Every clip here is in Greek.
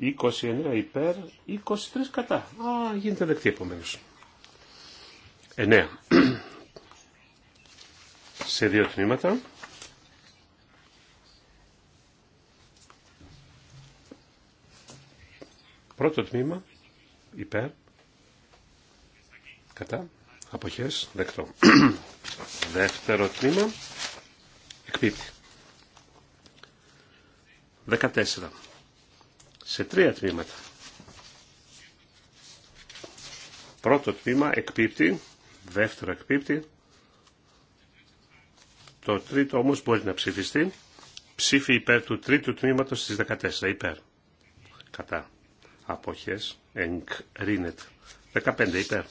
29 υπέρ, 23 κατά. Α, γίνεται δεκτή επομένω. 9. Σε δύο τμήματα. Πρώτο τμήμα, υπέρ, κατά, αποχές, δεκτό. Δεύτερο τμήμα, εκπίπτει. 14 σε τρία τμήματα. Πρώτο τμήμα εκπίπτει, δεύτερο εκπίπτει, το τρίτο όμως μπορεί να ψηφιστεί. Ψήφι υπέρ του τρίτου τμήματος στις 14, υπέρ. Κατά. Απόχες, εγκρίνεται. 15, υπέρ.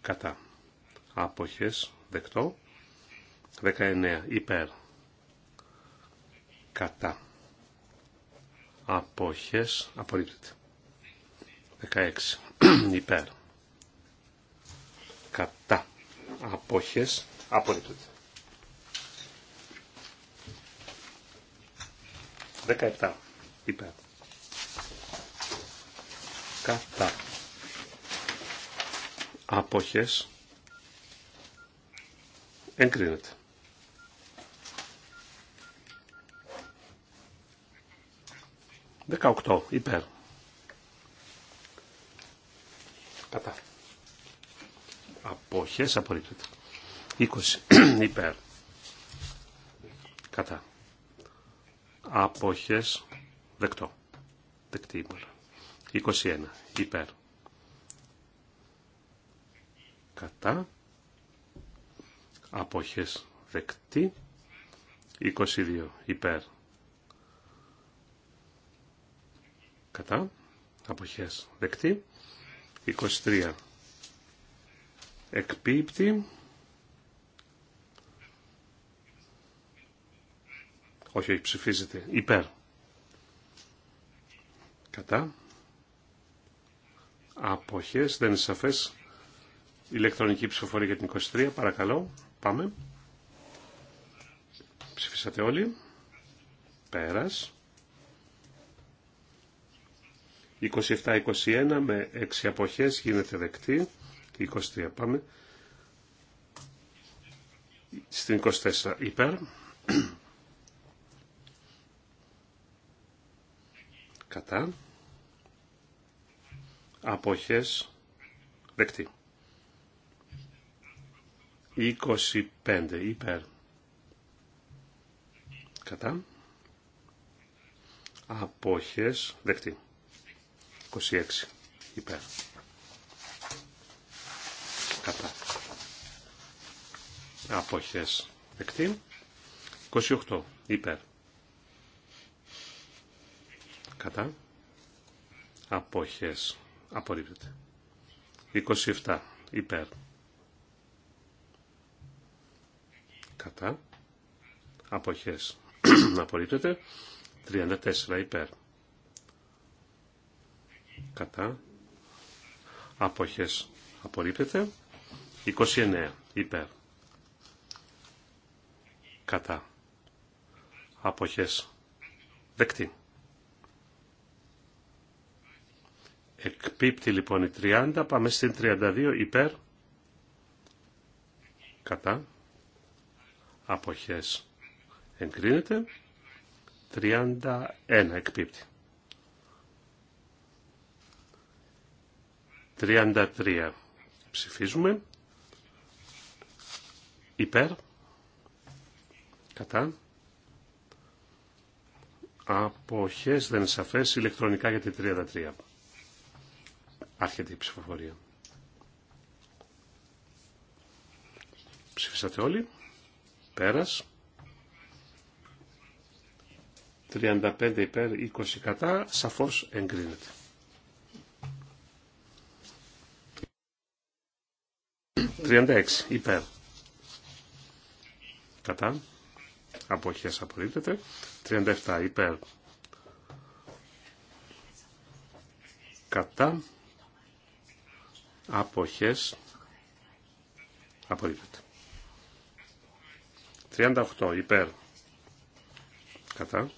Κατά. Απόχες, δεκτό. 19, υπέρ. Κατά αποχές απορρίπτεται. 16 υπέρ κατά αποχές απορρίπτεται. 17 υπέρ κατά αποχές εγκρίνεται. 18 υπέρ. Κατά. Αποχές απορρίπτεται. 20 υπέρ. Κατά. Αποχές δεκτό. Δεκτή ήμουν. 21 υπέρ. Κατά. Αποχές δεκτή. 22 υπέρ. κατά αποχές δεκτή 23 εκπίπτει όχι όχι ψηφίζεται υπέρ κατά αποχές δεν είναι σαφές ηλεκτρονική ψηφοφορία για την 23 παρακαλώ πάμε ψηφίσατε όλοι πέρας 27-21 με 6 αποχές γίνεται δεκτή. 23 πάμε. Στην 24 υπέρ. Κατά. Αποχές δεκτή. 25 υπέρ. Κατά. Αποχές δεκτή. 26 υπέρ. Κατά. Αποχές δεκτή. 28 υπέρ. Κατά. Αποχές απορρίπτεται. 27 υπέρ. Κατά. Αποχές απορρίπτεται. 34 υπέρ κατά αποχές απορρίπτεται 29 υπέρ κατά αποχές δεκτή εκπίπτει λοιπόν η 30 πάμε στην 32 υπέρ κατά αποχές εγκρίνεται 31 εκπίπτει 33. Ψηφίζουμε. Υπέρ. Κατά. Αποχές δεν είναι σαφές ηλεκτρονικά για τη 33. Άρχεται η ψηφοφορία. Ψηφίσατε όλοι. Πέρας. 35 υπέρ, 20 κατά, σαφώς εγκρίνεται. 36 υπέρ. Κατά. Αποχές απορρίπτεται. 37 υπέρ. Κατά. Αποχές απορρίπτεται. 38 υπέρ. Κατά.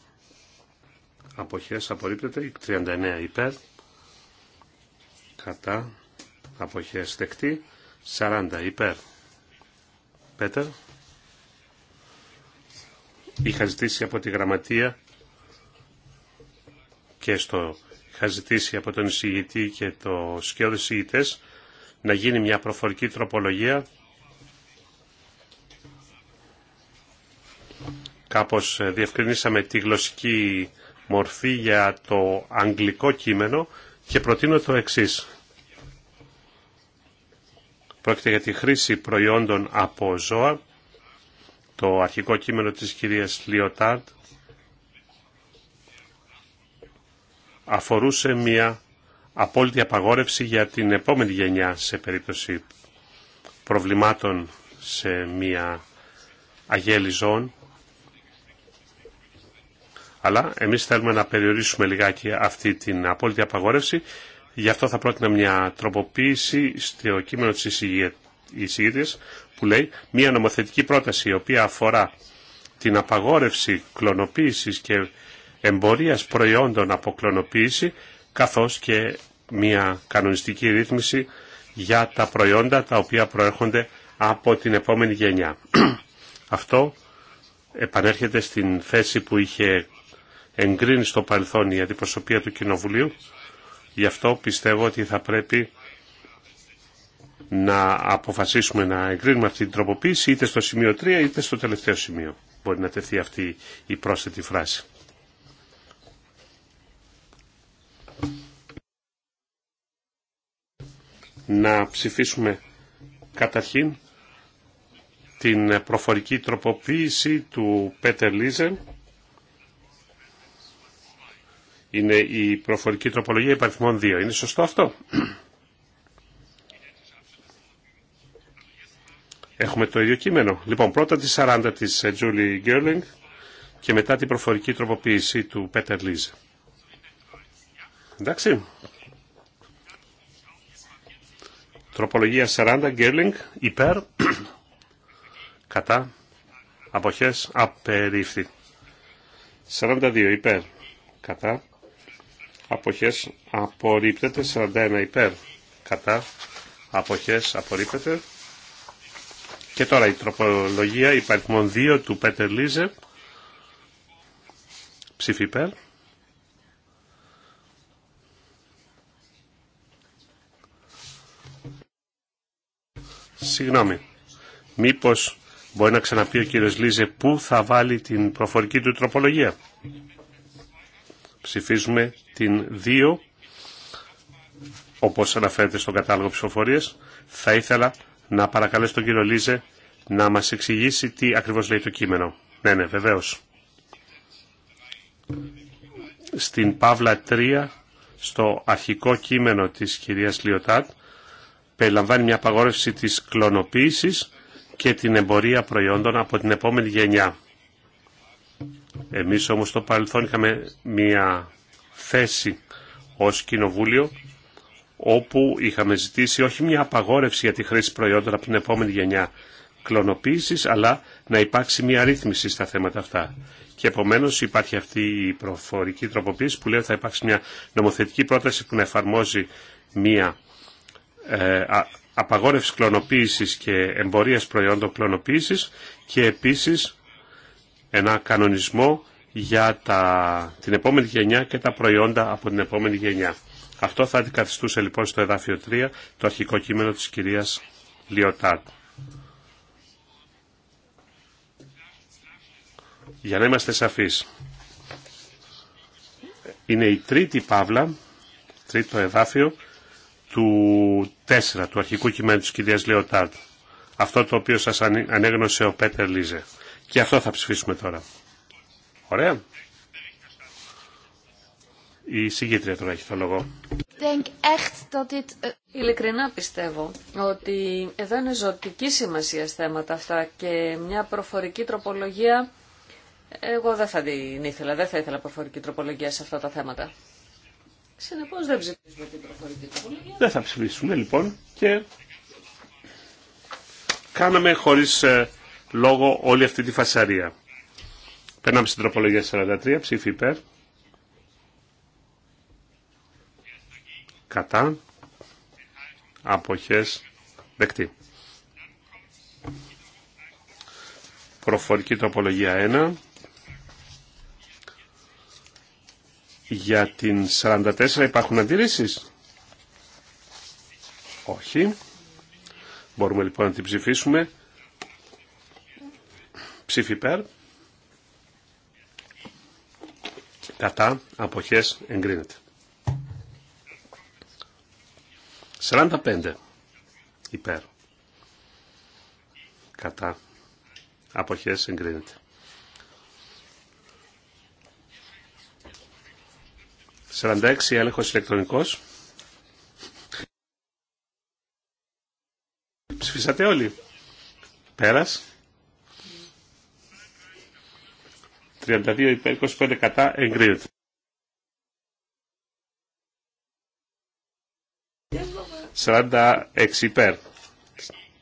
Αποχές απορρίπτεται. 39 υπέρ. Κατά. Αποχές δεκτή. 40 υπέρ. Πέτερ. Είχα ζητήσει από τη γραμματεία και στο είχα ζητήσει από τον εισηγητή και το σκιώδη εισηγητές να γίνει μια προφορική τροπολογία κάπως ε, διευκρινίσαμε τη γλωσσική μορφή για το αγγλικό κείμενο και προτείνω το εξής. Πρόκειται για τη χρήση προϊόντων από ζώα. Το αρχικό κείμενο της κυρίας Λιωτάρτ αφορούσε μια απόλυτη απαγόρευση για την επόμενη γενιά σε περίπτωση προβλημάτων σε μια αγέλη ζώων. Αλλά εμείς θέλουμε να περιορίσουμε λιγάκι αυτή την απόλυτη απαγόρευση Γι' αυτό θα πρότεινα μια τροποποίηση στο κείμενο της ισίδης, που λέει μια νομοθετική πρόταση η οποία αφορά την απαγόρευση κλωνοποίησης και εμπορίας προϊόντων από κλωνοποίηση καθώς και μια κανονιστική ρύθμιση για τα προϊόντα τα οποία προέρχονται από την επόμενη γενιά. Αυτό επανέρχεται στην θέση που είχε εγκρίνει στο παρελθόν η αντιπροσωπεία του Κοινοβουλίου Γι' αυτό πιστεύω ότι θα πρέπει να αποφασίσουμε να εγκρίνουμε αυτή την τροποποίηση είτε στο σημείο 3 είτε στο τελευταίο σημείο. Μπορεί να τεθεί αυτή η πρόσθετη φράση. Να ψηφίσουμε καταρχήν την προφορική τροποποίηση του Πέτερ Λίζερ είναι η προφορική τροπολογία υπαριθμών 2. Είναι σωστό αυτό. Έχουμε το ίδιο κείμενο. Λοιπόν, πρώτα τη 40 της ε, Julie Gerling και μετά την προφορική τροποποίηση του Πέτερ Λίζ. Εντάξει. Τροπολογία 40 Gerling υπέρ κατά αποχές απερίφθη. 42 υπέρ κατά αποχές απορρίπτεται 41 υπέρ κατά αποχές απορρίπτεται και τώρα η τροπολογία υπαριθμών 2 του Πέτερ Λίζε ψήφι υπέρ Συγγνώμη, μήπως μπορεί να ξαναπεί ο κύριος Λίζε πού θα βάλει την προφορική του τροπολογία. Ψηφίζουμε την 2, όπως αναφέρεται στο κατάλογο ψηφοφορίας. Θα ήθελα να παρακαλέσω τον κύριο Λίζε να μας εξηγήσει τι ακριβώς λέει το κείμενο. Ναι, ναι, βεβαίως. Στην Παύλα 3, στο αρχικό κείμενο της κυρίας Λιωτάτ, περιλαμβάνει μια απαγόρευση της κλωνοποίησης και την εμπορία προϊόντων από την επόμενη γενιά. Εμείς όμως στο παρελθόν είχαμε μια θέση ως κοινοβούλιο όπου είχαμε ζητήσει όχι μια απαγόρευση για τη χρήση προϊόντων από την επόμενη γενιά κλωνοποίησης, αλλά να υπάρξει μια ρύθμιση στα θέματα αυτά. Και επομένω υπάρχει αυτή η προφορική τροποποίηση που λέει ότι θα υπάρξει μια νομοθετική πρόταση που να εφαρμόζει μια ε, απαγόρευση κλωνοποίησης και εμπορίας προϊόντων κλωνοποίησης και επίσης ένα κανονισμό για τα, την επόμενη γενιά και τα προϊόντα από την επόμενη γενιά. Αυτό θα αντικαθιστούσε λοιπόν στο εδάφιο 3 το αρχικό κείμενο της κυρίας Λιωτάτ. Για να είμαστε σαφείς. Είναι η τρίτη παύλα, τρίτο εδάφιο του 4, του αρχικού κειμένου της κυρίας Λιωτάρτ. Αυτό το οποίο σας ανέγνωσε ο Πέτερ Λίζε. Και αυτό θα ψηφίσουμε τώρα. Ωραία. Η συγκίτρια τώρα έχει το λόγο. Ε, Ειλικρινά πιστεύω ότι εδώ είναι ζωτική σημασία θέματα αυτά και μια προφορική τροπολογία εγώ δεν θα την ήθελα, δεν θα ήθελα προφορική τροπολογία σε αυτά τα θέματα. Συνεπώ δεν ψηφίζουμε την προφορική τροπολογία. Δεν θα ψηφίσουμε λοιπόν και κάναμε χωρίς ε, λόγω όλη αυτή τη φασαρία. Περνάμε στην τροπολογία 43, ψήφι υπέρ. Κατά. Αποχές. Δεκτή. Προφορική τροπολογία 1. Για την 44 υπάρχουν αντιρρήσεις. Όχι. Μπορούμε λοιπόν να την ψηφίσουμε. Ψήφι υπέρ. Κατά αποχές εγκρίνεται. 45 υπέρ. Κατά αποχές εγκρίνεται. 46 έλεγχος ηλεκτρονικός. Ψηφίσατε όλοι. Πέρας. 32 υπέρ 25 κατά εγκρίνεται. Σαράντα υπέρ.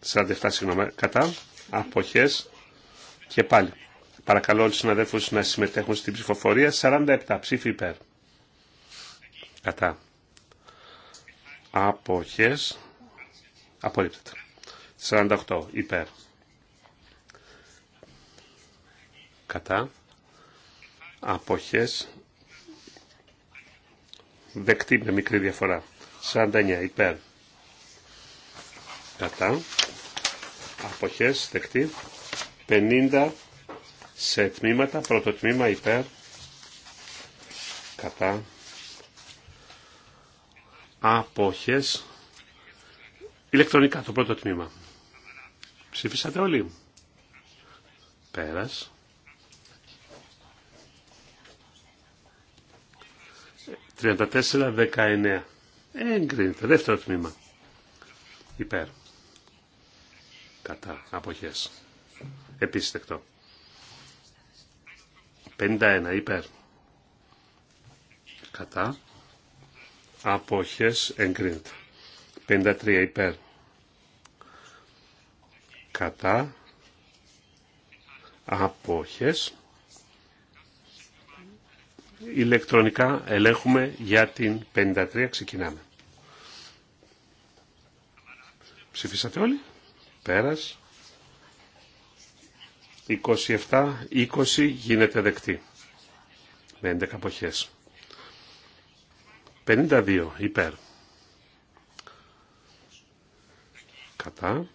47 συγγνώμη κατά. Αποχές. Και πάλι. Παρακαλώ όλους τους συναδέλφους να συμμετέχουν στην ψηφοφορία. 47 ψήφι υπέρ. Κατά. Αποχές. Απορρίπτεται. 48 υπέρ. Κατά αποχές δεκτή με μικρή διαφορά 49 υπέρ κατά αποχές δεκτή 50 σε τμήματα πρώτο τμήμα υπέρ κατά αποχές ηλεκτρονικά το πρώτο τμήμα ψήφισατε όλοι πέρας 34-19. Εγκρίνεται. Δεύτερο τμήμα. Υπέρ. Κατά. Αποχές. Επίσης 51. Υπέρ. Κατά. Αποχές. Εγκρίνεται. 53. Υπέρ. Κατά. Αποχές ηλεκτρονικά ελέγχουμε για την 53. Ξεκινάμε. Ψηφίσατε όλοι. Πέρας. 27-20 γίνεται δεκτή. Με 11 52 υπέρ. Κατά.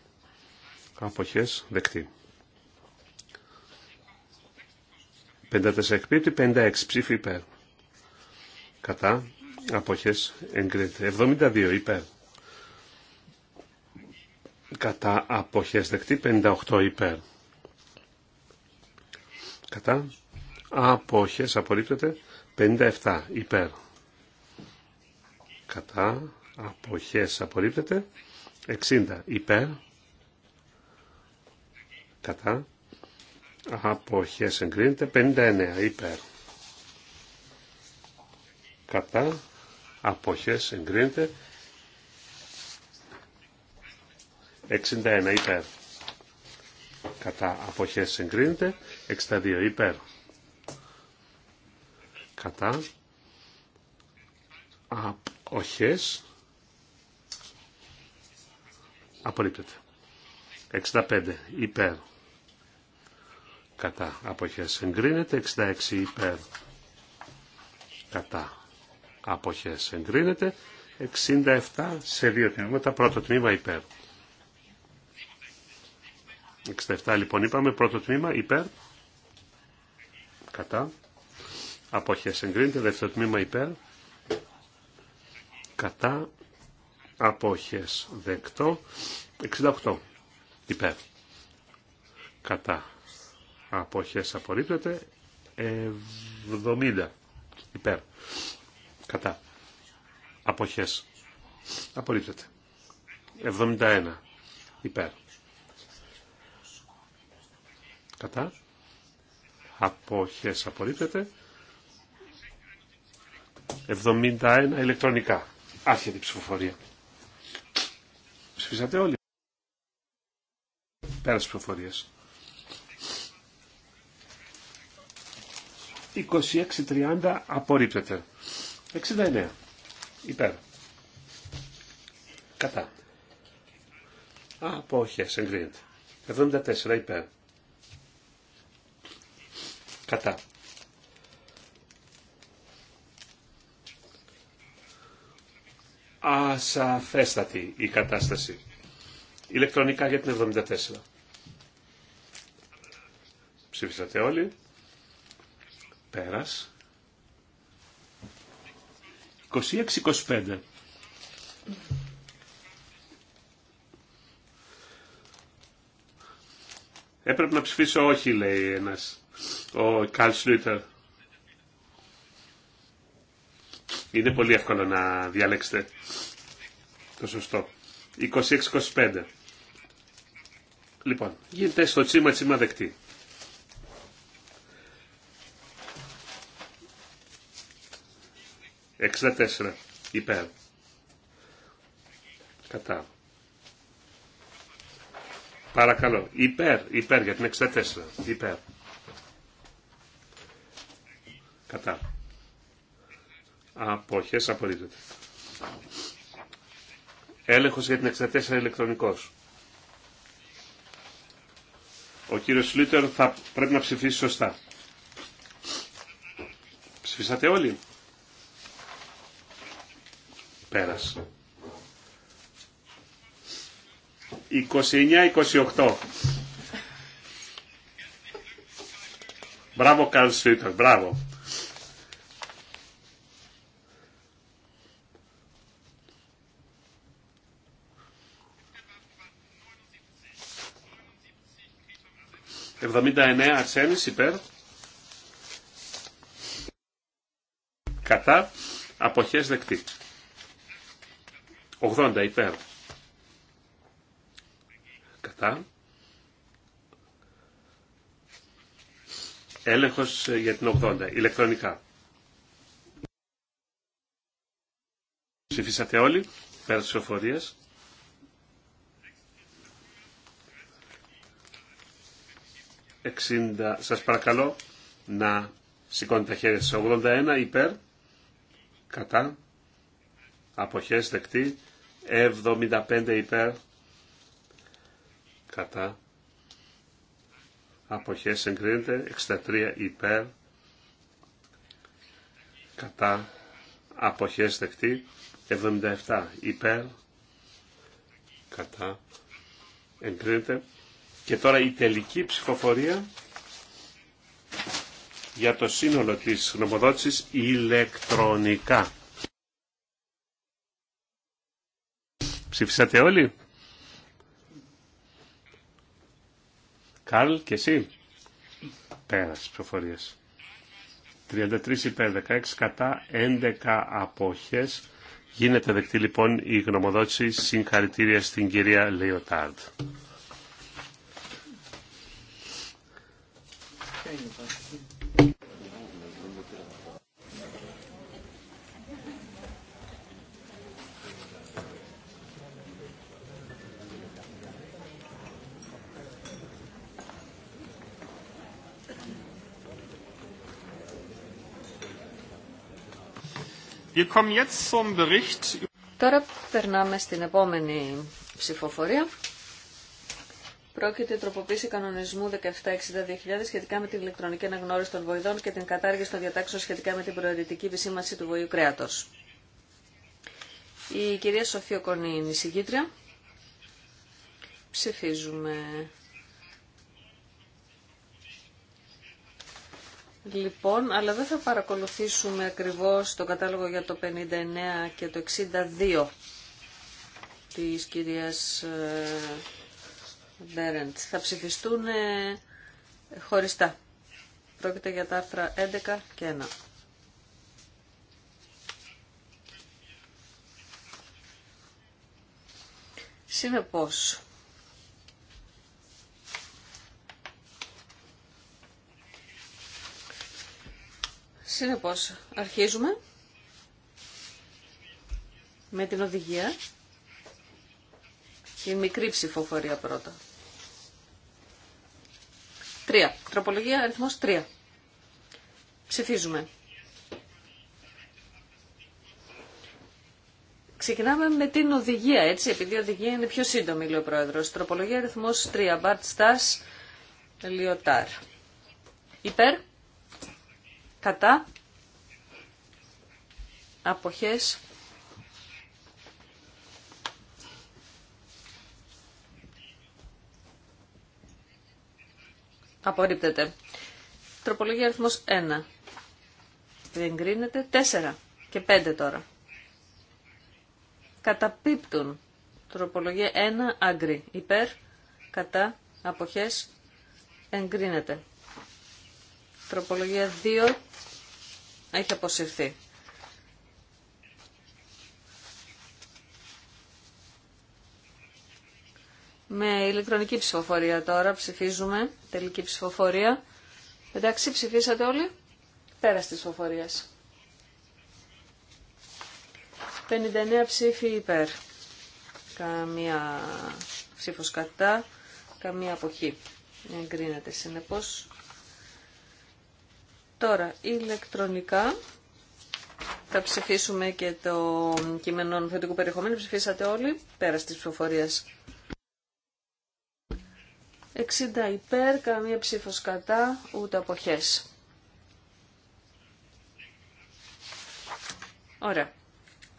Αποχές δεκτή. 54 εκπίπτει, 56 ψήφι υπέρ. Κατά, αποχές εγκρίνεται. 72 υπέρ. Κατά, αποχές δεκτή, 58 υπέρ. Κατά, αποχές απορρίπτεται, 57 υπέρ. Κατά, αποχές απορρίπτεται, 60 υπέρ. Κατά, αποχές εγκρίνεται 59 υπέρ κατά αποχές εγκρίνεται 61 υπέρ κατά αποχές εγκρίνεται 62 υπέρ κατά αποχές απορρίπτεται 65 υπέρ κατά αποχές εγκρίνεται 66 υπέρ κατά αποχές εγκρίνεται 67 σε δύο τμήματα πρώτο τμήμα υπέρ 67 λοιπόν είπαμε πρώτο τμήμα υπέρ κατά αποχές εγκρίνεται δεύτερο τμήμα υπέρ κατά αποχές δεκτό 68 υπέρ κατά αποχές απορρίπτεται 70 υπέρ κατά αποχές απορρίπτεται 71 υπέρ κατά αποχές απορρίπτεται 71 ηλεκτρονικά άρχεται η ψηφοφορία ψηφίσατε όλοι πέρας ψηφοφορίας 26-30 απορρίπτεται. 69. Υπέρ. Κατά. Απόχες, εγκρίνεται. 74 υπέρ. Κατά. Ασαφέστατη η κατάσταση. Ηλεκτρονικά για την 74. Ψήφισατε όλοι. Πέρας. 26-25. Έπρεπε να ψηφίσω όχι, λέει ένας, ο Καλ Σλούτερ. Είναι πολύ εύκολο να διαλέξετε το σωστό. 26-25. Λοιπόν, γίνεται στο τσίμα τσίμα δεκτή. 64 υπέρ. Κατά. Παρακαλώ. Υπέρ, υπέρ για την 64. Υπέρ. Κατά. Απόχες Απορρίζεται. Έλεγχος για την 64 ηλεκτρονικός. Ο κύριος Λίτερ θα πρέπει να ψηφίσει σωστά. Ψηφίσατε όλοι περασε 29 29-28. Μπράβο Καλ Σφίτερ, μπράβο. Εβδομήντα εννέα Αρσένης υπέρ. Κατά. Αποχές δεκτή. 80 υπέρ. Κατά. Έλεγχος ε, για την 80. Ηλεκτρονικά. Ψηφίσατε όλοι. Πέρα της οφορίας. 60. Σας παρακαλώ να σηκώνετε τα χέρια σας. 81 υπέρ. Κατά. αποχέ δεκτή. 75 υπέρ κατά αποχές εγκρίνεται 63 υπέρ κατά αποχές δεκτή 77 υπέρ κατά εγκρίνεται και τώρα η τελική ψηφοφορία για το σύνολο της γνωμοδότησης ηλεκτρονικά. Ψήφισατε όλοι. Καρλ και εσύ. Πέρασε προφορίες. 33 υπέρ 16 κατά 11 αποχές. Γίνεται δεκτή λοιπόν η γνωμοδότηση συγχαρητήρια στην κυρία Λεωτάρντ. Τώρα περνάμε στην επόμενη ψηφοφορία. Πρόκειται η τροποποίηση κανονισμού 1760-2000 σχετικά με την ηλεκτρονική αναγνώριση των βοηδών και την κατάργηση των διατάξεων σχετικά με την προαιρετική επισήμανση του βοηού κρέατος. Η κυρία Σοφία Κονή είναι η συγκήτρια. Ψηφίζουμε λοιπόν, αλλά δεν θα παρακολουθήσουμε ακριβώς το κατάλογο για το 59 και το 62 της κυρίας ε, Μπέρεντ. Θα ψηφιστούν ε, χωριστά. Πρόκειται για τα άρθρα 11 και 1. Συνεπώς, Συνεπώς, αρχίζουμε με την οδηγία. Η μικρή ψηφοφορία πρώτα. Τρία. Τροπολογία αριθμός 3. Ψηφίζουμε. Ξεκινάμε με την οδηγία, έτσι, επειδή η οδηγία είναι πιο σύντομη, λέει ο Πρόεδρος. Τροπολογία αριθμός 3. Μπαρτ Στάς, Λιωτάρ. Υπέρ κατά αποχές απορρίπτεται. Τροπολογία αριθμός 1. Δεν κρίνεται. 4 και 5 τώρα. Καταπίπτουν. Τροπολογία 1. Άγκρι. Υπέρ. Κατά. Αποχές. Εγκρίνεται. Τροπολογία 2 έχει αποσυρθεί. Με ηλεκτρονική ψηφοφορία τώρα ψηφίζουμε, τελική ψηφοφορία. Εντάξει, ψηφίσατε όλοι. Πέρα της ψηφοφορίας. 59 ψήφοι υπέρ. Καμία ψήφος κατά, καμία αποχή. Εγκρίνεται συνεπώς Τώρα, ηλεκτρονικά θα ψηφίσουμε και το κείμενο νομοθετικού περιεχομένου. Ψηφίσατε όλοι πέρα της ψηφοφορία. 60 υπέρ, καμία ψήφος κατά, ούτε αποχές. Ωραία.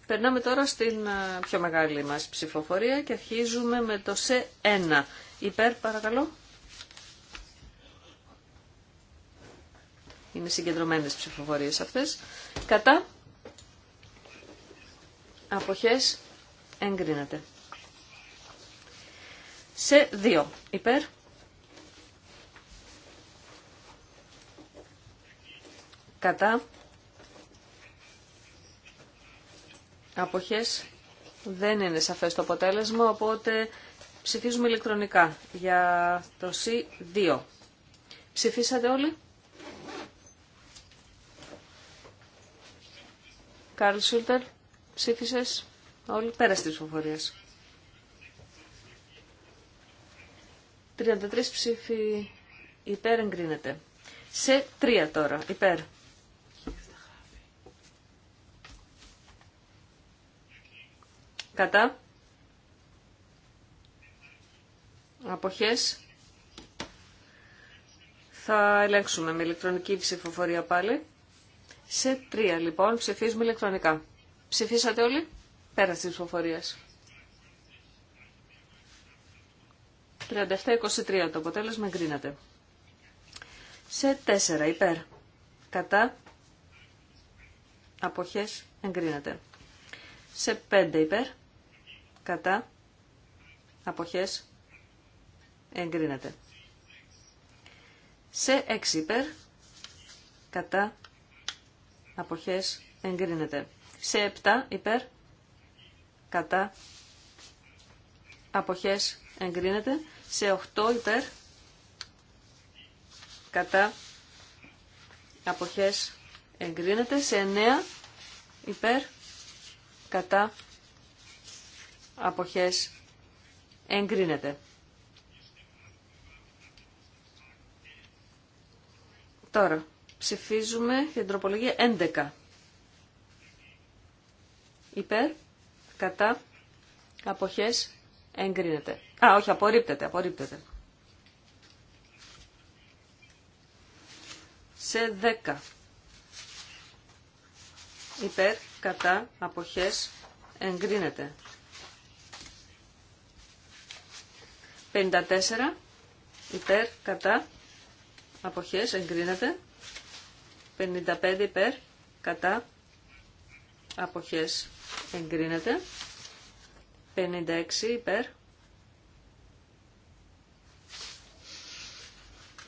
Περνάμε τώρα στην ε, πιο μεγάλη μας ψηφοφορία και αρχίζουμε με το C1. Υπέρ, παρακαλώ. Είναι συγκεντρωμένες ψηφοφορίες αυτές. Κατά αποχές εγκρίνεται. Σε δύο υπέρ κατά αποχές δεν είναι σαφές το αποτέλεσμα, οπότε ψηφίζουμε ηλεκτρονικά για το C2. Ψηφίσατε όλοι. Κάρλ Σούλτερ, ψήφισες όλοι πέρα τη ψηφοφορία. 33 ψήφοι υπέρ εγκρίνεται. Σε 3 τώρα, υπέρ. Κατά. Αποχές. Θα ελέγξουμε με ηλεκτρονική ψηφοφορία πάλι. Σε τρία λοιπόν ψηφίζουμε ηλεκτρονικά. Ψηφίσατε όλοι πέρα τη ψηφοφορία. 37-23 το αποτέλεσμα εγκρίνεται. Σε 4 υπέρ. Κατά. Αποχές εγκρίνεται. Σε πέντε υπέρ. Κατά. Αποχές εγκρίνεται. Σε 6 υπέρ. Κατά αποχές εγκρίνεται. Σε 7 υπέρ κατά αποχές εγκρίνεται. Σε 8 υπέρ κατά αποχές εγκρίνεται. Σε 9 υπέρ κατά αποχές εγκρίνεται. Τώρα, Ψηφίζουμε για την τροπολογία 11. Υπέρ, κατά, αποχές, εγκρίνεται. Α, όχι, απορρίπτεται, απορρίπτεται. Σε 10. Υπέρ, κατά, αποχές, εγκρίνεται. 54. Υπέρ, κατά, αποχές, εγκρίνεται. 55 υπέρ, κατά, αποχές εγκρίνεται. 56 υπέρ,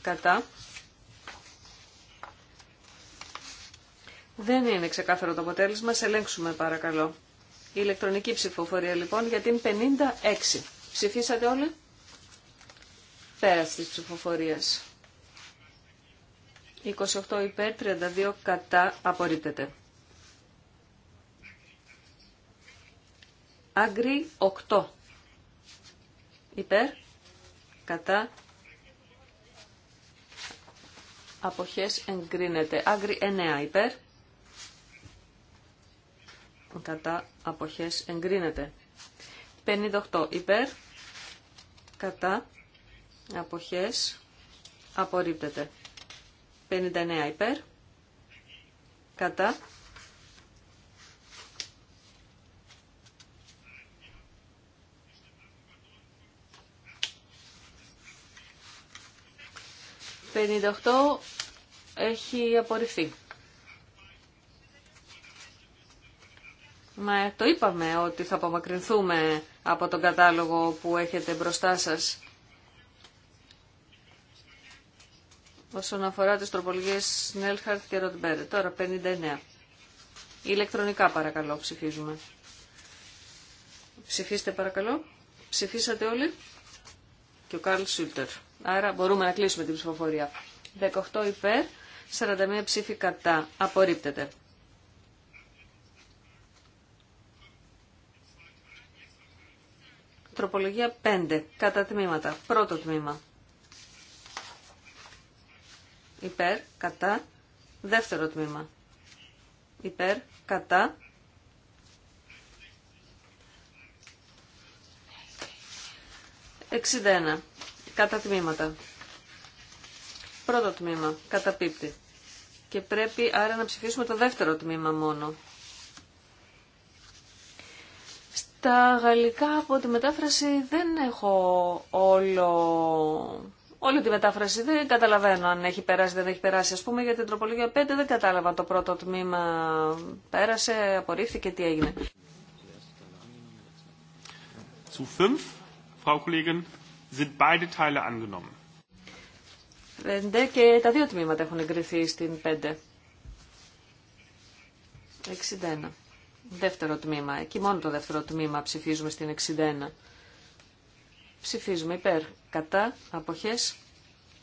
κατά. Δεν είναι ξεκάθαρο το αποτέλεσμα, σε ελέγξουμε παρακαλώ. Η ηλεκτρονική ψηφοφορία λοιπόν για την 56. Ψηφίσατε όλοι. Πέρας της ψηφοφορίας. 28 υπέρ, 32 κατά, απορρίπτεται. Άγκρι 8 υπέρ, κατά, αποχές εγκρίνεται. Άγκρι 9 υπέρ, κατά, αποχές εγκρίνεται. 58 υπέρ, κατά, αποχές απορρίπτεται. 59 υπέρ. Κατά. «58 έχει απορριφθεί». Μα το είπαμε ότι θα απομακρυνθούμε από τον κατάλογο που έχετε μπροστά σας. όσον αφορά τις τροπολογίες Νέλχαρτ και Ροτμπέρε. Τώρα 59. Ηλεκτρονικά παρακαλώ ψηφίζουμε. Ψηφίστε παρακαλώ. Ψηφίσατε όλοι. Και ο Καρλ Σούλτερ. Άρα μπορούμε να κλείσουμε την ψηφοφορία. 18 υπέρ, 41 ψήφι κατά. Απορρίπτεται. Τροπολογία 5. Κατά τμήματα. Πρώτο τμήμα υπέρ, κατά, δεύτερο τμήμα, υπέρ, κατά, εξιδενα κατά τμήματα. Πρώτο τμήμα, κατά πίπτη. Και πρέπει άρα να ψηφίσουμε το δεύτερο τμήμα μόνο. Στα γαλλικά από τη μετάφραση δεν έχω όλο όλη τη μετάφραση δεν καταλαβαίνω αν έχει περάσει δεν έχει περάσει. Ας πούμε για την τροπολογία 5 δεν κατάλαβα το πρώτο τμήμα πέρασε, απορρίφθηκε, τι έγινε. Zu 5, Frau Kollegin, sind beide Teile angenommen. 5 και τα δύο τμήματα έχουν εγκριθεί στην 5. 61. Δεύτερο τμήμα. Εκεί μόνο το δεύτερο τμήμα ψηφίζουμε στην 61. Ψηφίζουμε υπέρ, κατά, αποχές,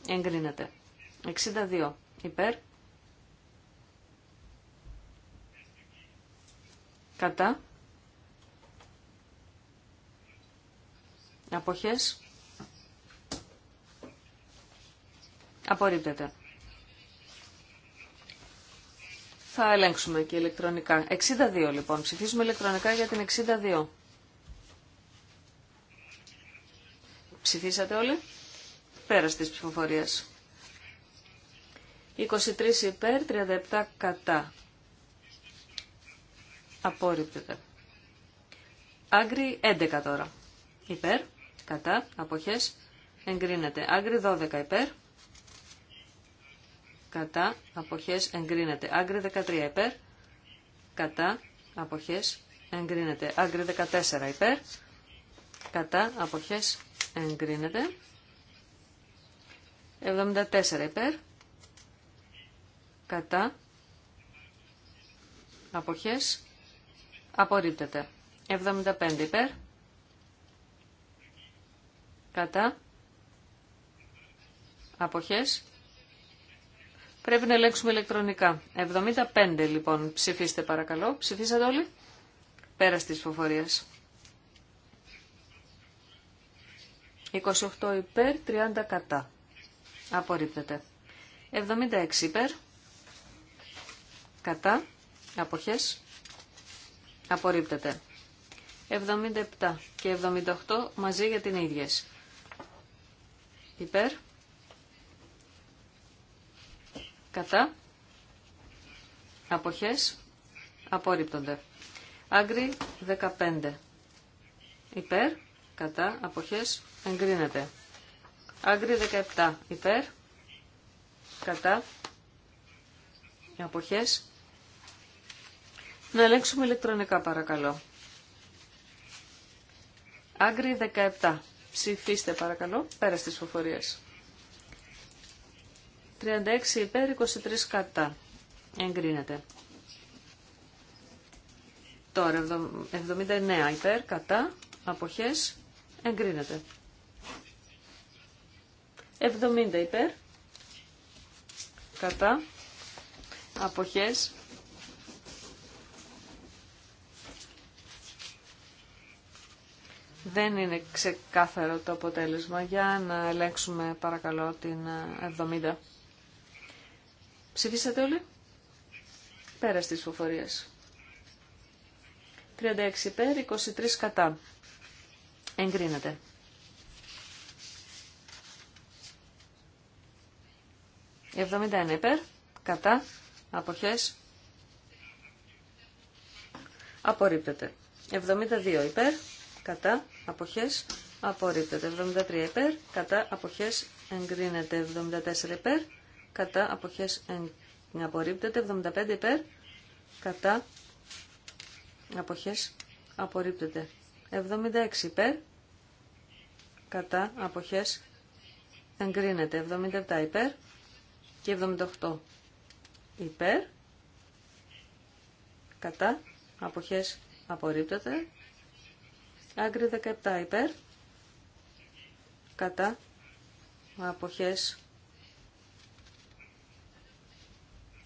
εγκρίνεται. 62 υπέρ, κατά, αποχές, απορρίπτεται. Θα ελέγξουμε και ηλεκτρονικά. 62 λοιπόν. Ψηφίζουμε ηλεκτρονικά για την 62. Ψηφίσατε όλοι. Πέρα τη ψηφοφορίες. 23 υπέρ, 37 κατά. Απόρριπτεται. Άγκρι 11 τώρα. Υπέρ, κατά, αποχές, εγκρίνεται. Άγκρι 12 υπέρ, κατά, αποχές, εγκρίνεται. Άγκρι 13 υπέρ, κατά, αποχές, εγκρίνεται. Άγκρι 14 υπέρ, κατά, αποχές, εγκρίνεται. 74 υπέρ. Κατά. Αποχές. Απορρίπτεται. 75 υπέρ. Κατά. Αποχές. Πρέπει να ελέγξουμε ηλεκτρονικά. 75 λοιπόν. Ψηφίστε παρακαλώ. Ψηφίσατε όλοι. Πέρα της ψηφοφορίας. 28 υπέρ, 30 κατά. Απορρίπτεται. 76 υπέρ, κατά, αποχές, απορρίπτεται. 77 και 78 μαζί για την ίδιες. Υπέρ, κατά, αποχές, απορρίπτονται. Άγκρι 15. Υπέρ, κατά, αποχές, εγκρίνεται. Άγκρι 17 υπέρ, κατά, αποχές. Να ελέγξουμε ηλεκτρονικά παρακαλώ. Άγκρι 17. Ψηφίστε παρακαλώ, πέρα στις φοφορίες. 36 υπέρ, 23 κατά. Εγκρίνεται. Τώρα 79 υπέρ, κατά, αποχές, Εγκρίνεται. 70 υπέρ. Κατά. Αποχές. Δεν είναι ξεκάθαρο το αποτέλεσμα. Για να ελέγξουμε παρακαλώ την 70. Ψηφίσατε όλοι. Πέρα στις φοφορίες. 36 υπέρ, 23 κατά. Εγκρίνεται. Η 71 υπέρ, κατά, αποχές, απορρίπτεται. 72 υπέρ, κατά, αποχές, απορρίπτεται. 73 υπέρ, κατά, αποχές, εγκρίνεται. 74 υπέρ, κατά, αποχές, απορρίπτεται. 75 υπέρ, κατά, αποχές, απορρίπτεται. 76 υπέρ, κατά αποχές εγκρίνεται. 77 υπέρ και 78 υπέρ, κατά αποχές απορρίπτεται. Άγκρι 17 υπέρ, κατά αποχές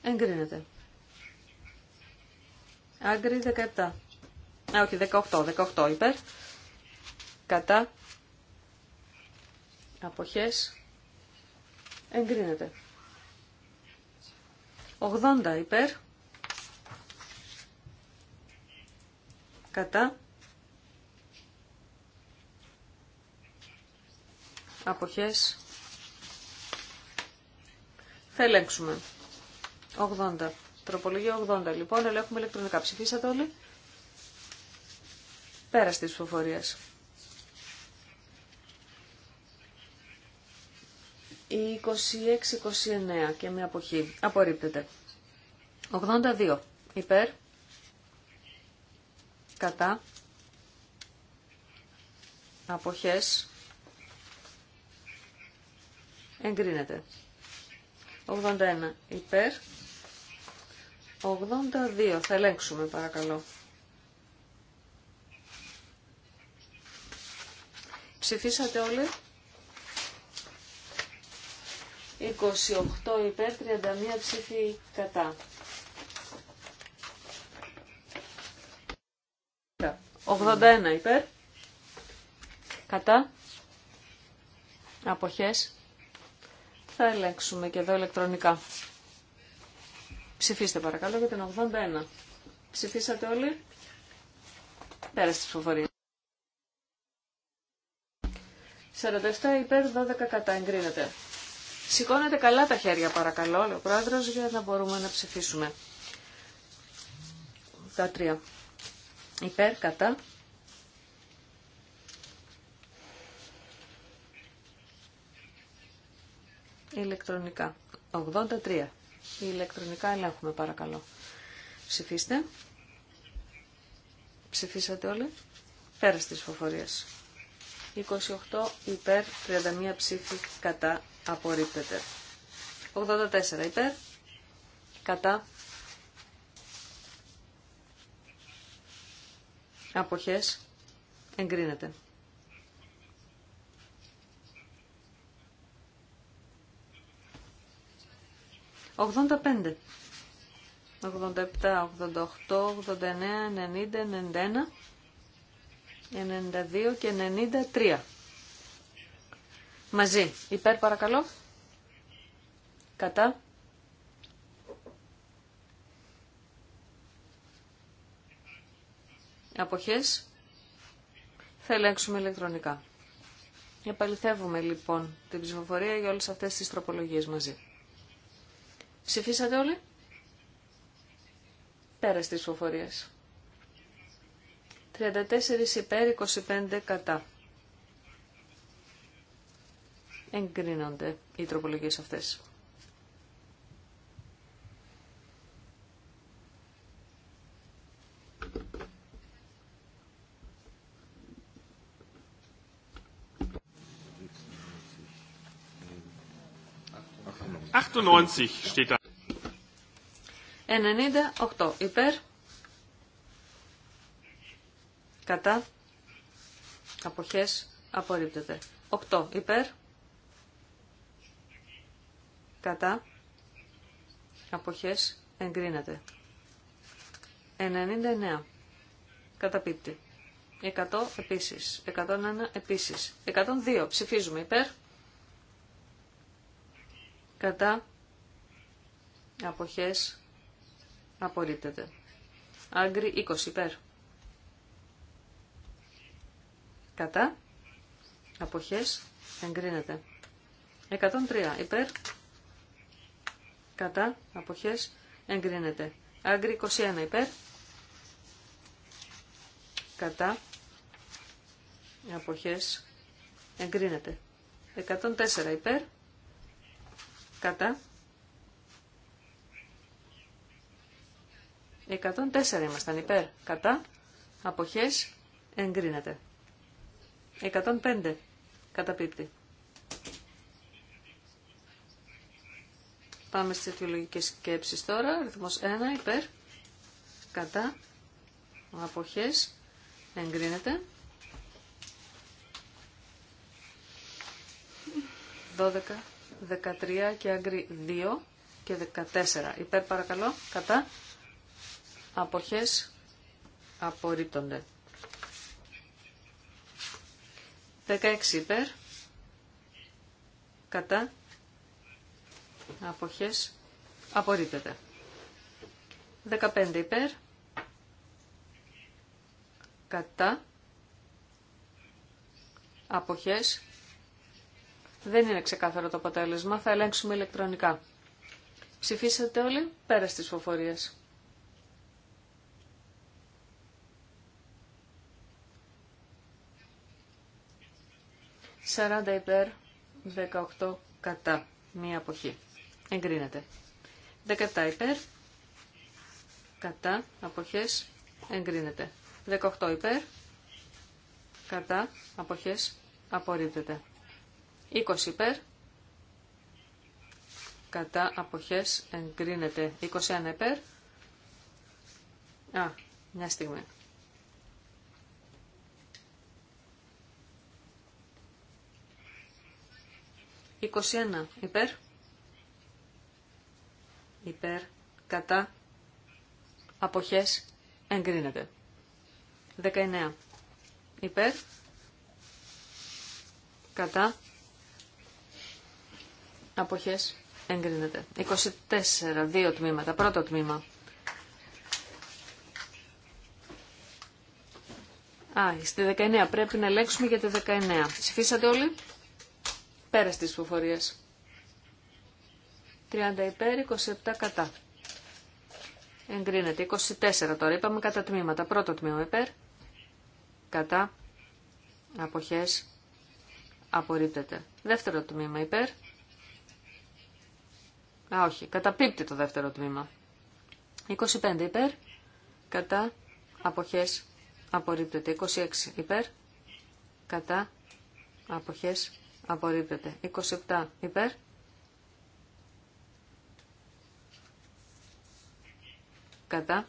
εγκρίνεται. Άγκρι 17 Α, όχι, 18. 18 υπέρ. Κατά. Αποχές. Εγκρίνεται. 80 υπέρ. Κατά. Αποχές. Θα ελέγξουμε. 80. Τροπολογία 80. Λοιπόν, ελέγχουμε ηλεκτρονικά. Ψηφίσατε όλοι. Πέρα τη ψηφοφορία. Η 26-29 και μια αποχή. Απορρίπτεται. 82. Υπέρ. Κατά. Αποχές. Εγκρίνεται. 81. Υπέρ. 82. Θα ελέγξουμε παρακαλώ. Ψηφίσατε όλοι. 28 υπέρ, 31 ψηφί κατά. 81 υπέρ. Κατά. Αποχές. Θα ελέγξουμε και εδώ ηλεκτρονικά. Ψηφίστε παρακαλώ για την 81. Ψηφίσατε όλοι. Πέρα στις 47 υπέρ 12 κατά εγκρίνεται. Σηκώνετε καλά τα χέρια παρακαλώ, λέει ο πρόεδρος, για να μπορούμε να ψηφίσουμε. Τα τρία. Υπέρ, κατά. Ηλεκτρονικά. 83. Ηλεκτρονικά ελέγχουμε παρακαλώ. Ψηφίστε. Ψηφίσατε όλοι. Πέρα στις φοφορίες. 28 υπέρ, 31 ψήφι κατά, απορρίπτεται. 84 υπέρ, κατά, αποχές, εγκρίνεται. 85 86 87, 88, 89, 90, 91 92 και 93. Μαζί. Υπέρ παρακαλώ. Κατά. Αποχές. Θα ελέγξουμε ηλεκτρονικά. Επαληθεύουμε λοιπόν την ψηφοφορία για όλες αυτές τις τροπολογίες μαζί. Ψηφίσατε όλοι. Πέρα στις ψηφοφορίες. 34 υπέρ, 25 κατά. Εγκρίνονται οι τροπολογίες αυτές. 98 steht da. 98 υπέρ, κατά, αποχές, απορρίπτεται. 8 υπέρ, κατά, αποχές, εγκρίνεται. 99 καταπίπτει. 100 επίσης. 101 επίσης. 102 ψηφίζουμε υπέρ. Κατά αποχές απορρίπτεται. Άγκρι 20 υπέρ. Κατά. Αποχές. Εγκρίνεται. 103. Υπέρ. Κατά. Αποχές. Εγκρίνεται. Άγκρι 21. Υπέρ. Κατά. Αποχές. Εγκρίνεται. 104. Υπέρ. Κατά. 104 ήμασταν υπέρ. Κατά. Αποχές. Εγκρίνεται. 105 καταπίπτει. Πάμε στις αιτιολογικές σκέψεις τώρα. Ρυθμός 1 υπέρ, κατά, αποχές, εγκρίνεται. 12, 13 και άγκρι 2 και 14. Υπέρ παρακαλώ, κατά, αποχές, απορρίπτονται. 16 υπέρ. Κατά. Αποχές. Απορρίπτεται. 15 υπέρ. Κατά. Αποχές. Δεν είναι ξεκάθαρο το αποτέλεσμα. Θα ελέγξουμε ηλεκτρονικά. Ψηφίσατε όλοι πέρα στις φοφορίες. 40 υπέρ, 18 κατά. Μία αποχή. Εγκρίνεται. 17 υπέρ, κατά, αποχές, εγκρίνεται. 18 υπέρ, κατά, αποχές, απορρίπτεται. 20 υπέρ, κατά, αποχές, εγκρίνεται. 21 υπέρ, α, μια στιγμή. 21 υπέρ. Υπέρ. Κατά. Αποχές. Εγκρίνεται. 19 υπέρ. Κατά. Αποχές. Εγκρίνεται. 24. Δύο τμήματα. Πρώτο τμήμα. Α, στη 19. Πρέπει να ελέγξουμε για τη 19. Συφίσατε όλοι. Πέρας της ψηφοφορίας. 30 υπέρ, 27 κατά. Εγκρίνεται. 24 τώρα. Είπαμε κατά τμήματα. Πρώτο τμήμα υπέρ. Κατά. Αποχές. Απορρίπτεται. Δεύτερο τμήμα υπέρ. Α, όχι. Καταπίπτει το δεύτερο τμήμα. 25 υπέρ. Κατά. Αποχές. Απορρίπτεται. 26 υπέρ. Κατά. Αποχές απορρίπτεται. 27 υπέρ. Κατά.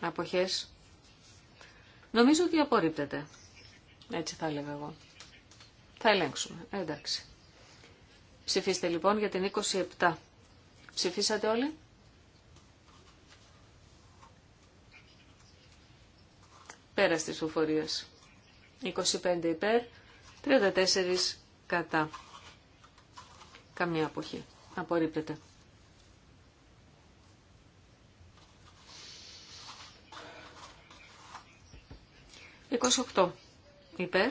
Αποχές. Νομίζω ότι απορρίπτεται. Έτσι θα έλεγα εγώ. Θα ελέγξουμε. Εντάξει. Ψηφίστε λοιπόν για την 27. Ψηφίσατε όλοι. Πέρα τη 25 υπέρ, 34 κατά. Καμία αποχή. Απορρίπτεται. 28 Υπέρ.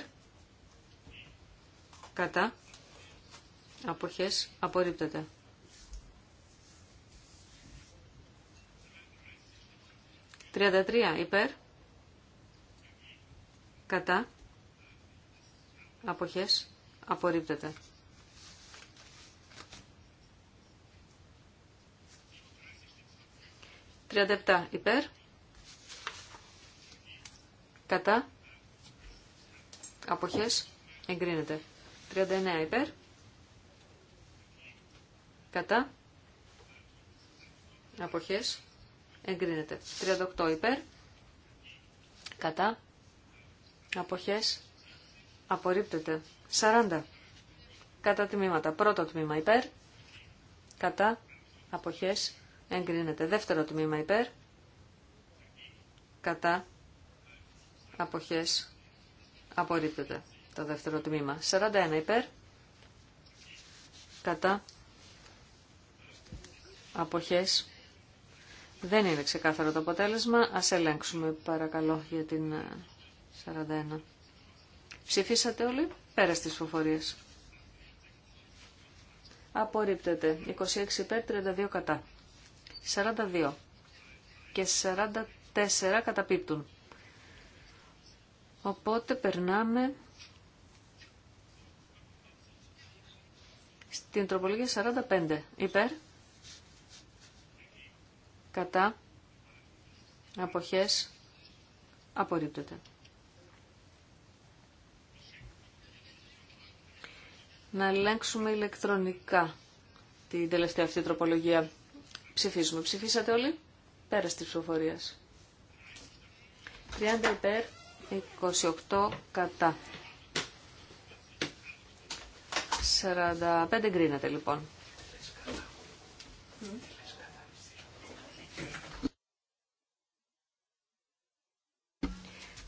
Κατά. Αποχές. Απορρίπτεται. 33 υπέρ κατά, αποχές, απορρίπτεται. 37 υπέρ, κατά, αποχές, εγκρίνεται. 39 υπέρ, κατά, αποχές, εγκρίνεται. 38 υπέρ, κατά, Αποχές. Απορρίπτεται. 40. Κατά τμήματα. Πρώτο τμήμα υπέρ. Κατά. Αποχές. Εγκρίνεται. Δεύτερο τμήμα υπέρ. Κατά. Αποχές. Απορρίπτεται. Το δεύτερο τμήμα. 41 υπέρ. Κατά. Αποχές. Δεν είναι ξεκάθαρο το αποτέλεσμα. Ας ελέγξουμε παρακαλώ για την ε, 41. Ψηφίσατε όλοι πέρα στις φοφορίες. Απορρίπτεται. 26 υπέρ, 32 κατά. 42 και 44 καταπίπτουν. Οπότε περνάμε στην τροπολογία 45. Υπέρ, κατά, αποχές, απορρίπτεται. να ελέγξουμε ηλεκτρονικά την τελευταία αυτή τροπολογία. Ψηφίζουμε. Ψηφίσατε όλοι. Πέρα τη ψηφοφορία. 30 υπέρ, 28 κατά. 45 εγκρίνεται λοιπόν.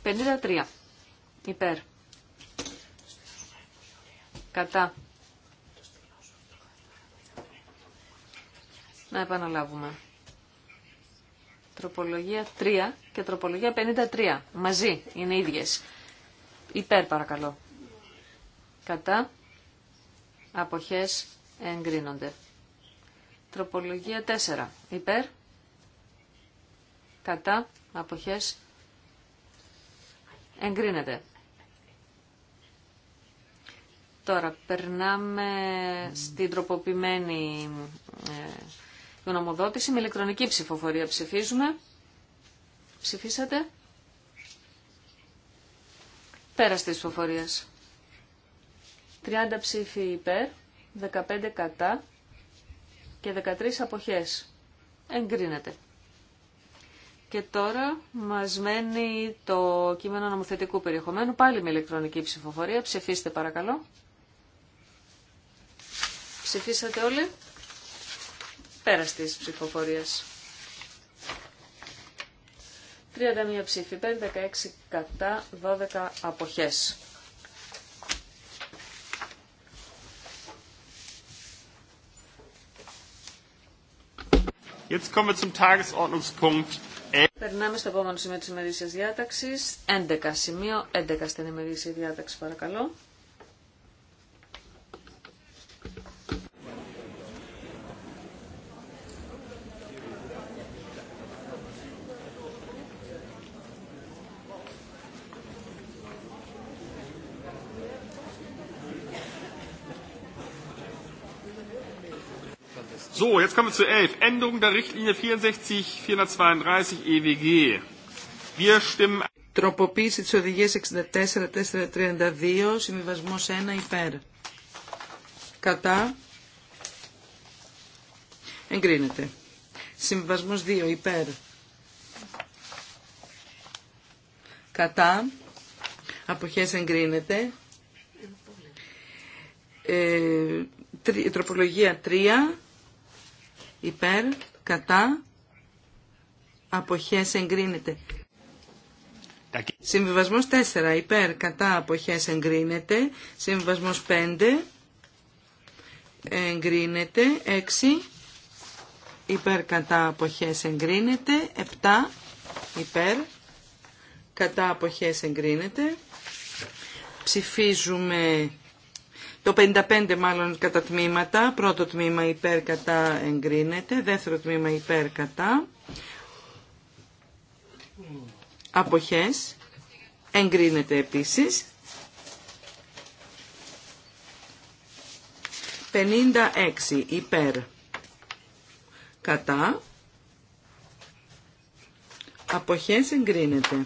53 53 Υπέρ. Κατά. Να επαναλάβουμε. Τροπολογία 3 και τροπολογία 53. Μαζί είναι ίδιες. Υπέρ παρακαλώ. Κατά. Αποχές εγκρίνονται. Τροπολογία 4. Υπέρ. Κατά. Αποχές εγκρίνεται. Τώρα, περνάμε στην τροποποιημένη ε, γνωμοδότηση. Με ηλεκτρονική ψηφοφορία ψηφίζουμε. Ψηφίσατε. Πέρα τη ψηφοφορία. 30 ψήφοι υπέρ, 15 κατά και 13 αποχές. Εγκρίνεται. Και τώρα μας μένει το κείμενο νομοθετικού περιεχομένου, πάλι με ηλεκτρονική ψηφοφορία. Ψηφίστε παρακαλώ. Ψηφίσατε όλοι. Πέρας της ψηφοφορίας. 31 ψήφοι, 5, 16 κατά, 12 αποχές. Περνάμε στο επόμενο σημείο της ημερήσιας διάταξης. 11 σημείο, 11 στην ημερήσια διάταξη παρακαλώ. jetzt kommen wir zu 11. Änderung der Richtlinie 64 432 EWG. Wir stimmen Τροποποίηση της οδηγίας 64-432, συμβιβασμός 1 υπέρ. Κατά. Εγκρίνεται. Συμβιβασμός 2 υπέρ. Κατά. Αποχές εγκρίνεται. Ε, τρι, τροπολογία 3 υπέρ, κατά, αποχές εγκρίνεται. Συμβιβασμός 4 υπέρ, κατά, αποχές εγκρίνεται. Συμβιβασμός 5 εγκρίνεται. 6 υπέρ, κατά, αποχές εγκρίνεται. 7 υπέρ, κατά, αποχές εγκρίνεται. Ψηφίζουμε το 55 μάλλον κατά τμήματα. Πρώτο τμήμα υπέρ κατά εγκρίνεται. Δεύτερο τμήμα υπέρ κατά. Αποχές. Εγκρίνεται επίσης. 56 υπέρ κατά. Αποχές εγκρίνεται.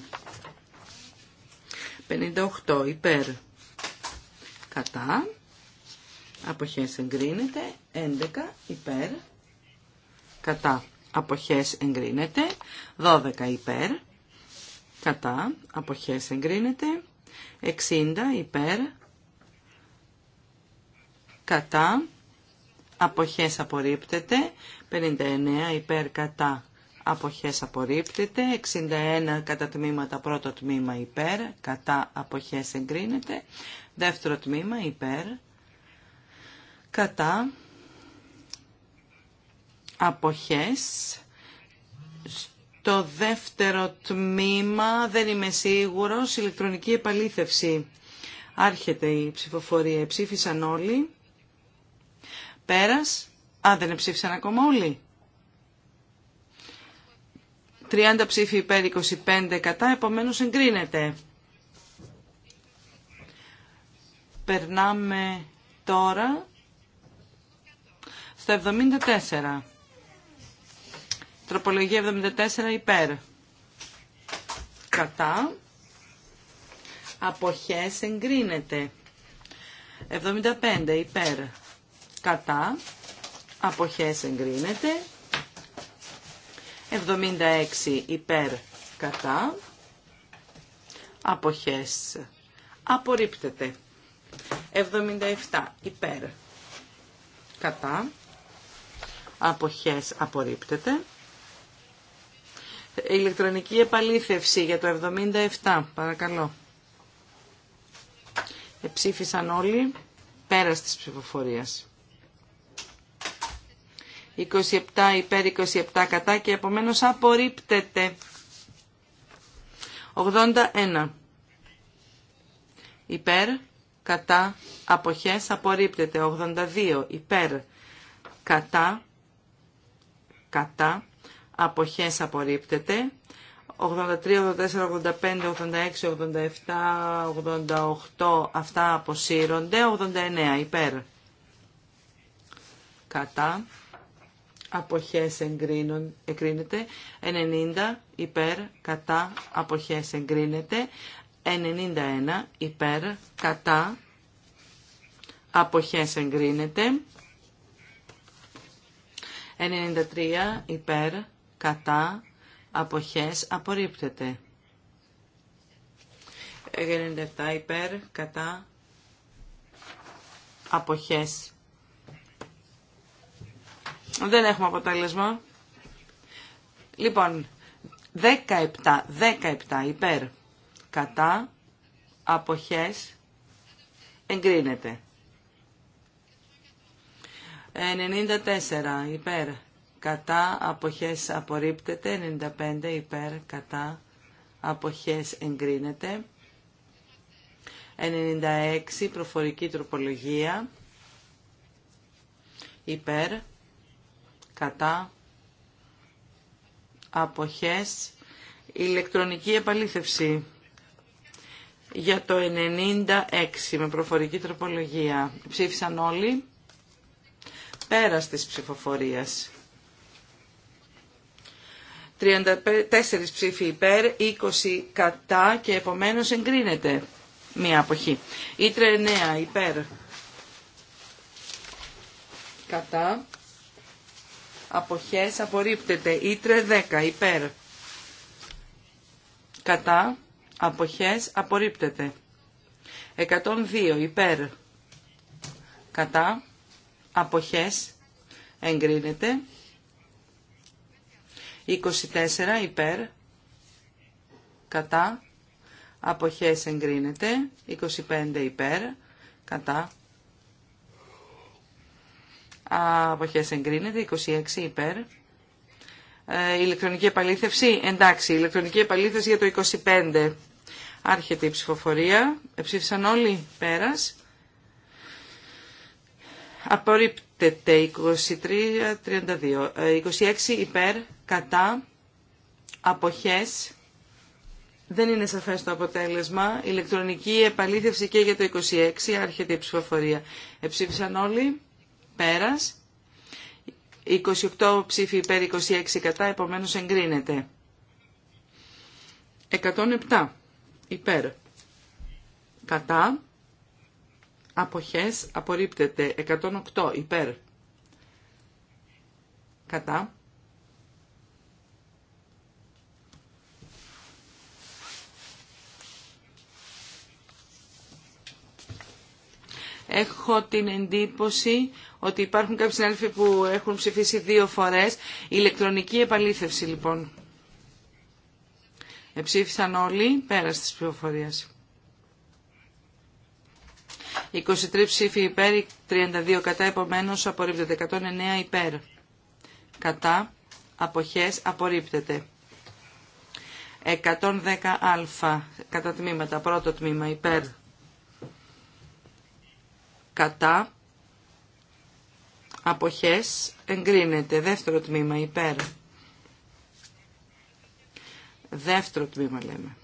58 υπέρ κατά αποχές εγκρίνεται, 11 υπέρ, κατά αποχές εγκρίνεται, 12 υπέρ, κατά αποχές εγκρίνεται, 60 υπέρ, κατά αποχές απορρίπτεται, 59 υπέρ κατά αποχές απορρίπτεται, 61 κατά τμήματα πρώτο τμήμα υπέρ, κατά αποχές εγκρίνεται, δεύτερο τμήμα υπέρ, κατά αποχές. στο δεύτερο τμήμα, δεν είμαι σίγουρος, ηλεκτρονική επαλήθευση. Άρχεται η ψηφοφορία. Ψήφισαν όλοι. Πέρας. Α, δεν ψήφισαν ακόμα όλοι. 30 ψήφοι υπέρ 25 κατά, επομένως εγκρίνεται. Περνάμε τώρα στο 74. Τροπολογία 74 υπέρ. Κατά. Αποχές εγκρίνεται. 75 υπέρ. Κατά. Αποχές εγκρίνεται. 76 υπέρ. Κατά. Αποχές. Απορρίπτεται. 77 υπέρ. Κατά αποχές απορρίπτεται. Ηλεκτρονική επαλήθευση για το 77, παρακαλώ. Εψήφισαν όλοι πέρας της ψηφοφορίας. 27 υπέρ 27 κατά και επομένως απορρίπτεται. 81. Υπέρ, κατά, αποχές, απορρίπτεται. 82. Υπέρ, κατά, κατά, αποχές απορρίπτεται. 83, 84, 85, 86, 87, 88 αυτά αποσύρονται. 89 υπέρ κατά. Αποχές εγκρίνον, εγκρίνεται. 90 υπέρ κατά αποχές εγκρίνεται. 91 υπέρ κατά αποχές εγκρίνεται. 93 υπέρ, κατά, αποχές, απορρίπτεται. 97 υπέρ, κατά, αποχές. Δεν έχουμε αποτέλεσμα. Λοιπόν, 17, 17 υπέρ, κατά, αποχές, εγκρίνεται. 94 υπέρ κατά αποχές απορρίπτεται, 95 υπέρ κατά αποχές εγκρίνεται, 96 προφορική τροπολογία υπέρ κατά αποχές ηλεκτρονική επαλήθευση για το 96 με προφορική τροπολογία. Ψήφισαν όλοι πέρας της ψηφοφορίας. 34 ψήφοι υπέρ, 20 κατά και επομένως εγκρίνεται μία αποχή. Ήτρε 9 υπέρ, κατά, αποχές απορρίπτεται. Ήτρε 10 υπέρ, κατά, αποχές απορρίπτεται. 102 υπέρ, κατά, αποχές εγκρίνεται 24 υπέρ κατά αποχές εγκρίνεται 25 υπέρ κατά αποχές εγκρίνεται 26 υπέρ ε, ηλεκτρονική επαλήθευση εντάξει ηλεκτρονική επαλήθευση για το 25 άρχεται η ψηφοφορία εψήφισαν όλοι πέρας Απορρίπτεται 23-32. 26 ε, υπέρ, κατά, αποχές. Δεν είναι σαφές το αποτέλεσμα. Ηλεκτρονική επαλήθευση και για το 26 άρχεται η ψηφοφορία. Εψήφισαν όλοι. Πέρας. 28 ψήφοι υπέρ, 26 κατά, επομένως εγκρίνεται. 107 υπέρ, κατά, αποχές απορρίπτεται 108 υπέρ κατά Έχω την εντύπωση ότι υπάρχουν κάποιοι συνάδελφοι που έχουν ψηφίσει δύο φορές. Ηλεκτρονική επαλήθευση λοιπόν. Εψήφισαν όλοι πέρα της πληροφορίας. 23 ψήφοι υπέρ, 32 κατά, επομένως απορρίπτεται. 109 υπέρ, κατά, αποχές, απορρίπτεται. 110α, κατά τμήματα, πρώτο τμήμα, υπέρ, κατά, αποχές, εγκρίνεται. Δεύτερο τμήμα, υπέρ. Δεύτερο τμήμα λέμε.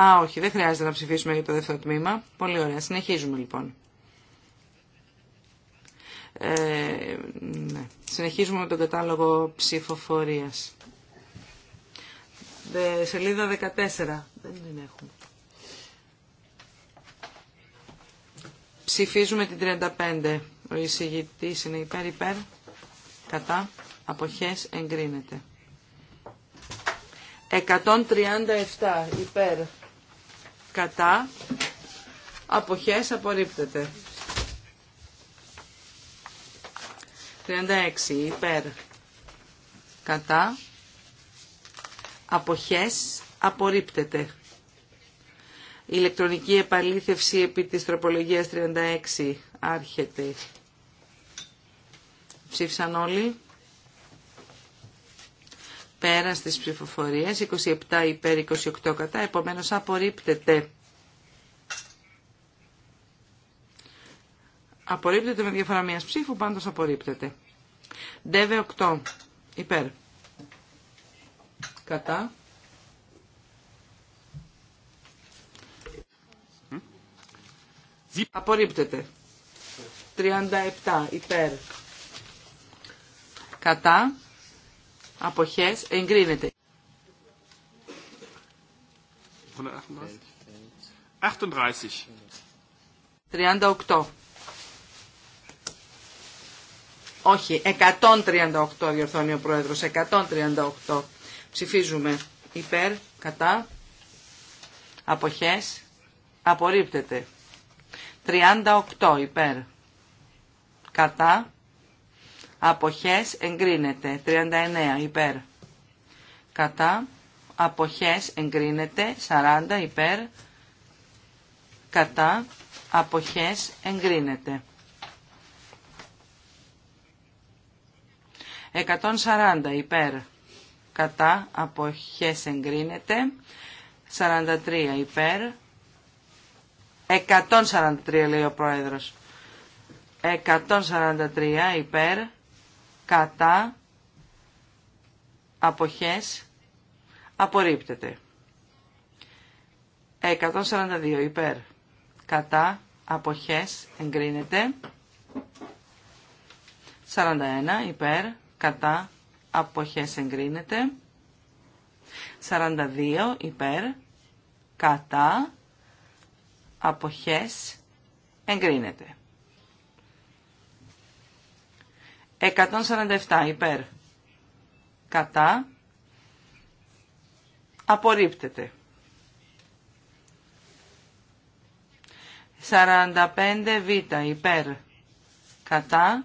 Α, όχι, δεν χρειάζεται να ψηφίσουμε για το δεύτερο τμήμα. Πολύ ωραία. Συνεχίζουμε λοιπόν. Ε, ναι. Συνεχίζουμε με τον κατάλογο ψηφοφορίας. Δε, σελίδα 14. Δεν την έχουμε. Ψηφίζουμε την 35. Ο εισηγητής είναι υπέρ, υπέρ, κατά, αποχές, εγκρίνεται. 137 υπέρ, κατά, αποχές απορρίπτεται. 36 υπέρ, κατά, αποχές απορρίπτεται. Ηλεκτρονική επαλήθευση επί της τροπολογίας 36 άρχεται. Ψήφισαν όλοι πέρα στις ψηφοφορίες, 27 υπέρ 28 κατά, επομένως απορρίπτεται. Απορρίπτεται με διαφορά μιας ψήφου, πάντως απορρίπτεται. ΔΕΒΕ 8 υπέρ. Κατά. Απορρίπτεται. 37 υπέρ. Κατά αποχές εγκρίνεται. 38. Όχι, 138 διορθώνει ο Πρόεδρος, 138. Ψηφίζουμε υπέρ, κατά, αποχές, απορρίπτεται. 38 υπέρ, κατά, αποχές εγκρίνεται. 39 υπέρ κατά αποχές εγκρίνεται. 40 υπέρ κατά αποχές εγκρίνεται. 140 υπέρ κατά αποχές εγκρίνεται. 43 υπέρ 143 λέει ο πρόεδρος. 143 υπέρ κατά αποχές απορρίπτεται. 142 υπέρ κατά αποχές εγκρίνεται. 41 υπέρ κατά αποχές εγκρίνεται. 42 υπέρ κατά αποχές εγκρίνεται. 147 υπέρ. Κατά. Απορρίπτεται. 45 β υπέρ. Κατά.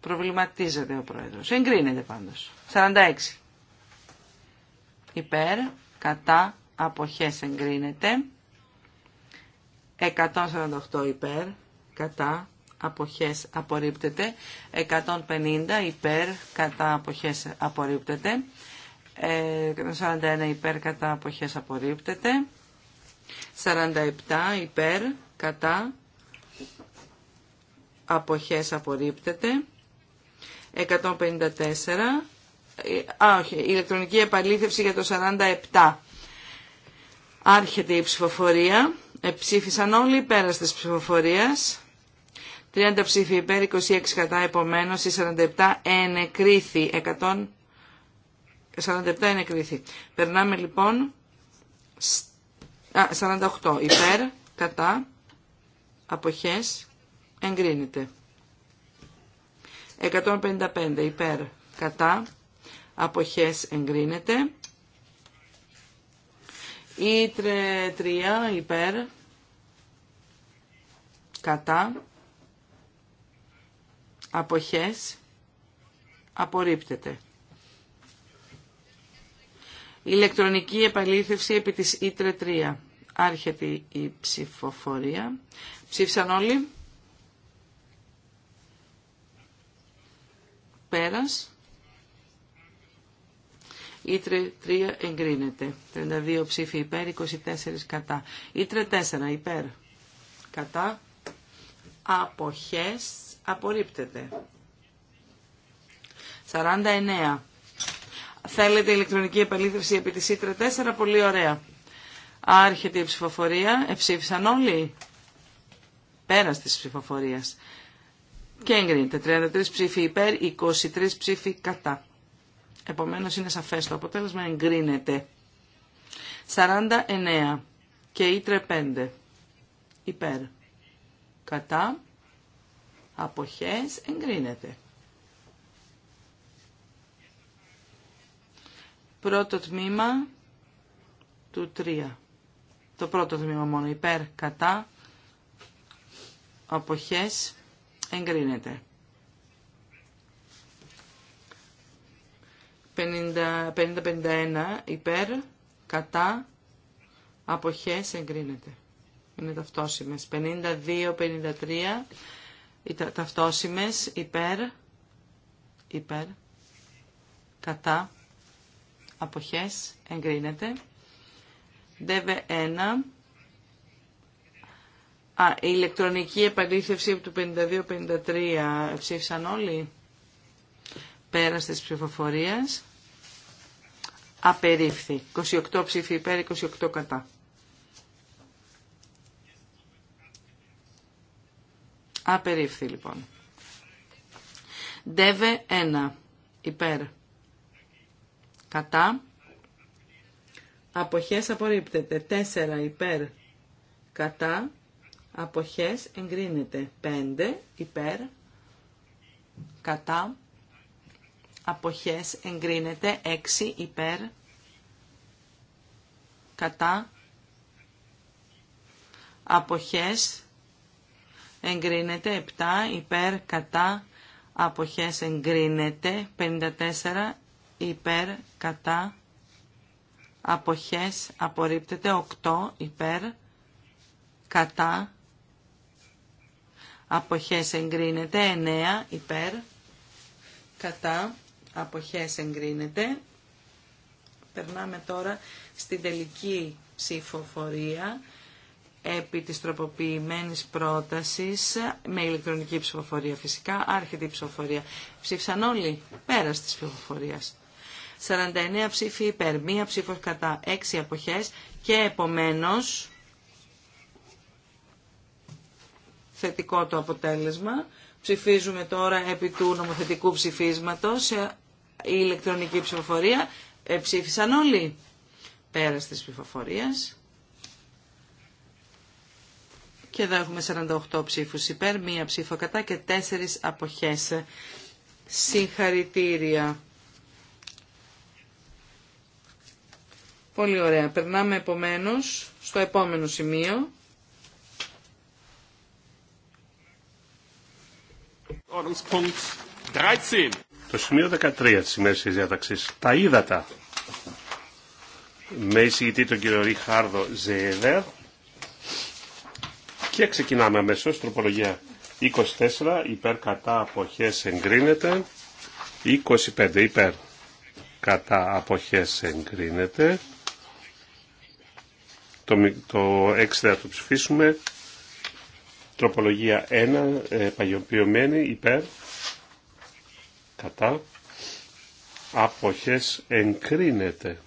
Προβληματίζεται ο πρόεδρος. Εγκρίνεται πάντως. 46. Υπέρ, κατά, αποχές εγκρίνεται. 148 υπέρ, κατά, αποχές απορρίπτεται. 150 υπέρ, κατά, αποχές απορρίπτεται. 141 υπέρ, κατά, αποχές απορρίπτεται. 47 υπέρ, κατά, αποχές απορρίπτεται. 154, ε, α όχι, ηλεκτρονική επαλήθευση για το 47. Άρχεται η ψηφοφορία. Εψήφισαν όλοι πέρα τη ψηφοφορία. 30 ψήφοι υπέρ, 26 κατά, επομένως, η 47 ενεκρίθη. ενεκρίθη. Περνάμε λοιπόν... 48 υπέρ, κατά, αποχές, εγκρίνεται. 155 υπέρ, κατά, αποχές, εγκρίνεται. Ήτρε 3 υπέρ. Κατά. Αποχές. Απορρίπτεται. Ηλεκτρονική επαλήθευση επί της Ήτρε 3. Άρχεται η ψηφοφορία. Ψήφισαν όλοι. Πέρας. Ήτρε 3 εγκρίνεται. 32 ψήφοι υπέρ, 24 κατά. Ήτρε 4 υπέρ, κατά. Αποχές απορρίπτεται. 49. Θέλετε ηλεκτρονική επαλήθευση επί της Ήτρε 4, πολύ ωραία. Άρχεται η ψηφοφορία, εψήφισαν όλοι. Πέρας της ψηφοφορίας. Και εγκρίνεται. 33 ψήφοι υπέρ, 23 ψήφοι κατά. Επομένως είναι σαφές το αποτέλεσμα, εγκρίνεται. 49 και ήτρε 5. Υπέρ. Κατά. Αποχές εγκρίνεται. Πρώτο τμήμα του 3. Το πρώτο τμήμα μόνο. Υπέρ. Κατά. Αποχές εγκρίνεται. 50-51 υπέρ, κατά, αποχές εγκρίνεται. Είναι ταυτόσιμες. 52-53 ταυτόσιμες υπέρ, υπέρ, κατά, αποχές εγκρίνεται. ΔΕΒΕ 1 Α, η ηλεκτρονική επαλήθευση του 52-53 ψήφισαν όλοι πέρας της ψηφοφορίας απερίφθη. 28 ψήφοι υπέρ, 28 κατά. Απερίφθη λοιπόν. ΔΕΒΕ 1 υπέρ. Κατά. Αποχές απορρίπτεται. 4 υπέρ. Κατά. Αποχές εγκρίνεται. 5 υπέρ. Κατά αποχές εγκρίνεται 6 υπέρ κατά αποχές εγκρίνεται 7 υπέρ κατά αποχές εγκρίνεται 54 υπέρ κατά αποχές απορρίπτεται 8 υπέρ κατά αποχές εγκρίνεται 9 υπέρ κατά αποχές εγκρίνεται. Περνάμε τώρα στην τελική ψηφοφορία επί της τροποποιημένης πρότασης, με ηλεκτρονική ψηφοφορία φυσικά, άρχεται ψηφοφορία. Ψήφισαν όλοι πέρα της ψηφοφορίας. 49 ψήφοι υπέρ, μία ψήφος κατά, 6 αποχές και επομένως θετικό το αποτέλεσμα. Ψηφίζουμε τώρα επί του νομοθετικού ψηφίσματος η ηλεκτρονική ψηφοφορία. Ε, ψήφισαν όλοι πέρα της ψηφοφορίας. Και εδώ έχουμε 48 ψήφους υπέρ, μία ψήφο κατά και τέσσερις αποχές. Συγχαρητήρια. Πολύ ωραία. Περνάμε επομένως στο επόμενο σημείο. Ordnungspunkt 13. Το σημείο 13 της τη διάταξης. Τα ύδατα. Με εισηγητή τον κύριο Ρίχαρδο ΖΕΕΔΕΡ Και ξεκινάμε αμέσως. Τροπολογία 24. Υπέρ κατά αποχές εγκρίνεται. 25. Υπέρ κατά αποχές εγκρίνεται. Το, το 6 θα το ψηφίσουμε. Τροπολογία 1, ε, παγιοποιημένη, υπέρ, κατά αποχές εγκρίνεται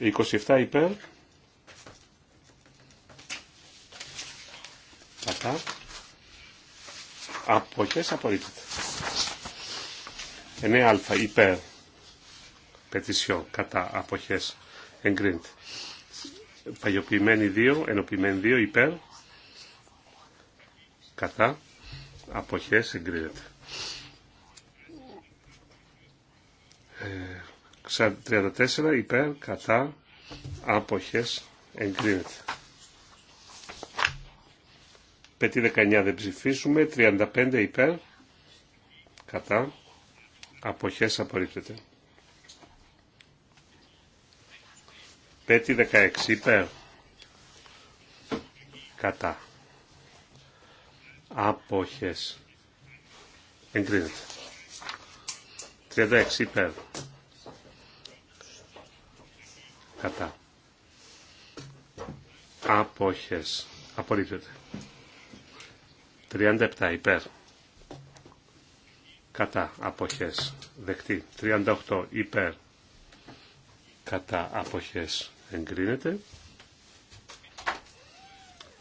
27 υπέρ κατά αποχές απορρίπτεται 9α υπέρ πετησιό κατά αποχές εγκρίνεται παγιοποιημένοι 2 ενοποιημένοι 2 υπέρ κατά αποχές εγκρίνεται. 34 ε, υπέρ κατά αποχές εγκρίνεται. 519 19 δεν ψηφίσουμε, 35 υπέρ κατά αποχές απορρίπτεται. 516 16 υπέρ κατά Απόχες. Εγκρίνεται. 36 υπέρ. Κατά. Απόχες. Απορρίπτεται. 37 υπέρ. Κατά. Απόχες. Δεκτή. 38 υπέρ. Κατά. Απόχες. 5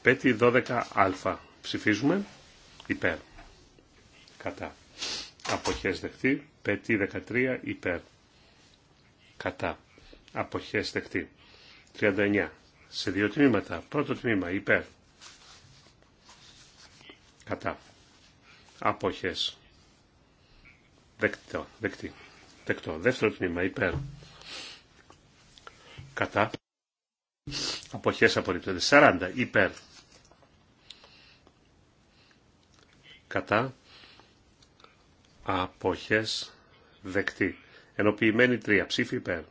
Πέτη 12α. Ψηφίζουμε υπέρ. Κατά. Αποχές δεχτεί. Πέτη 13 υπέρ. Κατά. Αποχές δεχτεί. 39. Σε δύο τμήματα. Πρώτο τμήμα υπέρ. Κατά. Αποχές. Δεκτό. Δεκτή. Δεκτό. Δεύτερο τμήμα υπέρ. Κατά. Αποχές απορρίπτονται. 40 υπέρ. κατά αποχές δεκτή. Ενοποιημένη 3 ψήφι υπέρ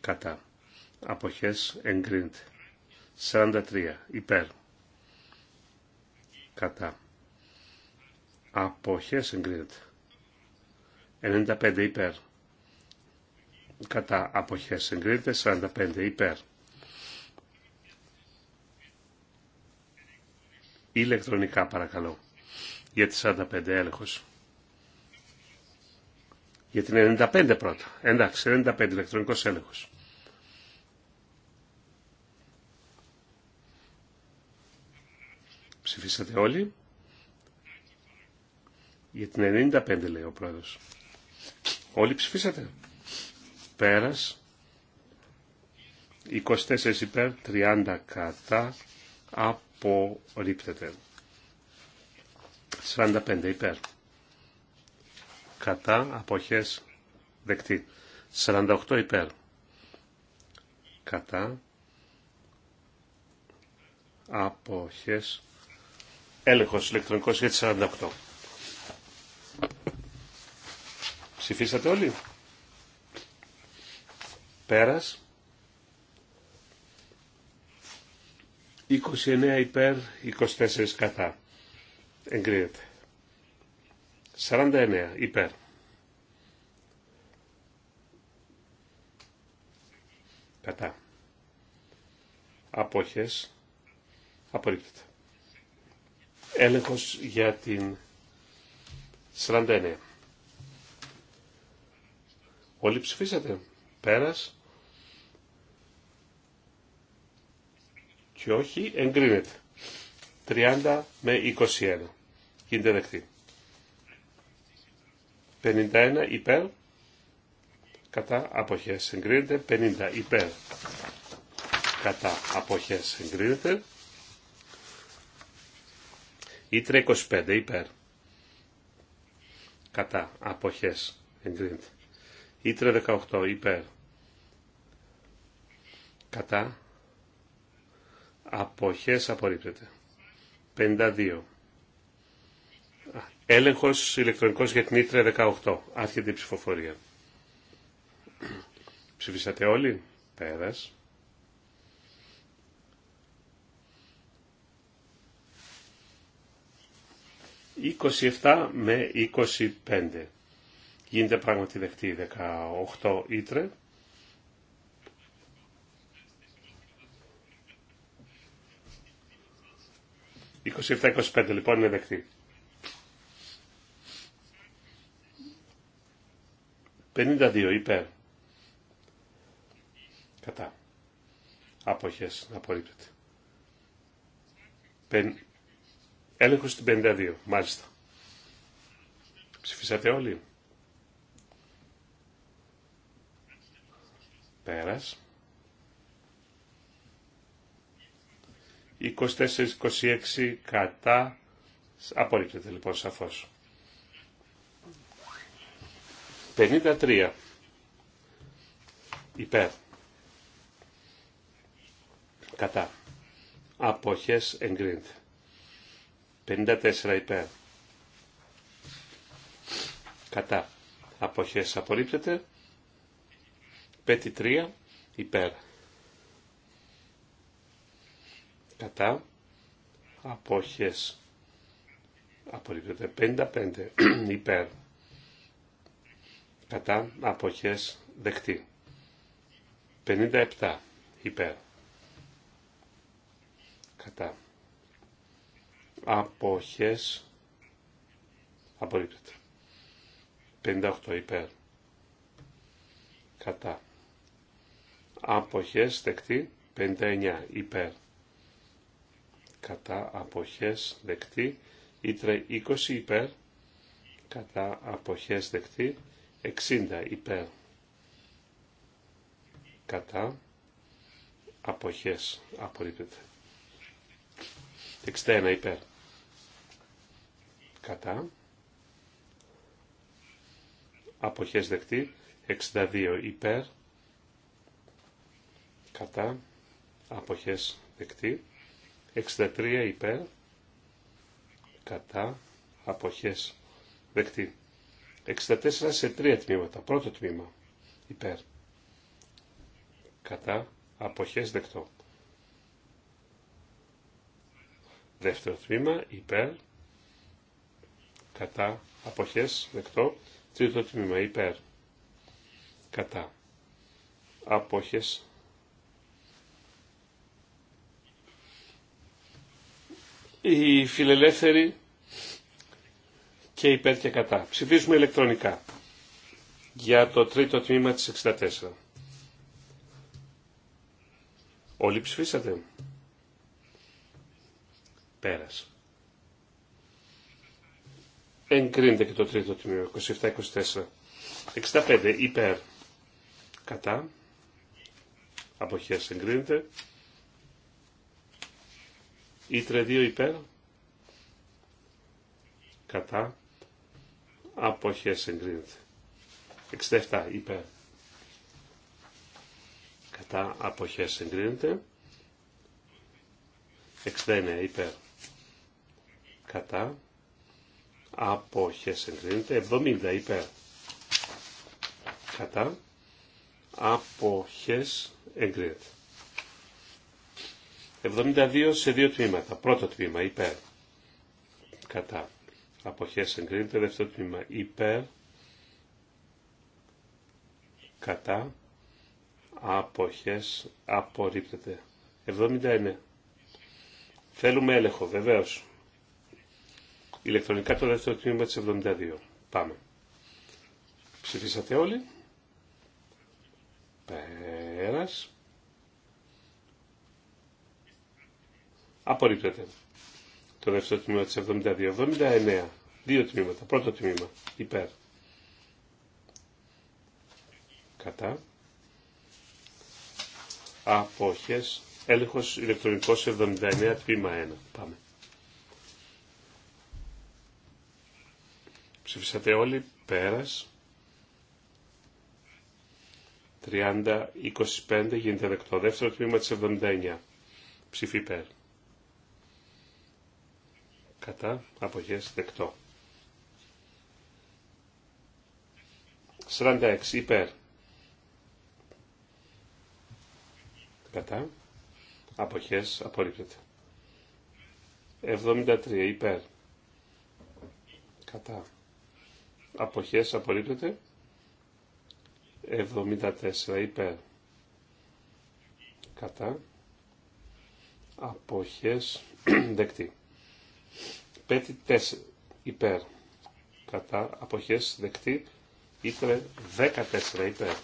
κατά αποχές εγκρίνεται. 43 υπέρ κατά αποχές εγκρίνεται. 95 υπέρ κατά αποχές εγκρίνεται. 45 υπέρ Ηλεκτρονικά παρακαλώ. Για τη 45 έλεγχος. Για την 95 πρώτα. Εντάξει, 95 ηλεκτρονικός έλεγχος. Ψηφίσατε όλοι. Για την 95 λέει ο πρόεδρος. Όλοι ψηφίσατε. Πέρας. 24 υπέρ, 30 κατά. Από απορρίπτεται. 45 υπέρ. Κατά αποχές δεκτή. 48 υπέρ. Κατά αποχές έλεγχος ηλεκτρονικός για 48. Ψηφίσατε όλοι. Πέρας. 29 υπέρ, 24 κατά. Εγκρίνεται. 49 υπέρ. Κατά. Απόχες. Απορρίπτεται. Έλεγχος για την 49. Όλοι ψηφίσατε. Πέρας. και όχι εγκρίνεται. 30 με 21. Γίνεται δεκτή. 51 υπέρ. Κατά αποχές εγκρίνεται. 50 υπέρ. Κατά αποχές εγκρίνεται. Ήτρε 25 υπέρ. Κατά αποχές εγκρίνεται. Ήτρε 18 υπέρ. Κατά Αποχές απορρίπτεται. 52. Έλεγχος ηλεκτρονικός για την Ήτρε 18. Άρχεται η ψηφοφορία. Ψηφίσατε όλοι. Πέρας. «27 με 25». Γίνεται πράγματι δεκτή 18 Ήτρε. 27-25 λοιπόν είναι δεκτή. 52 υπέρ. Κατά. Αποχές. Απορρίπτεται. Πεν... Έλεγχος στην 52. Μάλιστα. Ψηφίσατε όλοι. Πέρας. 24-26 κατά. Απορρίπτεται λοιπόν σαφώς. 53 υπέρ κατά αποχές εγκρίνεται 54 υπέρ κατά αποχές απορρίπτεται 53 υπέρ κατά αποχές απορρίπτεται 55 υπέρ κατά αποχές δεκτή 57 υπέρ κατά αποχές απορρίπτεται 58 υπέρ κατά αποχές δεκτή 59 υπέρ κατά αποχές δεκτή, ήτρε 20 υπέρ, κατά αποχές δεκτή, 60 υπέρ, κατά αποχές απορρίπτεται. 61 υπέρ, κατά αποχές δεκτή, 62 υπέρ, κατά αποχές δεκτή, 63 υπέρ κατά αποχές δεκτή. 64 σε τρία τμήματα. Πρώτο τμήμα υπέρ κατά αποχές δεκτό. Δεύτερο τμήμα υπέρ κατά αποχές δεκτό. Τρίτο τμήμα υπέρ κατά αποχές οι φιλελεύθεροι και υπέρ και κατά. Ψηφίζουμε ηλεκτρονικά για το τρίτο τμήμα της 64. Όλοι ψηφίσατε. Πέρασε. Εγκρίνεται και το τρίτο τμήμα, 27-24. 65 υπέρ. Κατά. Αποχές εγκρίνεται. Ήτρε 2 υπέρ. Κατά. Αποχές εγκρίνεται. 67 υπέρ. Κατά. Αποχές εγκρίνεται. 69 υπέρ. Κατά. Αποχές εγκρίνεται. 70 υπέρ. Κατά. Αποχές εγκρίνεται. 72 σε δύο τμήματα. Πρώτο τμήμα υπέρ. Κατά. Αποχές εγκρίνεται. Δεύτερο τμήμα υπέρ. Κατά. Αποχές απορρίπτεται. 79. Θέλουμε έλεγχο βεβαίως. Ηλεκτρονικά το δεύτερο τμήμα της 72. Πάμε. Ψηφίσατε όλοι. Πέρας. Απορρίπτεται. Το δεύτερο τμήμα της 72. 79. Δύο τμήματα. Πρώτο τμήμα. Υπέρ. Κατά. Απόχες. Έλεγχος ηλεκτρονικός 79 τμήμα 1. Πάμε. Ψηφίσατε όλοι. Πέρας. 30-25 γίνεται δεκτό. Δεύτερο τμήμα της 79. Ψήφι υπέρ κατά αποχές δεκτό. 46 υπέρ κατά αποχές απορρίπτεται. 73 υπέρ κατά αποχές απορρίπτεται. 74 υπέρ κατά αποχές δεκτή. Πέτει υπέρ κατά αποχές δεκτή. Ήτρε 14 υπέρ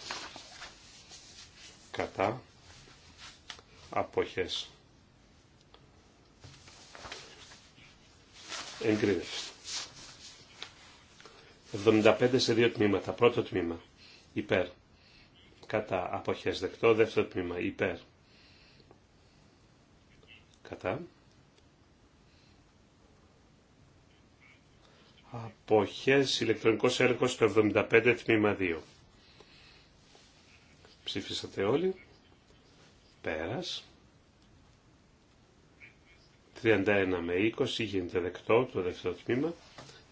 κατά αποχές. Εγκρίνευση. 75 σε δύο τμήματα. Πρώτο τμήμα υπέρ κατά αποχές δεκτό. Δεύτερο τμήμα υπέρ κατά αποχές, ηλεκτρονικός έλεγχος το 75 τμήμα 2. Ψήφισατε όλοι. Πέρας. 31 με 20 γίνεται δεκτό το δεύτερο τμήμα.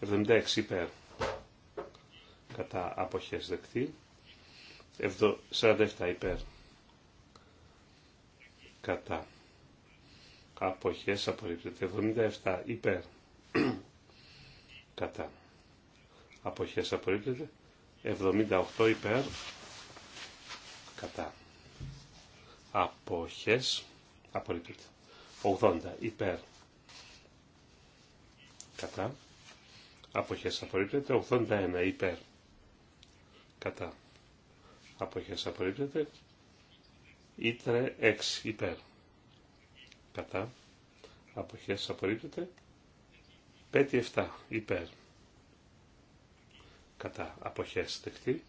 76 υπέρ. Κατά αποχές δεκτή. 47 υπέρ. Κατά αποχές απορρίπτεται. 77 υπέρ κατά αποχές απορρίπτεται 78 υπέρ κατά αποχές απορρίπτεται 80 υπέρ κατά αποχές απορρίπτεται 81 υπέρ κατά αποχές απορρίπτεται ήτρε 6 υπέρ κατά αποχές απορρίπτεται Πέτει 7 υπέρ κατά αποχές δεκτή.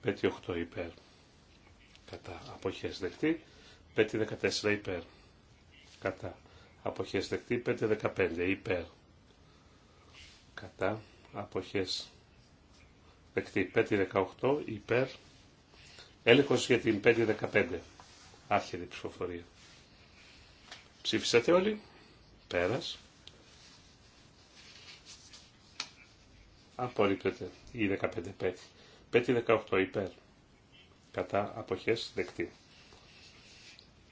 Πέτει 8 υπέρ κατά αποχές δεκτή. Πέτει 14 υπέρ κατά αποχές δεκτή. Πέτει 15 υπέρ κατά αποχές δεκτή. Πέτει 18 υπέρ έλεγχος για την 5-15 άρχεται η ψηφοφορία. Ψήφισατε όλοι. Πέρας. απορρίπτεται η 15 5 5 18 υπέρ. Κατά αποχές δεκτή.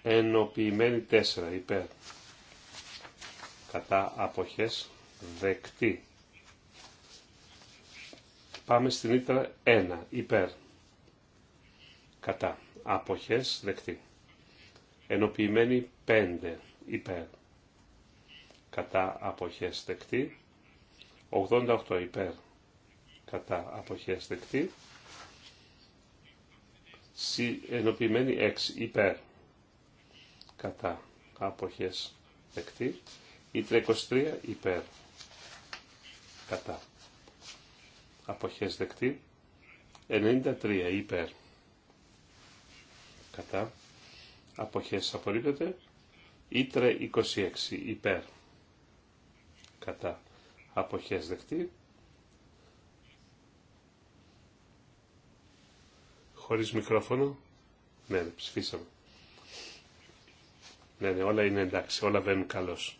Ενοποιημένη 4 υπέρ. Κατά αποχές δεκτή. Πάμε στην ήτρα 1 υπέρ. Κατά αποχές δεκτή. Ενοποιημένη 5 υπέρ. Κατά αποχές δεκτή. 88 υπέρ κατά αποχές δεκτή. Συ, ενοποιημένη 6 υπέρ κατά αποχές δεκτή. Η 23 υπέρ κατά αποχές δεκτή. 93 υπέρ κατά αποχές απορρίπτεται. Ήτρε 26 υπέρ κατά αποχές δεκτή. χωρίς μικρόφωνο. Ναι, ναι, ψηφίσαμε. Ναι, ναι, όλα είναι εντάξει, όλα βαίνουν καλώς.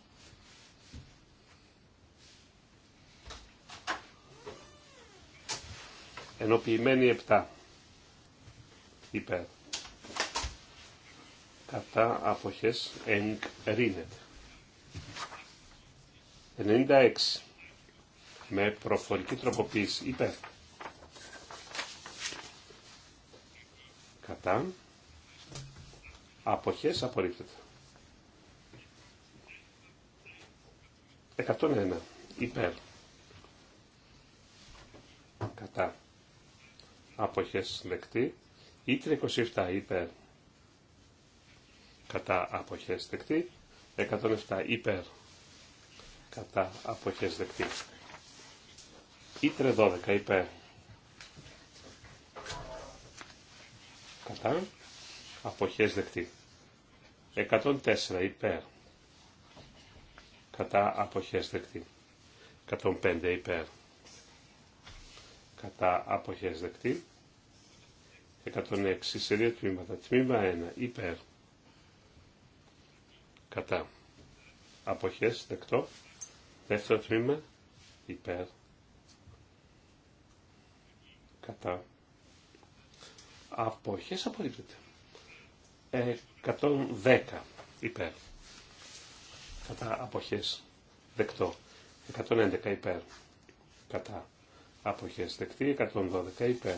Ενοποιημένη 7. Υπέρ. Κατά αποχές εγκρίνεται. 96. Με προφορική τροποποίηση. Υπέρ κατά αποχές απορρίπτεται. 101 υπέρ κατά αποχές δεκτή Ήτρε 27 υπέρ κατά αποχές δεκτή 107 υπέρ κατά αποχές δεκτή Ήτρε 12 υπέρ κατά αποχές δεκτή. 104 υπέρ κατά αποχές δεκτή. 105 υπέρ κατά αποχές δεκτή. 106 σε δύο τμήματα. Τμήμα 1 υπέρ κατά αποχές δεκτό. Δεύτερο τμήμα υπέρ κατά αποχές απορρίπτεται. 110 υπέρ. Κατά αποχές δεκτό. 111 υπέρ. Κατά αποχές δεκτή. 112 υπέρ.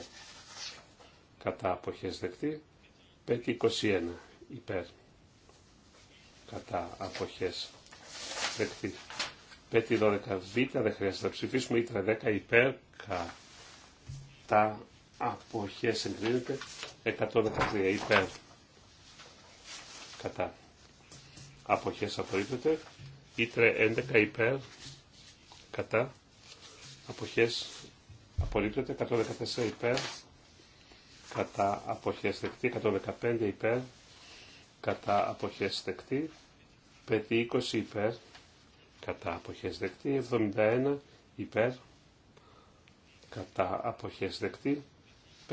Κατά αποχές δεκτή. 521 υπέρ. Κατά αποχές δεκτή. 512 β. Δεν χρειάζεται να ψηφίσουμε. Ήτρα 10 υπέρ. Κατά αποχές εγκρίνεται 113 υπέρ κατά αποχές απορρίπτεται ήτρε 11 υπέρ κατά αποχές απορρίπτεται 114 υπέρ κατά αποχές δεκτή 115 υπέρ κατά αποχές δεκτή 520 υπέρ κατά αποχές δεκτή 71 υπέρ κατά αποχές δεκτή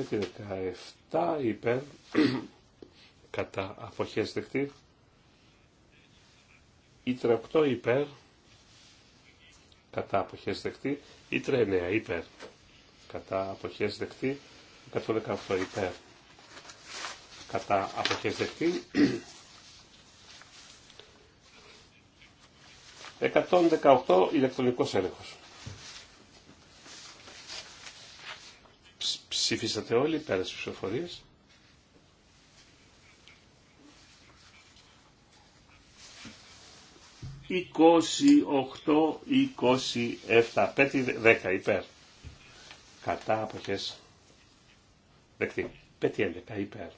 Πέτει 17 υπέρ κατά αποχές δεκτή. Ήτρα 8 υπέρ κατά αποχές δεκτή. Ήτρα 9 υπέρ κατά αποχές δεκτή. 118 υπέρ κατά αποχές δεκτή. 118 ηλεκτρονικός έλεγχος. Συφίσατε όλοι πέρα στι οφθαλμούς; 28, 27, 510 υπέρ. Κατά αποχής. Δεκτή. 510 υπέρ.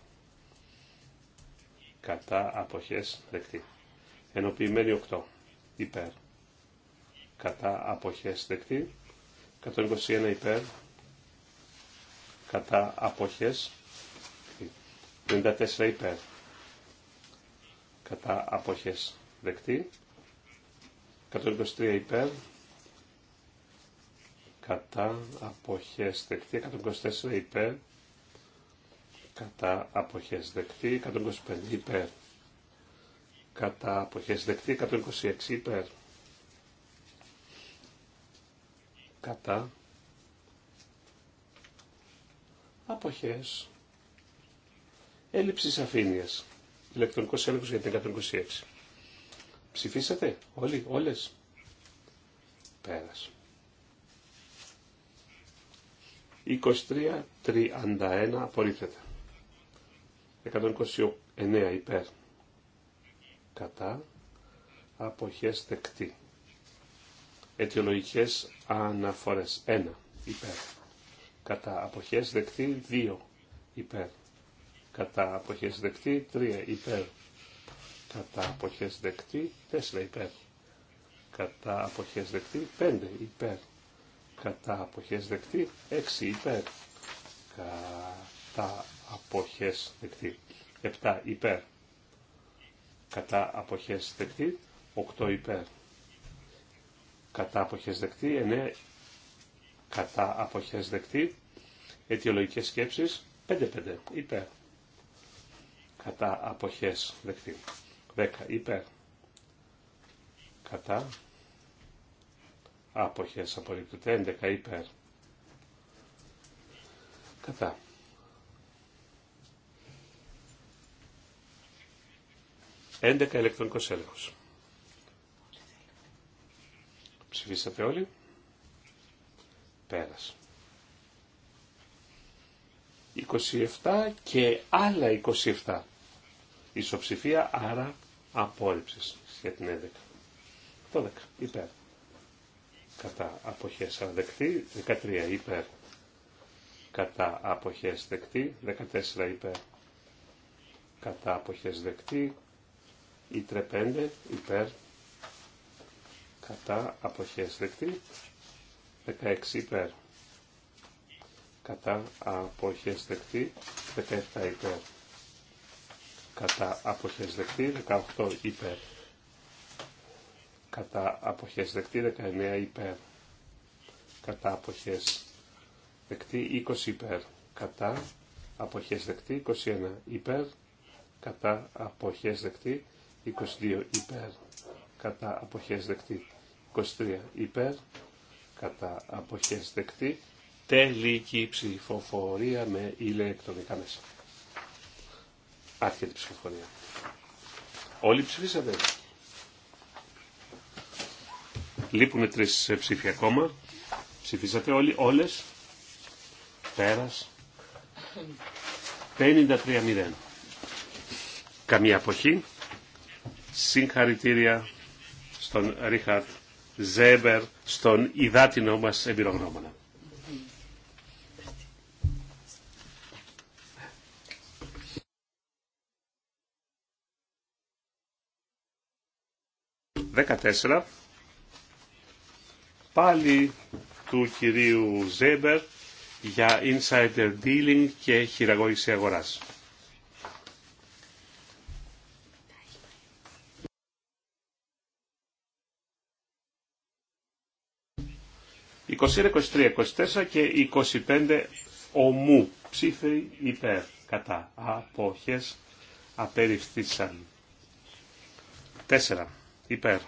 Κατά αποχής. Δεκτή. Ενοπήμενο 8 υπέρ. Κατά αποχής. Δεκτή. 121 υπέρ κατά αποχές 54 υπέρ κατά αποχές δεκτή 123 υπέρ κατά αποχές δεκτή 124 υπέρ κατά αποχές δεκτή 125 υπέρ κατά αποχές δεκτή 126 υπέρ κατά αποχές, έλλειψη σαφήνειας, ηλεκτρονικός έλεγχος για την 126. Ψηφίσατε όλοι, όλες. Πέρας. 23-31 απορρίπτεται. 129 υπέρ. Κατά. Αποχές δεκτή. Αιτιολογικές αναφορές. 1 υπέρ κατά αποχές δεκτή 2 υπέρ κατά αποχές δεκτή 3 υπέρ κατά αποχές δεκτή 4 υπέρ κατά αποχές δεκτή 5 υπέρ κατά αποχές δεκτή 6 υπέρ κατά αποχές δεκτεί 7 υπέρ κατά αποχές δεκτή 8 υπέρ κατά αποχές δεκτεί 9 κατά αποχές δεκτή. Αιτιολογικές σκέψεις 5-5 υπέρ κατά αποχές δεκτή. 10 υπέρ κατά άποχες απορρίπτεται 11 υπέρ κατά 11 ηλεκτρονικός έλεγχος. Ψηφίσατε όλοι. 27 και άλλα 27. Ισοψηφία, άρα απόρριψης για την 11. 12 υπέρ. Κατά αποχές δεκτή, 13 υπέρ. Κατά αποχές δεκτή, 14 υπέρ. Κατά αποχές δεκτή, η 5 υπέρ. Κατά αποχές δεκτή, 16 υπέρ. Κατά αποχές δεκτή 17 υπέρ. Κατά αποχές δεκτή 18 υπέρ. Κατά αποχές δεκτή 19 υπέρ. Κατά αποχές δεκτή 20 υπέρ. Κατά αποχές δεκτή 21 υπέρ. Κατά αποχές δεκτή 22 υπέρ. Κατά αποχές δεκτή 23 υπέρ κατά αποχές δεκτή, τελική ψηφοφορία με ηλεκτρονικά μέσα. Άρχεται η ψηφοφορία. Όλοι ψηφίσατε. Λείπουν τρεις ψήφοι ακόμα. Ψηφίσατε όλοι, όλες. Πέρας. 53-0. Καμία αποχή. Συγχαρητήρια στον Ρίχαρτ Ζέμπερ στον υδάτινό μας εμπειρογνώμονα. Δεκατέσσερα, πάλι του κυρίου Ζέμπερ για insider dealing και χειραγώγηση αγοράς. 21, 23, 24 και 25 ομού. Ψήφι υπέρ. Κατά. Αποχές απεριφθήσαν. 4. Υπέρ.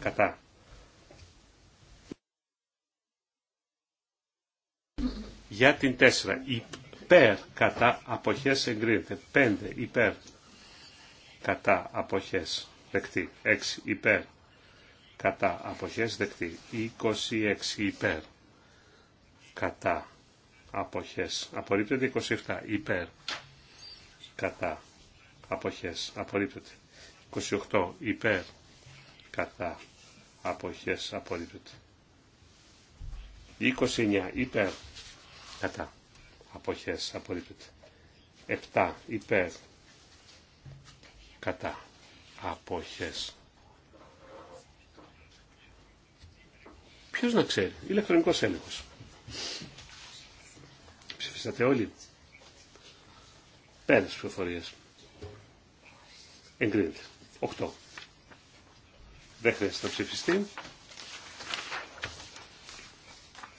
Κατά. Για την 4. Υπέρ. Κατά. Αποχές εγκρίνεται. 5. Υπέρ. Κατά. Αποχές. Δεκτή. 6. Υπέρ κατά αποχές δεκτή 26 υπέρ κατά αποχές απορρίπτεται 27 υπέρ κατά αποχές απορρίπτεται 28 υπέρ κατά αποχές απορρίπτεται 29 υπέρ κατά αποχές απορρίπτεται 7 υπέρ κατά αποχές Ποιο να ξέρει. Ηλεκτρονικός έλεγχος. Ψηφίσατε όλοι. Πέρας πληροφορίε. Εγκρίνεται. 8. Δεν χρειάζεται να ψηφιστεί.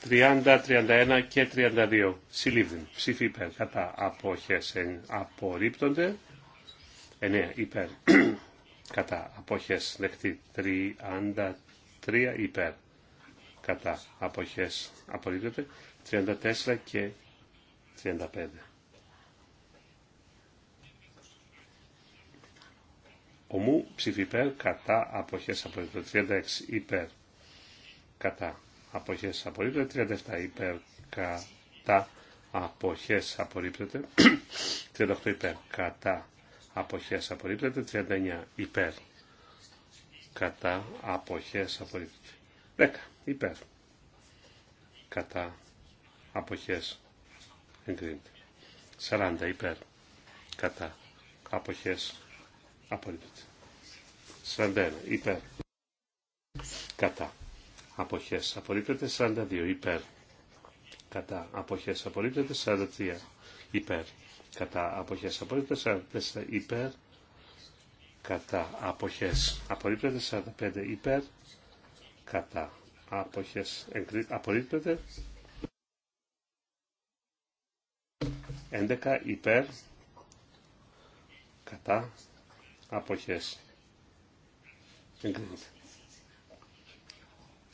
30, 31 και 32. Συλλήβδιν. Ψήφι υπέρ. Κατά απόχες απορρίπτονται. 9 υπέρ. Κατά απόχες δεκτή. 33 υπέρ κατά αποχές απορρίπτεται 34 και 35 ομού ψήφι υπέρ κατά αποχές απορρίπτεται 36 υπέρ κατά αποχές απορρίπτεται 37 υπέρ κατά αποχές απορρίπτεται 38 υπέρ κατά αποχές απορρίπτεται 39 υπέρ κατά αποχές απορρίπτεται 10 υπέρ κατά αποχές εγκρίνεται 40 υπέρ κατά αποχές απορρίπτεται 41 υπέρ κατά αποχές απορρίπτεται 42 υπέρ κατά αποχές απορρίπτεται 43 υπέρ κατά αποχές απορρίπτεται 44 υπέρ κατά αποχές απορρίπτεται 45 υπέρ κατά αποχές απορρίπτεται 11 υπέρ κατά αποχές εγκρίνεται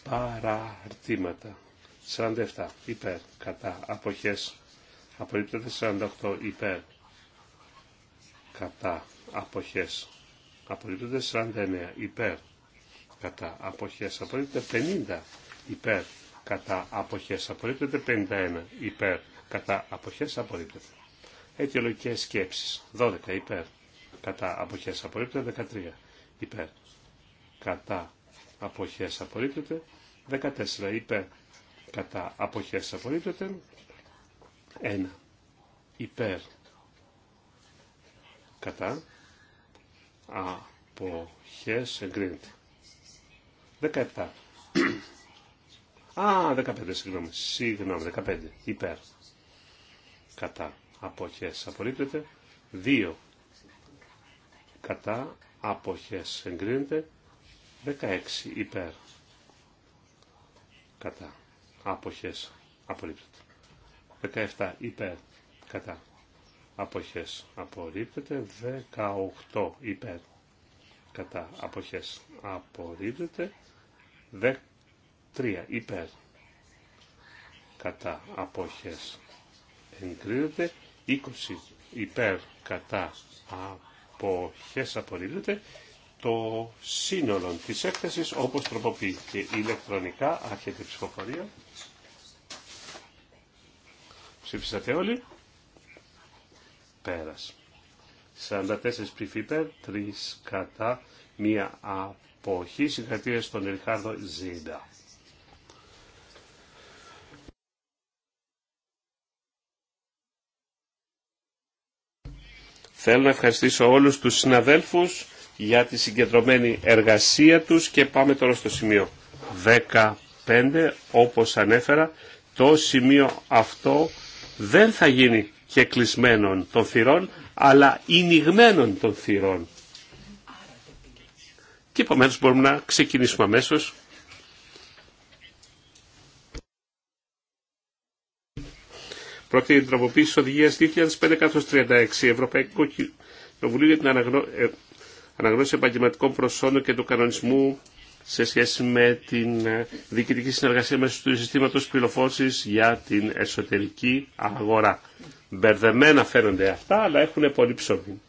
παραρτήματα 47 υπέρ κατά αποχές απορρίπτεται 48 υπέρ κατά αποχές απορρίπτεται 49 υπέρ κατά αποχές απορρίπτεται 50 υπέρ κατά αποχές απορρίπτεται 51 υπέρ κατά αποχές απορρίπτεται αιτιολογικές σκέψεις 12 υπέρ κατά αποχές απορρίπτεται 13 υπέρ κατά αποχές απορρίπτεται 14 υπέρ κατά αποχές απορρίπτεται 1 υπέρ κατά αποχές εγκρίνεται 17. Α, 15, συγγνώμη. Συγγνώμη, 15. Υπέρ. Κατά. Αποχές απορρίπτεται. 2. Κατά. Αποχές εγκρίνεται. 16. Υπέρ. Κατά. Αποχές απορρίπτεται. 17. Υπέρ. Κατά. Αποχές απορρίπτεται. 18. Υπέρ. Κατά. Αποχές απορρίπτεται. 13 υπέρ κατά αποχές εγκρίνεται 20 υπέρ κατά αποχές απορρίπτεται το σύνολο της έκθεσης όπως τροποποιήθηκε ηλεκτρονικά άρχεται η ψηφοφορία ψήφισατε όλοι πέρας 44 ψήφοι υπέρ 3 κατά 1 από εποχή Συγχαρητήρια στον Ριχάρδο Ζήντα. Θέλω να ευχαριστήσω όλους τους συναδέλφους για τη συγκεντρωμένη εργασία τους και πάμε τώρα στο σημείο 15 όπως ανέφερα το σημείο αυτό δεν θα γίνει και κλεισμένον των θυρών αλλά ηνιγμένων των θυρών και επομένως μπορούμε να ξεκινήσουμε αμέσως. Πρόκειται για τροποποίηση τη οδηγία 2536 Ευρωπαϊκού Κοινοβουλίου για την αναγνω... Ε, αναγνώριση επαγγελματικών προσώνων και του κανονισμού σε σχέση με την ε, διοικητική συνεργασία μέσω του συστήματο πληροφόρηση για την εσωτερική αγορά. Μπερδεμένα φαίνονται αυτά, αλλά έχουν πολύ ψωμί.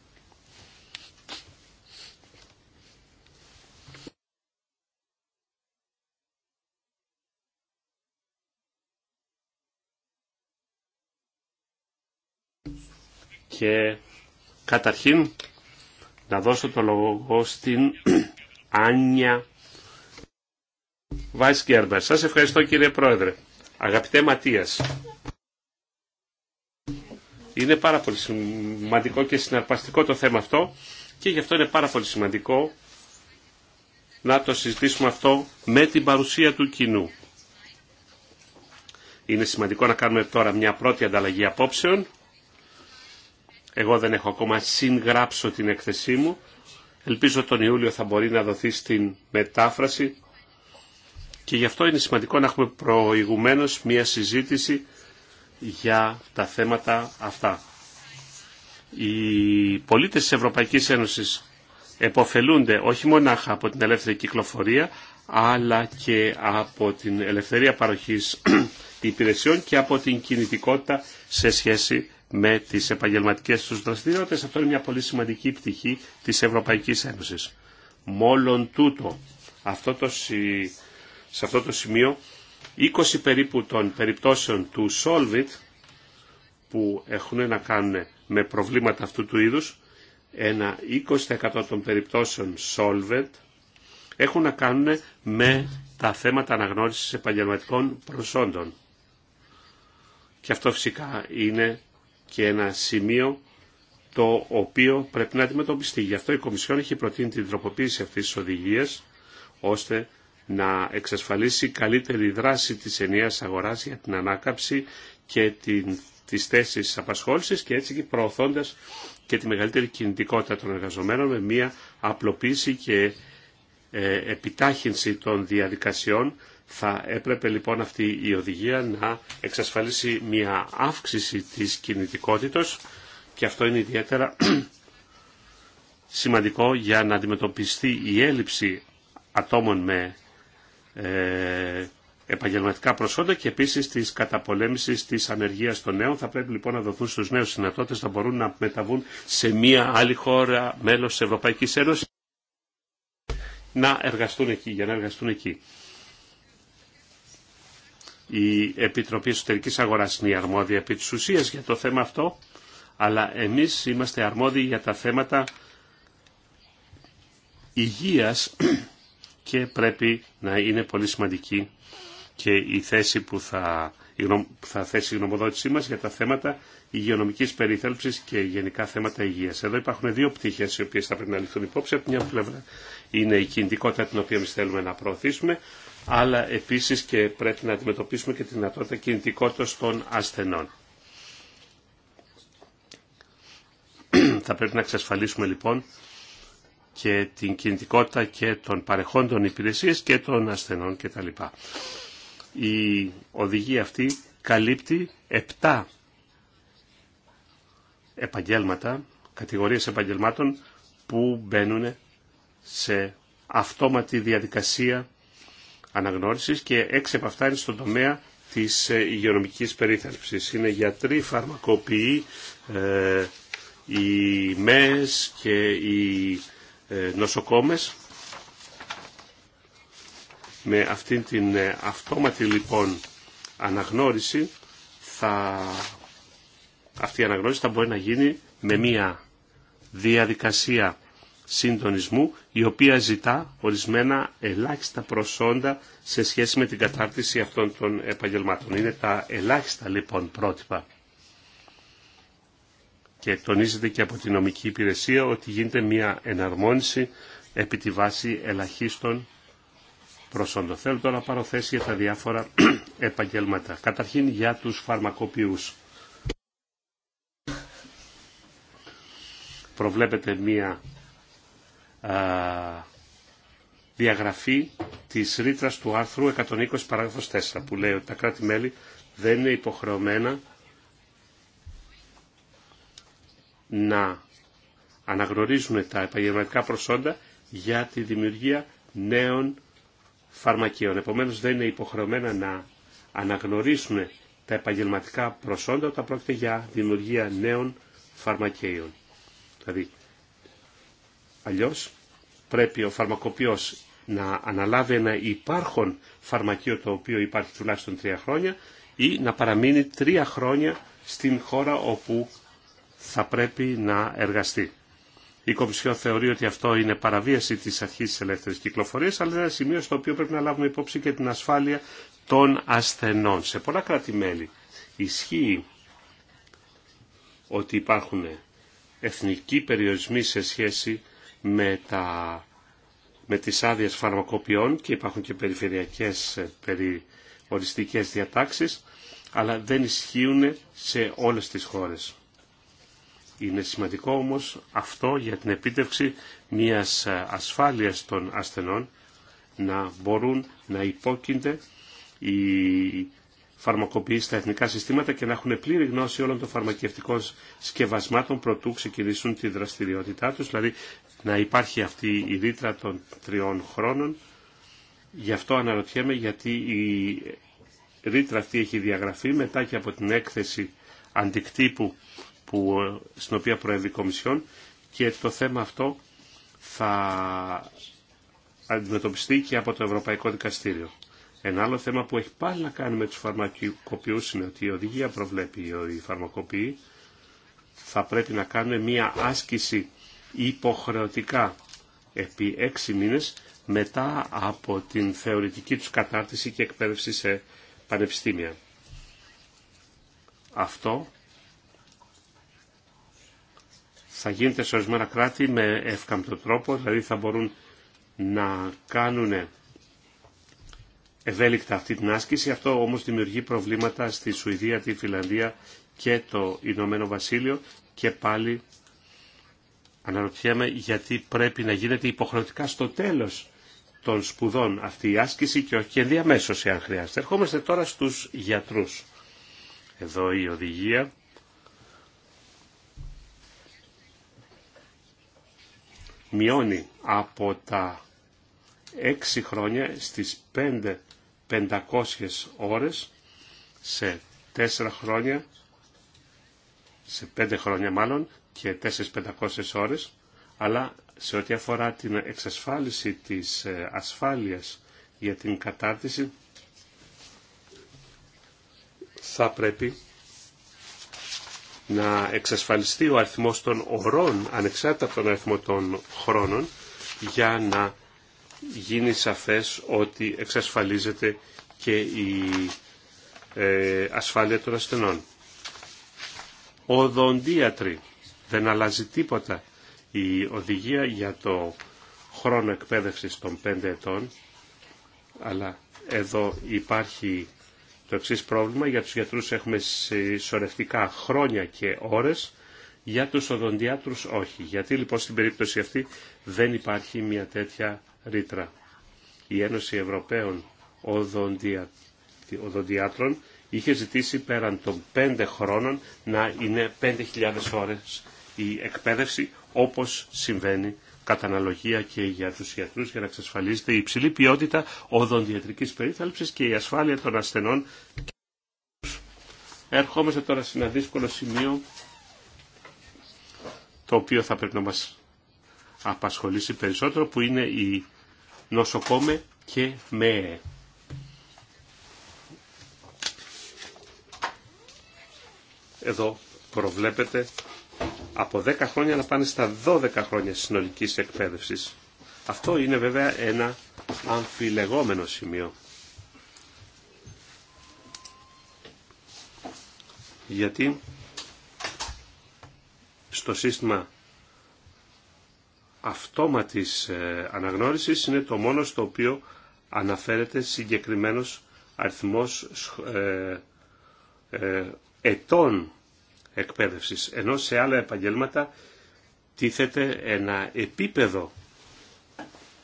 και καταρχήν να δώσω το λόγο στην Άνια Βάις Γκέρμπερ. Σας ευχαριστώ κύριε Πρόεδρε. Αγαπητέ Ματίας, είναι πάρα πολύ σημαντικό και συναρπαστικό το θέμα αυτό και γι' αυτό είναι πάρα πολύ σημαντικό να το συζητήσουμε αυτό με την παρουσία του κοινού. Είναι σημαντικό να κάνουμε τώρα μια πρώτη ανταλλαγή απόψεων εγώ δεν έχω ακόμα συγγράψω την έκθεσή μου. Ελπίζω τον Ιούλιο θα μπορεί να δοθεί στην μετάφραση και γι' αυτό είναι σημαντικό να έχουμε προηγουμένως μία συζήτηση για τα θέματα αυτά. Οι πολίτες της Ευρωπαϊκής Ένωσης εποφελούνται όχι μονάχα από την ελεύθερη κυκλοφορία αλλά και από την ελευθερία παροχής υπηρεσιών και από την κινητικότητα σε σχέση με τις επαγγελματικές τους δραστηριότητες. Αυτό είναι μια πολύ σημαντική πτυχή της Ευρωπαϊκής Ένωσης. Μόλον τούτο, αυτό το, σε αυτό το σημείο, 20 περίπου των περιπτώσεων του Solvit που έχουν να κάνουν με προβλήματα αυτού του είδους, ένα 20% των περιπτώσεων SOLVIT έχουν να κάνουν με τα θέματα αναγνώρισης επαγγελματικών προσόντων. Και αυτό φυσικά είναι και ένα σημείο το οποίο πρέπει να αντιμετωπιστεί. Γι' αυτό η Κομισιόν έχει προτείνει την τροποποίηση αυτής της οδηγίας ώστε να εξασφαλίσει καλύτερη δράση της ενιαίας αγοράς για την ανάκαψη και την, τις θέσεις απασχόλησης και έτσι και προωθώντας και τη μεγαλύτερη κινητικότητα των εργαζομένων με μια απλοποίηση και ε, επιτάχυνση των διαδικασιών θα έπρεπε λοιπόν αυτή η οδηγία να εξασφαλίσει μια αύξηση της κινητικότητας και αυτό είναι ιδιαίτερα σημαντικό για να αντιμετωπιστεί η έλλειψη ατόμων με ε, επαγγελματικά προσόντα και επίσης της καταπολέμησης της ανεργίας των νέων. Θα πρέπει λοιπόν να δοθούν στους νέους συνατότητες να μπορούν να μεταβούν σε μία άλλη χώρα μέλος τη Ευρωπαϊκή Ένωση να εργαστούν εκεί, για να εργαστούν εκεί η Επιτροπή Εσωτερικής Αγοράς είναι η αρμόδια επί της ουσίας για το θέμα αυτό, αλλά εμείς είμαστε αρμόδιοι για τα θέματα υγείας και πρέπει να είναι πολύ σημαντική και η θέση που θα, θα θέσει η γνωμοδότησή μας για τα θέματα υγειονομικής περιθέλψης και γενικά θέματα υγείας. Εδώ υπάρχουν δύο πτυχές οι οποίες θα πρέπει να ληφθούν υπόψη. Από μια πλευρά είναι η κινητικότητα την οποία εμείς θέλουμε να προωθήσουμε αλλά επίσης και πρέπει να αντιμετωπίσουμε και τη δυνατότητα κινητικότητας των ασθενών. Θα πρέπει να εξασφαλίσουμε λοιπόν και την κινητικότητα και των παρεχόντων υπηρεσίες και των ασθενών κτλ. Η οδηγία αυτή καλύπτει 7 επαγγέλματα, κατηγορίες επαγγελμάτων που μπαίνουν σε αυτόματη διαδικασία αναγνώρισης και έξι από αυτά είναι στον τομέα της ε, υγειονομικής περίθαλψης. Είναι γιατροί, φαρμακοποιοί, ε, οι ΜΕΣ και οι ε, νοσοκόμες. Με αυτήν την ε, αυτόματη λοιπόν αναγνώριση θα, αυτή η αναγνώριση θα μπορεί να γίνει με μία διαδικασία συντονισμού η οποία ζητά ορισμένα ελάχιστα προσόντα σε σχέση με την κατάρτιση αυτών των επαγγελμάτων. Είναι τα ελάχιστα λοιπόν πρότυπα. Και τονίζεται και από την νομική υπηρεσία ότι γίνεται μια εναρμόνιση επί τη βάση ελαχίστων προσόντων. Θέλω τώρα να πάρω θέση για τα διάφορα επαγγέλματα. Καταρχήν για τους φαρμακοποιούς. Προβλέπετε μια διαγραφή της ρήτρα του άρθρου 120 παράγραφος 4 που λέει ότι τα κράτη-μέλη δεν είναι υποχρεωμένα να αναγνωρίζουν τα επαγγελματικά προσόντα για τη δημιουργία νέων φαρμακείων. Επομένως δεν είναι υποχρεωμένα να αναγνωρίσουν τα επαγγελματικά προσόντα όταν πρόκειται για δημιουργία νέων φαρμακείων. Δηλαδή, αλλιώς πρέπει ο φαρμακοποιός να αναλάβει ένα υπάρχον φαρμακείο το οποίο υπάρχει τουλάχιστον τρία χρόνια ή να παραμείνει τρία χρόνια στην χώρα όπου θα πρέπει να εργαστεί. Η Κομισιό θεωρεί ότι αυτό είναι παραβίαση της αρχής της ελεύθερης κυκλοφορίας, αλλά είναι ένα σημείο στο οποίο πρέπει να λάβουμε υπόψη και την ασφάλεια των ασθενών. Σε πολλά κράτη-μέλη ισχύει ότι υπάρχουν εθνικοί περιορισμοί σε σχέση με, τα, με τις άδειες φαρμακοποιών και υπάρχουν και περιφερειακές ε, περιοριστικές διατάξεις, αλλά δεν ισχύουν σε όλες τις χώρες. Είναι σημαντικό όμως αυτό για την επίτευξη μιας ε, ασφάλειας των ασθενών να μπορούν να υπόκεινται οι φαρμακοποιεί στα εθνικά συστήματα και να έχουν πλήρη γνώση όλων των φαρμακευτικών σκευασμάτων προτού ξεκινήσουν τη δραστηριότητά τους, δηλαδή να υπάρχει αυτή η ρήτρα των τριών χρόνων. Γι' αυτό αναρωτιέμαι γιατί η ρήτρα αυτή έχει διαγραφεί μετά και από την έκθεση αντικτύπου που, στην οποία προέβη η Κομισιόν και το θέμα αυτό θα αντιμετωπιστεί και από το Ευρωπαϊκό Δικαστήριο. Ένα άλλο θέμα που έχει πάλι να κάνει με τους φαρμακοποιούς είναι ότι η οδηγία προβλέπει οι φαρμακοποιοί θα πρέπει να κάνουν μία άσκηση υποχρεωτικά επί έξι μήνες μετά από την θεωρητική τους κατάρτιση και εκπαίδευση σε πανεπιστήμια. Αυτό θα γίνεται σε ορισμένα κράτη με εύκαμπτο τρόπο, δηλαδή θα μπορούν να κάνουν ευέλικτα αυτή την άσκηση. Αυτό όμως δημιουργεί προβλήματα στη Σουηδία, τη Φιλανδία και το Ηνωμένο Βασίλειο και πάλι Αναρωτιέμαι γιατί πρέπει να γίνεται υποχρεωτικά στο τέλος των σπουδών αυτή η άσκηση και όχι ενδιαμέσως εάν χρειάζεται. Ερχόμαστε τώρα στους γιατρούς. Εδώ η οδηγία μειώνει από τα 6 χρόνια στις 5 500 ώρες σε 4 χρόνια, σε 5 χρόνια μάλλον, και 4-500 ώρες, αλλά σε ό,τι αφορά την εξασφάλιση της ε, ασφάλειας για την κατάρτιση, θα πρέπει να εξασφαλιστεί ο αριθμός των ωρών, ανεξάρτητα από τον αριθμό των χρόνων, για να γίνει σαφές ότι εξασφαλίζεται και η ε, ασφάλεια των ασθενών. Οδοντίατροι δεν αλλάζει τίποτα η οδηγία για το χρόνο εκπαίδευσης των 5 ετών, αλλά εδώ υπάρχει το εξή πρόβλημα. Για τους γιατρούς έχουμε συσσωρευτικά χρόνια και ώρες, για τους οδοντιάτρους όχι. Γιατί λοιπόν στην περίπτωση αυτή δεν υπάρχει μια τέτοια ρήτρα. Η Ένωση Ευρωπαίων Οδοντια... Οδοντιάτρων είχε ζητήσει πέραν των 5 χρόνων να είναι 5.000 ώρες η εκπαίδευση όπως συμβαίνει κατά αναλογία και για τους ιατρούς για να εξασφαλίζεται η υψηλή ποιότητα οδοντιατρικής περίθαλψης και η ασφάλεια των ασθενών. Ερχόμαστε τώρα σε ένα δύσκολο σημείο το οποίο θα πρέπει να μας απασχολήσει περισσότερο που είναι η νοσοκόμε και με Εδώ προβλέπεται από 10 χρόνια να πάνε στα 12 χρόνια συνολικής εκπαίδευσης. Αυτό είναι βέβαια ένα αμφιλεγόμενο σημείο. Γιατί στο σύστημα αυτόματης ε, αναγνώρισης είναι το μόνο στο οποίο αναφέρεται συγκεκριμένος αριθμός ε, ε, ετών εκπαίδευσης. Ενώ σε άλλα επαγγέλματα τίθεται ένα επίπεδο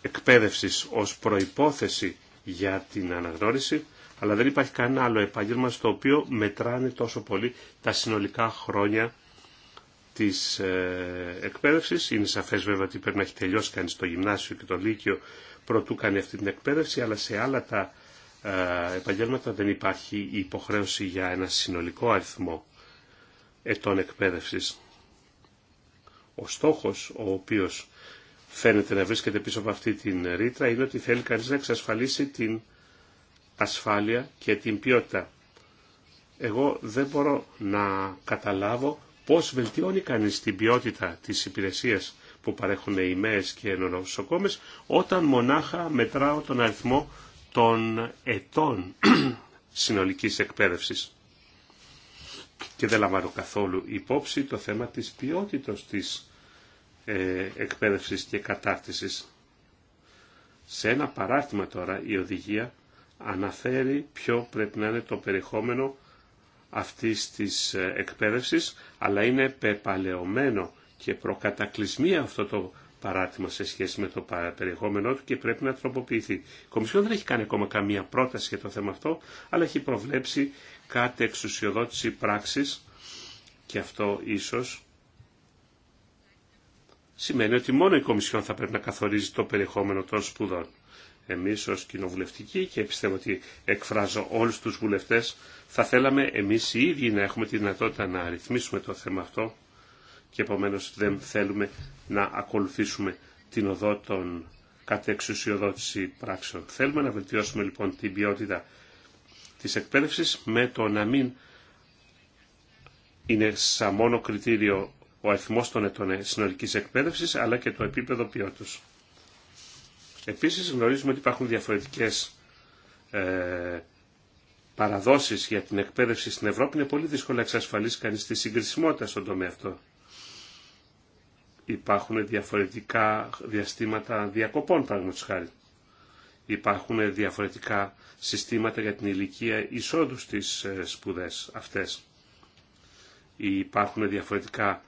εκπαίδευσης ως προϋπόθεση για την αναγνώριση, αλλά δεν υπάρχει κανένα άλλο επάγγελμα στο οποίο μετράνε τόσο πολύ τα συνολικά χρόνια της ε, εκπαίδευσης. Είναι σαφές βέβαια ότι πρέπει να έχει τελειώσει κανείς το γυμνάσιο και το λύκειο προτού κάνει αυτή την εκπαίδευση, αλλά σε άλλα τα ε, επαγγέλματα δεν υπάρχει υποχρέωση για ένα συνολικό αριθμό ετών εκπαίδευσης. Ο στόχος ο οποίος φαίνεται να βρίσκεται πίσω από αυτή την ρήτρα είναι ότι θέλει κανείς να εξασφαλίσει την ασφάλεια και την ποιότητα. Εγώ δεν μπορώ να καταλάβω πώς βελτιώνει κανείς την ποιότητα της υπηρεσίας που παρέχουν οι ΜΕΕΣ και οι νοσοκόμες όταν μονάχα μετράω τον αριθμό των ετών συνολικής εκπαίδευσης και δεν λαμβάνω καθόλου υπόψη το θέμα της ποιότητας της ε, και κατάρτισης. Σε ένα παράρτημα τώρα η οδηγία αναφέρει ποιο πρέπει να είναι το περιεχόμενο αυτής της ε, εκπαίδευσης, αλλά είναι πεπαλαιωμένο και προκατακλυσμία αυτό το παράρτημα σε σχέση με το περιεχόμενό του και πρέπει να τροποποιηθεί. Η Κομισιόν δεν έχει κάνει ακόμα καμία πρόταση για το θέμα αυτό, αλλά έχει προβλέψει κάτι εξουσιοδότηση πράξης και αυτό ίσως σημαίνει ότι μόνο η Κομισιόν θα πρέπει να καθορίζει το περιεχόμενο των σπουδών. Εμείς ως κοινοβουλευτικοί και πιστεύω ότι εκφράζω όλους τους βουλευτές θα θέλαμε εμείς οι ίδιοι να έχουμε τη δυνατότητα να αριθμίσουμε το θέμα αυτό και επομένως δεν θέλουμε να ακολουθήσουμε την οδό των κατεξουσιοδότηση πράξεων. Θέλουμε να βελτιώσουμε λοιπόν την ποιότητα της εκπαίδευσης με το να μην είναι σαν μόνο κριτήριο ο αριθμό των ετών συνολική εκπαίδευση αλλά και το επίπεδο ποιότητα. Επίσης γνωρίζουμε ότι υπάρχουν διαφορετικές ε, παραδόσεις για την εκπαίδευση στην Ευρώπη. Είναι πολύ δύσκολο να εξασφαλίσει κανείς τη συγκρισιμότητα στον τομέα αυτό. Υπάρχουν διαφορετικά διαστήματα διακοπών, παραδείγματος χάρη υπάρχουν διαφορετικά συστήματα για την ηλικία εισόδου στις ε, σπουδές αυτές. Υπάρχουν διαφορετικά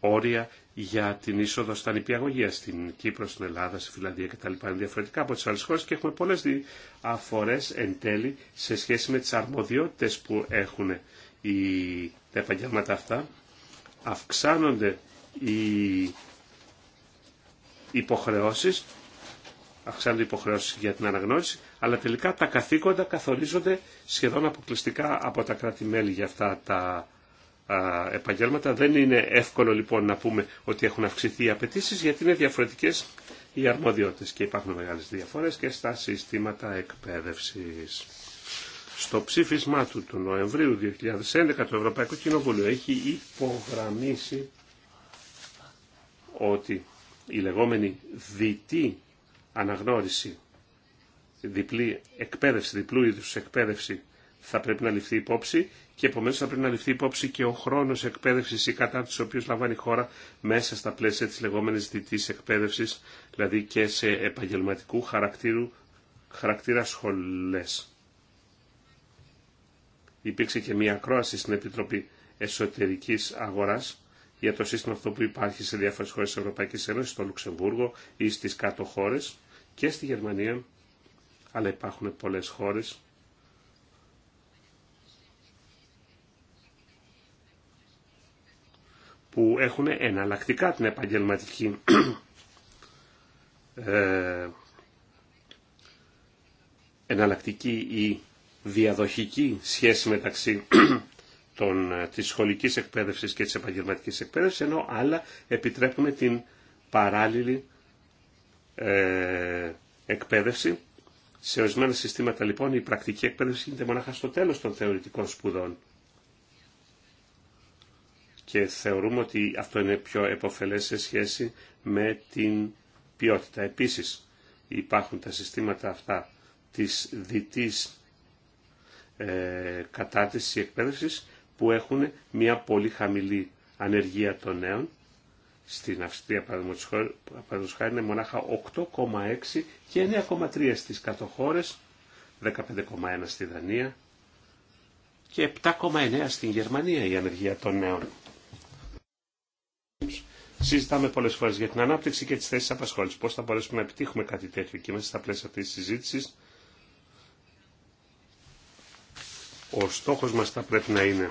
όρια για την είσοδο στα νηπιαγωγεία στην Κύπρο, στην Ελλάδα, στη Φιλανδία κτλ. Είναι διαφορετικά από τις άλλες χώρες και έχουμε πολλές διαφορές εν τέλει σε σχέση με τις αρμοδιότητες που έχουν οι, τα επαγγέλματα αυτά. Αυξάνονται οι υποχρεώσεις αυξάνονται υποχρεώσει για την αναγνώριση, αλλά τελικά τα καθήκοντα καθορίζονται σχεδόν αποκλειστικά από τα κράτη-μέλη για αυτά τα επαγγέλματα. Δεν είναι εύκολο λοιπόν να πούμε ότι έχουν αυξηθεί οι απαιτήσει, γιατί είναι διαφορετικέ οι αρμοδιότητε και υπάρχουν μεγάλε διαφορέ και στα συστήματα εκπαίδευση. Στο ψήφισμά του του Νοεμβρίου 2011 το Ευρωπαϊκό Κοινοβούλιο έχει υπογραμμίσει ότι η λεγόμενη δυτή αναγνώριση, διπλή εκπαίδευση, διπλού είδου εκπαίδευση θα πρέπει να ληφθεί υπόψη και επομένω θα πρέπει να ληφθεί υπόψη και ο χρόνο εκπαίδευση ή κατάρτιση ο οποίο λαμβάνει η κάτα ο οποιου λαμβανει μέσα στα πλαίσια τη λεγόμενη διτή εκπαίδευση, δηλαδή και σε επαγγελματικού χαρακτήρου, χαρακτήρα σχολέ. Υπήρξε και μια ακρόαση στην Επιτροπή Εσωτερικής Αγοράς για το σύστημα αυτό που υπάρχει σε διάφορες χώρες της Ευρωπαϊκής Ένωσης, στο Λουξεμβούργο ή στις κάτω χώρες και στη Γερμανία, αλλά υπάρχουν πολλές χώρες που έχουν εναλλακτικά την επαγγελματική ε, εναλλακτική ή διαδοχική σχέση μεταξύ των, ε, της σχολικής εκπαίδευσης και της επαγγελματικής εκπαίδευσης, ενώ άλλα επιτρέπουν την παράλληλη ε, εκπαίδευση. Σε ορισμένα συστήματα λοιπόν η πρακτική εκπαίδευση γίνεται μονάχα στο τέλος των θεωρητικών σπουδών. Και θεωρούμε ότι αυτό είναι πιο επωφελές σε σχέση με την ποιότητα. Επίσης υπάρχουν τα συστήματα αυτά της διτής ε, κατάρτισης εκπαίδευσης που έχουν μια πολύ χαμηλή ανεργία των νέων. Στην Αυστρία, παραδείγματος χάρη, είναι μονάχα 8,6 και 9,3 στις κατοχώρες, 15,1 στη Δανία και 7,9 στην Γερμανία η ανεργία των νέων. Συζητάμε πολλές φορές για την ανάπτυξη και τις θέσεις απασχόλησης. Πώς θα μπορέσουμε να επιτύχουμε κάτι τέτοιο και μέσα στα πλαίσια αυτής της συζήτησης Ο στόχος μας θα πρέπει να είναι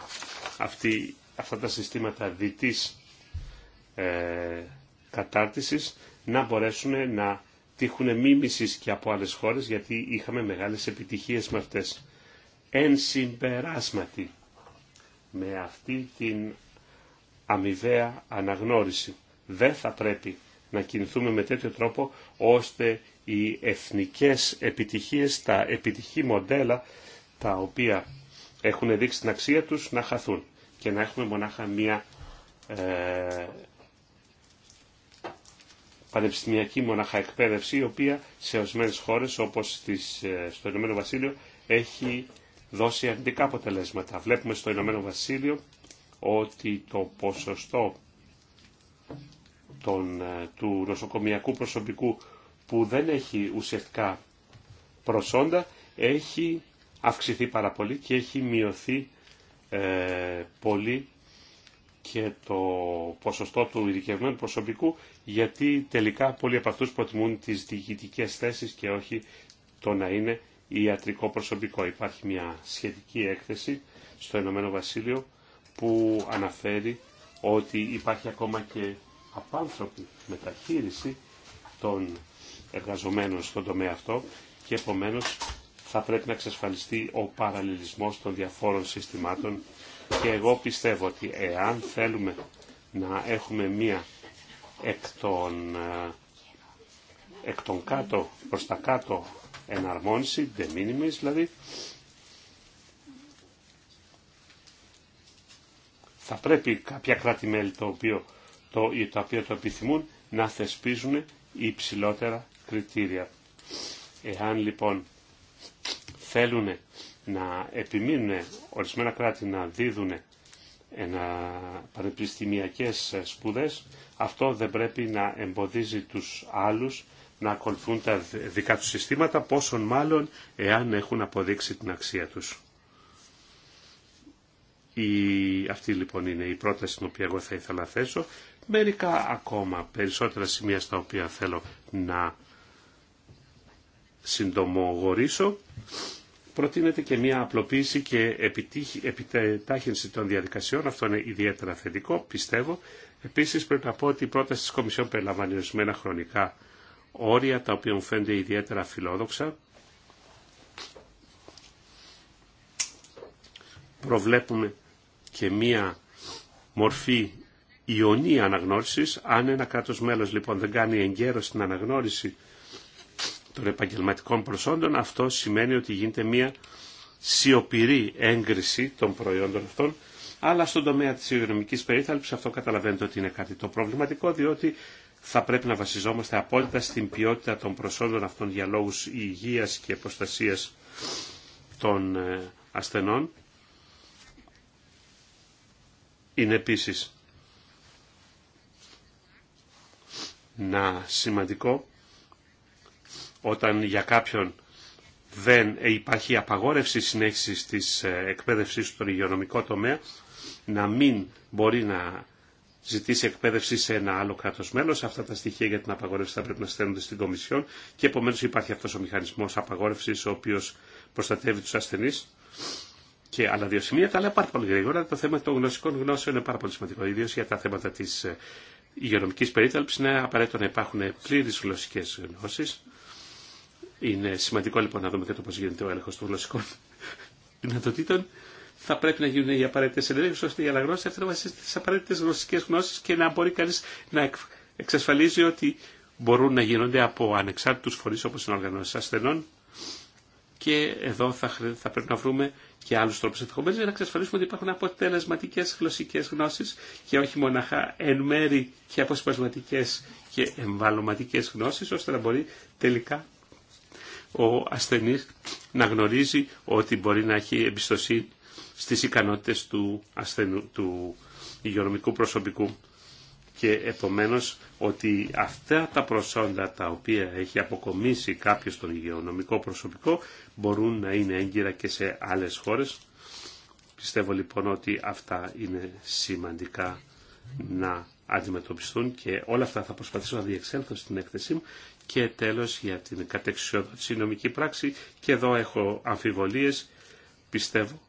αυτή, αυτά τα συστήματα διτής ε, κατάρτισης να μπορέσουν να τύχουν μίμησης και από άλλες χώρες γιατί είχαμε μεγάλες επιτυχίες με αυτές. Εν συμπεράσματι με αυτή την αμοιβαία αναγνώριση δεν θα πρέπει να κινηθούμε με τέτοιο τρόπο ώστε οι εθνικές επιτυχίες, τα επιτυχή μοντέλα τα οποία έχουν δείξει την αξία τους να χαθούν και να έχουμε μονάχα μία ε, πανεπιστημιακή μονάχα εκπαίδευση η οποία σε ορισμένε χώρες όπως στις, ε, στο Ηνωμένο Βασίλειο έχει δώσει αρνητικά αποτελέσματα. Βλέπουμε στο Ηνωμένο Βασίλειο ότι το ποσοστό των, ε, του νοσοκομιακού προσωπικού που δεν έχει ουσιαστικά προσόντα έχει αυξηθεί πάρα πολύ και έχει μειωθεί ε, πολύ και το ποσοστό του ειδικευμένου προσωπικού γιατί τελικά πολλοί από αυτούς προτιμούν τις διοικητικές θέσεις και όχι το να είναι ιατρικό προσωπικό. Υπάρχει μια σχετική έκθεση στο Ηνωμένο Βασίλειο που αναφέρει ότι υπάρχει ακόμα και απάνθρωπη μεταχείριση των εργαζομένων στον τομέα αυτό και επομένως θα πρέπει να εξασφαλιστεί ο παραλληλισμός των διαφόρων συστημάτων και εγώ πιστεύω ότι εάν θέλουμε να έχουμε μία εκ των, ε, εκ των κάτω προς τα κάτω εναρμόνιση, δηλαδή, θα πρέπει κάποια κράτη-μέλη το οποίο το, τα οποία το επιθυμούν να θεσπίζουν υψηλότερα κριτήρια. Εάν λοιπόν θέλουν να επιμείνουν ορισμένα κράτη να δίδουν ένα πανεπιστημιακές σπουδές, αυτό δεν πρέπει να εμποδίζει τους άλλους να ακολουθούν τα δικά τους συστήματα, πόσον μάλλον εάν έχουν αποδείξει την αξία τους. Η... Αυτή λοιπόν είναι η πρόταση την οποία εγώ θα ήθελα να θέσω. Μερικά ακόμα περισσότερα σημεία στα οποία θέλω να συντομογορήσω. Προτείνεται και μια απλοποίηση και επιτάχυνση των διαδικασιών. Αυτό είναι ιδιαίτερα θετικό, πιστεύω. Επίσης πρέπει να πω ότι η πρόταση της Κομισιόν περιλαμβάνει ορισμένα χρονικά όρια, τα οποία μου φαίνονται ιδιαίτερα φιλόδοξα. Προβλέπουμε και μία μορφή ιονή αναγνώρισης. Αν ένα κράτος μέλος λοιπόν δεν κάνει εγκαίρως την αναγνώριση των επαγγελματικών προσόντων, αυτό σημαίνει ότι γίνεται μια σιωπηρή έγκριση των προϊόντων αυτών, αλλά στον τομέα της υγειονομικής περίθαλψης αυτό καταλαβαίνετε ότι είναι κάτι το προβληματικό, διότι θα πρέπει να βασιζόμαστε απόλυτα στην ποιότητα των προσόντων αυτών για λόγους υγείας και προστασίας των ε, ασθενών. Είναι επίσης να σημαντικό όταν για κάποιον δεν υπάρχει απαγόρευση συνέχισης της ε, εκπαίδευσης στον υγειονομικό τομέα, να μην μπορεί να ζητήσει εκπαίδευση σε ένα άλλο κράτο μέλο. Αυτά τα στοιχεία για την απαγόρευση θα πρέπει να στέλνονται στην Κομισιόν και επομένω υπάρχει αυτό ο μηχανισμό απαγόρευση ο οποίο προστατεύει του ασθενεί. Και άλλα δύο σημεία, τα άλλα πάρα πολύ γρήγορα. Το θέμα των γλωσσικών γνώσεων είναι πάρα πολύ σημαντικό. Ιδίω για τα θέματα τη ε, υγειονομική περίθαλψη είναι απαραίτητο να υπάρχουν πλήρε γλωσσικέ γνώσει. Είναι σημαντικό λοιπόν να δούμε και το πώ γίνεται ο έλεγχο των γλωσσικών δυνατοτήτων. Θα πρέπει να γίνουν οι απαραίτητε ενέργειε ώστε η αναγνώριση αυτή να βασίζεται στι απαραίτητε γλωσσικέ γνώσει και να μπορεί κανεί να εξασφαλίζει ότι μπορούν να γίνονται από ανεξάρτητου φορεί, όπω είναι οργανώσει ασθενών και εδώ θα, θα πρέπει να βρούμε και άλλου τρόπου ενδεχομένω για να εξασφαλίσουμε ότι υπάρχουν αποτελεσματικέ γλωσσικέ γνώσει και όχι μοναχά εν μέρη και αποσπασματικέ και εμβαλωματικέ γνώσει, ώστε να μπορεί τελικά ο ασθενής να γνωρίζει ότι μπορεί να έχει εμπιστοσύνη στις ικανότητες του, του υγειονομικού προσωπικού και επομένως ότι αυτά τα προσόντα τα οποία έχει αποκομίσει κάποιος τον υγειονομικό προσωπικό μπορούν να είναι έγκυρα και σε άλλες χώρες. Πιστεύω λοιπόν ότι αυτά είναι σημαντικά να αντιμετωπιστούν και όλα αυτά θα προσπαθήσω να διεξέλθω στην έκθεσή μου και τέλος για την κατεξουσιοδότηση νομική πράξη και εδώ έχω αμφιβολίες, πιστεύω,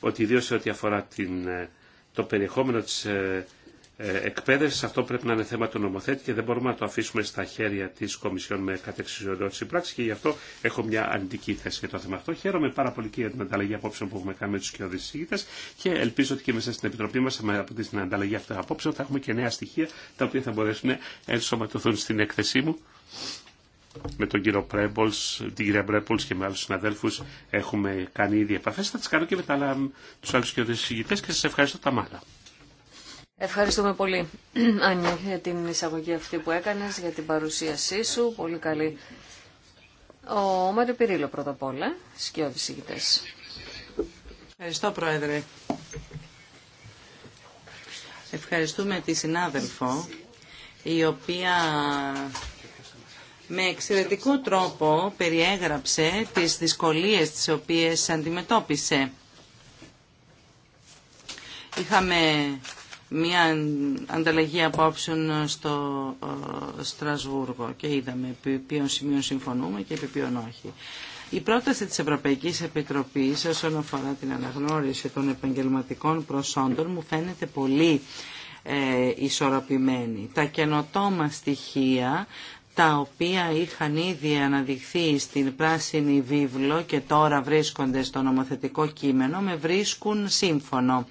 ότι ιδίω σε ό,τι αφορά την, ε, το περιεχόμενο της ε, ε αυτό πρέπει να είναι θέμα του νομοθέτη και δεν μπορούμε να το αφήσουμε στα χέρια της Κομισιόν με κατεξουσιοδότηση πράξη και γι' αυτό έχω μια αντική θέση για το θέμα αυτό. Χαίρομαι πάρα πολύ και για την ανταλλαγή απόψεων που έχουμε κάνει με τους κοιόδης και ελπίζω ότι και μέσα στην Επιτροπή μας από την ανταλλαγή αυτών απόψεων θα έχουμε και νέα στοιχεία τα οποία θα μπορέσουν να ενσωματωθούν στην έκθεσή μου με τον κύριο Πρέμπολς, την κυρία Πρέμπολς και με άλλους συναδέλφους έχουμε κάνει ήδη επαφές. Θα τις κάνω και με τα, τους άλλους και συγγητές και σας ευχαριστώ τα μάλα. Ευχαριστούμε πολύ, Άνια, για την εισαγωγή αυτή που έκανες, για την παρουσίασή σου. Πολύ καλή. Ο Μάριο Πυρίλο πρώτα απ' όλα, σκιώδης ηγητές. Ευχαριστώ, Πρόεδρε. Ευχαριστούμε τη συνάδελφο, η οποία με εξαιρετικό τρόπο περιέγραψε τις δυσκολίες τις οποίες αντιμετώπισε. Είχαμε μια ανταλλαγή απόψεων στο Στρασβούργο και είδαμε επί σημείο συμφωνούμε και επί όχι. Η πρόταση της Ευρωπαϊκής Επιτροπής όσον αφορά την αναγνώριση των επαγγελματικών προσόντων μου φαίνεται πολύ ε, ισορροπημένη. Τα καινοτόμα στοιχεία τα οποία είχαν ήδη αναδειχθεί στην πράσινη βίβλο και τώρα βρίσκονται στο νομοθετικό κείμενο, με βρίσκουν σύμφωνο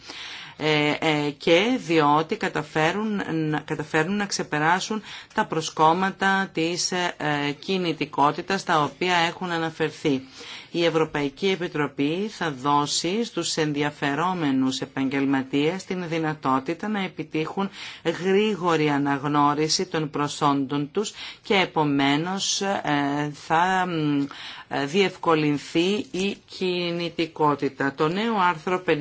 ε, ε, και διότι καταφέρουν, καταφέρουν να ξεπεράσουν τα προσκόμματα της ε, κινητικότητας τα οποία έχουν αναφερθεί η Ευρωπαϊκή Επιτροπή θα δώσει στους ενδιαφερόμενους επαγγελματίες την δυνατότητα να επιτύχουν γρήγορη αναγνώριση των προσόντων τους και επομένως ε, θα ε, διευκολυνθεί η κινητικότητα. Το νέο άρθρο 57,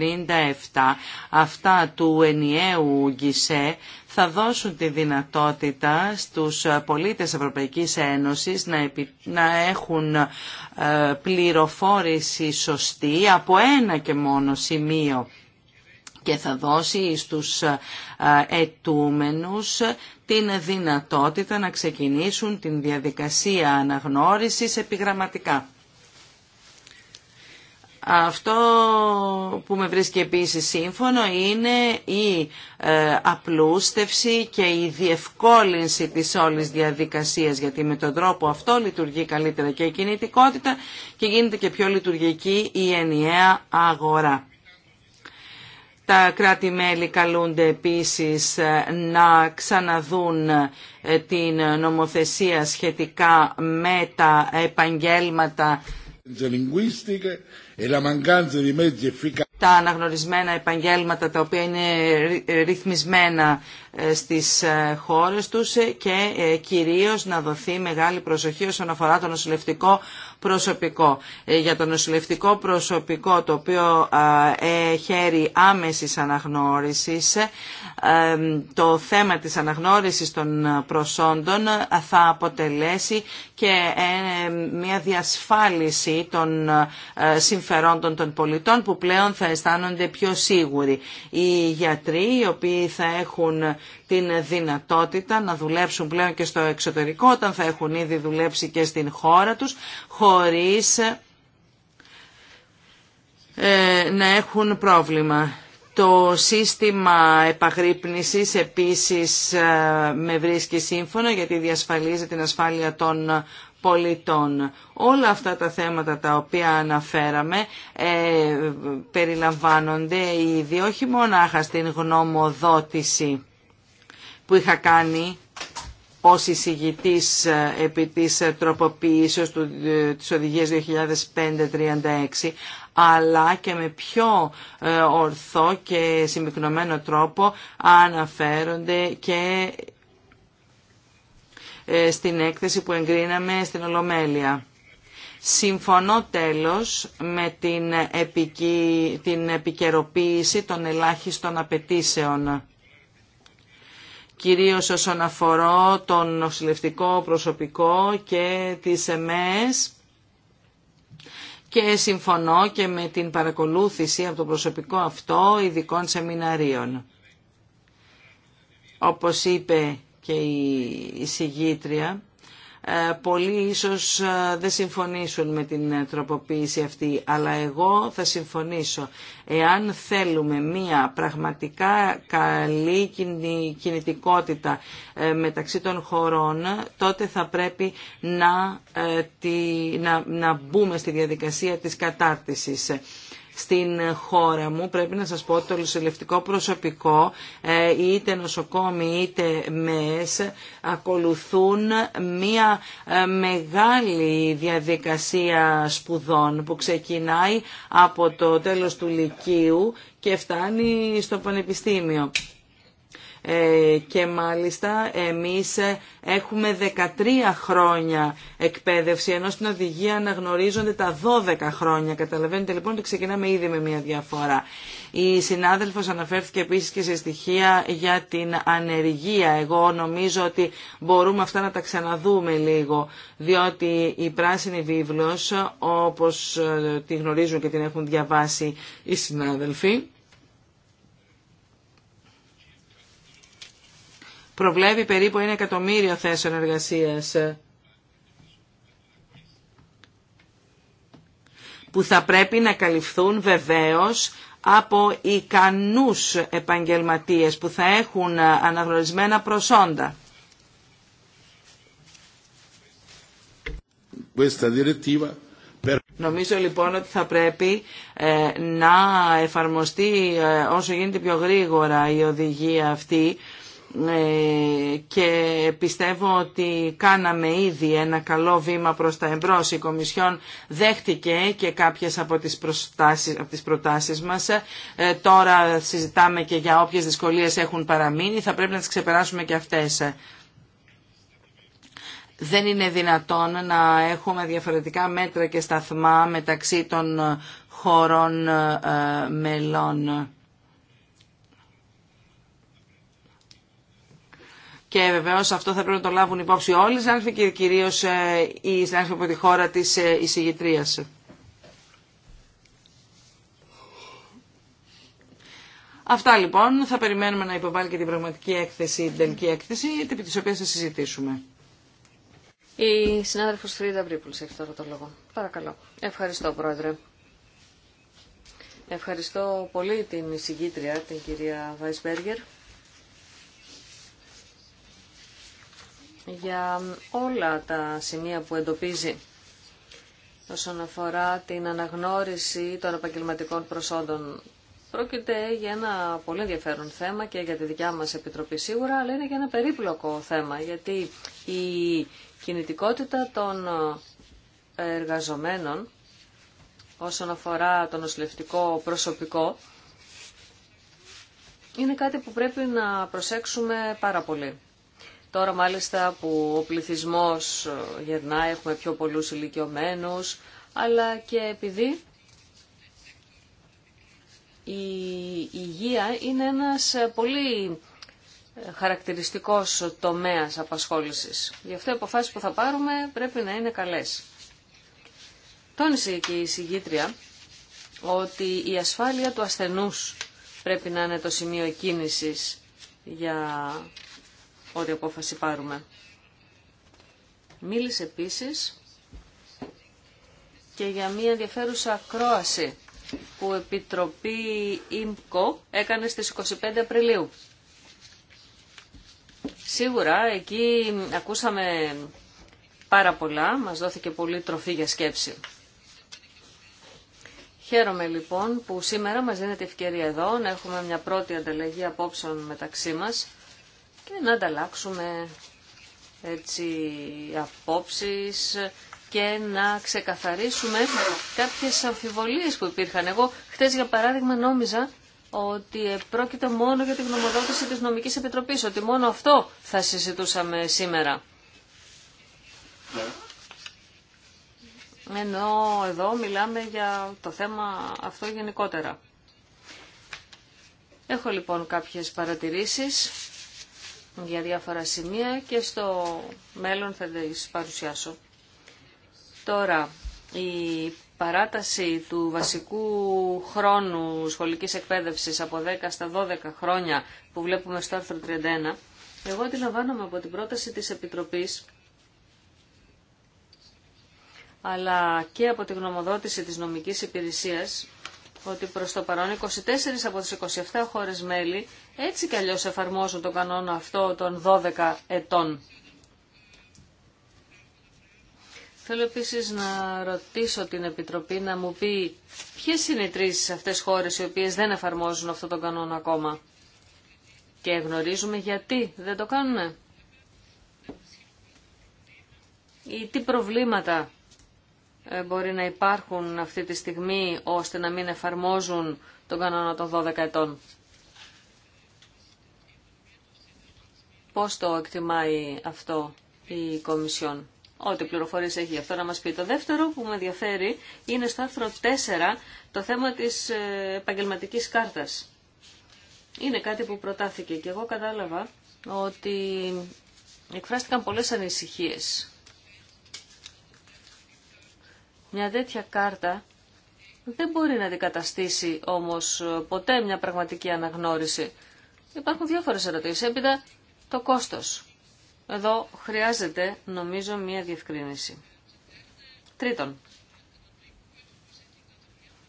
αυτά του ενιαίου ΓΚΙΣΕ, θα δώσουν τη δυνατότητα στους πολίτες Ευρωπαϊκής Ένωσης να έχουν ε, πληροφόρηση σωστή από ένα και μόνο σημείο και θα δώσει στους ε, ετούμενους την δυνατότητα να ξεκινήσουν την διαδικασία αναγνώρισης επιγραμματικά. Αυτό που με βρίσκει επίσης σύμφωνο είναι η ε, απλούστευση και η διευκόλυνση της όλης διαδικασίας γιατί με τον τρόπο αυτό λειτουργεί καλύτερα και η κινητικότητα και γίνεται και πιο λειτουργική η ενιαία αγορά. Τα κράτη-μέλη καλούνται επίσης ε, να ξαναδούν ε, την νομοθεσία σχετικά με τα επαγγέλματα τα ε, αναγνωρισμένα επαγγέλματα τα οποία είναι ρυθμισμένα ε, στις ε, χώρες τους και ε, κυρίως να δοθεί μεγάλη προσοχή όσον αφορά το νοσηλευτικό προσωπικό. Για το νοσηλευτικό προσωπικό το οποίο χαίρει άμεσης αναγνώρισης το θέμα της αναγνώρισης των προσόντων θα αποτελέσει και μια διασφάλιση των συμφερόντων των πολιτών που πλέον θα αισθάνονται πιο σίγουροι. Οι γιατροί οι οποίοι θα έχουν την δυνατότητα να δουλέψουν πλέον και στο εξωτερικό όταν θα έχουν ήδη δουλέψει και στην χώρα τους χωρίς ε, να έχουν πρόβλημα. Το σύστημα επαγρύπνησης επίσης ε, με βρίσκει σύμφωνο γιατί διασφαλίζει την ασφάλεια των πολιτών. Όλα αυτά τα θέματα τα οποία αναφέραμε ε, περιλαμβάνονται ήδη όχι μονάχα στην γνωμοδότηση που είχα κάνει ως εισηγητής ε, επί της ε, τροποποίησης του, ε, της οδηγίας 2005-36 αλλά και με πιο ορθό και συμπυκνωμένο τρόπο αναφέρονται και στην έκθεση που εγκρίναμε στην Ολομέλεια. Συμφωνώ τέλος με την, επικη, την επικαιροποίηση των ελάχιστων απαιτήσεων κυρίως όσον αφορώ τον νοσηλευτικό προσωπικό και τις ΕΜΕΣ και συμφωνώ και με την παρακολούθηση από το προσωπικό αυτό ειδικών σεμιναρίων. Όπως είπε και η συγγήτρια, ε, πολλοί ίσως ε, δεν συμφωνήσουν με την ε, τροποποίηση αυτή, αλλά εγώ θα συμφωνήσω. Εάν θέλουμε μία πραγματικά καλή κινητικότητα μεταξύ των χωρών, τότε θα πρέπει να, να, να μπούμε στη διαδικασία της κατάρτισης στην χώρα μου. Πρέπει να σας πω ότι το λουσελευτικό προσωπικό, ε, είτε νοσοκόμοι είτε ΜΕΣ, ακολουθούν μια ε, μεγάλη διαδικασία σπουδών που ξεκινάει από το τέλος του Λυκείου και φτάνει στο Πανεπιστήμιο. Ε, και μάλιστα εμείς ε, έχουμε 13 χρόνια εκπαίδευση ενώ στην οδηγία αναγνωρίζονται τα 12 χρόνια. Καταλαβαίνετε λοιπόν ότι ξεκινάμε ήδη με μια διαφορά. Η συνάδελφος αναφέρθηκε επίσης και σε στοιχεία για την ανεργία. Εγώ νομίζω ότι μπορούμε αυτά να τα ξαναδούμε λίγο, διότι η πράσινη βίβλος, όπως ε, τη γνωρίζουν και την έχουν διαβάσει οι συνάδελφοι, προβλέπει περίπου ένα εκατομμύριο θέσεων εργασίας που θα πρέπει να καλυφθούν βεβαίως από ικανούς επαγγελματίες που θα έχουν αναγνωρισμένα προσόντα. Νομίζω λοιπόν ότι θα πρέπει ε, να εφαρμοστεί ε, όσο γίνεται πιο γρήγορα η οδηγία αυτή ναι, και πιστεύω ότι κάναμε ήδη ένα καλό βήμα προς τα εμπρός. Η Κομισιόν δέχτηκε και κάποιες από τις, προστάσεις, από τις προτάσεις μας. Ε, τώρα συζητάμε και για όποιες δυσκολίες έχουν παραμείνει. Θα πρέπει να τις ξεπεράσουμε και αυτές. Δεν είναι δυνατόν να έχουμε διαφορετικά μέτρα και σταθμά μεταξύ των χωρών ε, μελών. Και βεβαίω αυτό θα πρέπει να το λάβουν υπόψη όλοι οι συνάδελφοι και κυρίω ε, οι συνάδελφοι από τη χώρα τη ε, εισηγητρία. Αυτά λοιπόν. Θα περιμένουμε να υποβάλει και την πραγματική έκθεση, την τελική έκθεση, επί τη οποία θα συζητήσουμε. Η συνάδελφος Φρίδα Βρύπουλη έχει τώρα το λόγο. Παρακαλώ. Ευχαριστώ Πρόεδρε. Ευχαριστώ πολύ την εισηγήτρια, την κυρία Βάισμπέργκερ. για όλα τα σημεία που εντοπίζει όσον αφορά την αναγνώριση των επαγγελματικών προσόντων. Πρόκειται για ένα πολύ ενδιαφέρον θέμα και για τη δικιά μας Επιτροπή σίγουρα, αλλά είναι και ένα περίπλοκο θέμα, γιατί η κινητικότητα των εργαζομένων όσον αφορά το νοσηλευτικό προσωπικό είναι κάτι που πρέπει να προσέξουμε πάρα πολύ. Τώρα μάλιστα που ο πληθυσμός ε, γερνάει, έχουμε πιο πολλούς ηλικιωμένους, αλλά και επειδή η υγεία είναι ένας ε, πολύ ε, χαρακτηριστικός τομέας απασχόλησης. Γι' αυτό οι αποφάσεις που θα πάρουμε πρέπει να είναι καλές. Τόνισε και η συγγήτρια ότι η ασφάλεια του ασθενούς πρέπει να είναι το σημείο κίνησης για ό,τι απόφαση πάρουμε. Μίλησε επίσης και για μια ενδιαφέρουσα ακρόαση που Επιτροπή ΙΜΚΟ έκανε στις 25 Απριλίου. Σίγουρα εκεί ακούσαμε πάρα πολλά, μας δόθηκε πολύ τροφή για σκέψη. Χαίρομαι λοιπόν που σήμερα μας δίνεται ευκαιρία εδώ να έχουμε μια πρώτη ανταλλαγή απόψεων μεταξύ μας και να ανταλλάξουμε έτσι απόψεις και να ξεκαθαρίσουμε κάποιες αμφιβολίες που υπήρχαν. Εγώ χτες για παράδειγμα νόμιζα ότι πρόκειται μόνο για τη γνωμοδότηση της Νομικής Επιτροπής, ότι μόνο αυτό θα συζητούσαμε σήμερα. Ενώ εδώ μιλάμε για το θέμα αυτό γενικότερα. Έχω λοιπόν κάποιες παρατηρήσεις για διάφορα σημεία και στο μέλλον θα τις παρουσιάσω. Τώρα, η παράταση του βασικού χρόνου σχολικής εκπαίδευσης από 10 στα 12 χρόνια που βλέπουμε στο άρθρο 31, εγώ αντιλαμβάνομαι από την πρόταση της Επιτροπής αλλά και από τη γνωμοδότηση της νομικής υπηρεσίας ότι προς το παρόν 24 από τις 27 χώρες μέλη έτσι κι αλλιώς εφαρμόζουν τον κανόνα αυτό των 12 ετών. Θέλω επίσης να ρωτήσω την Επιτροπή να μου πει ποιες είναι οι τρει αυτές χώρες οι οποίες δεν εφαρμόζουν αυτό τον κανόνα ακόμα. Και γνωρίζουμε γιατί δεν το κάνουν. Ή τι προβλήματα ε, μπορεί να υπάρχουν αυτή τη στιγμή ώστε να μην εφαρμόζουν τον κανόνα των 12 ετών. Πώς το εκτιμάει αυτό η Κομισιόν. Ό,τι πληροφορίες έχει αυτό να μας πει. Το δεύτερο που με ενδιαφέρει είναι στο άρθρο 4 το θέμα της ε, επαγγελματική κάρτας. Είναι κάτι που προτάθηκε και εγώ κατάλαβα ότι εκφράστηκαν πολλές ανησυχίες μια τέτοια κάρτα δεν μπορεί να αντικαταστήσει όμως ποτέ μια πραγματική αναγνώριση. Υπάρχουν διάφορες ερωτήσεις. Έπειτα το κόστος. Εδώ χρειάζεται νομίζω μια διευκρίνηση. Τρίτον,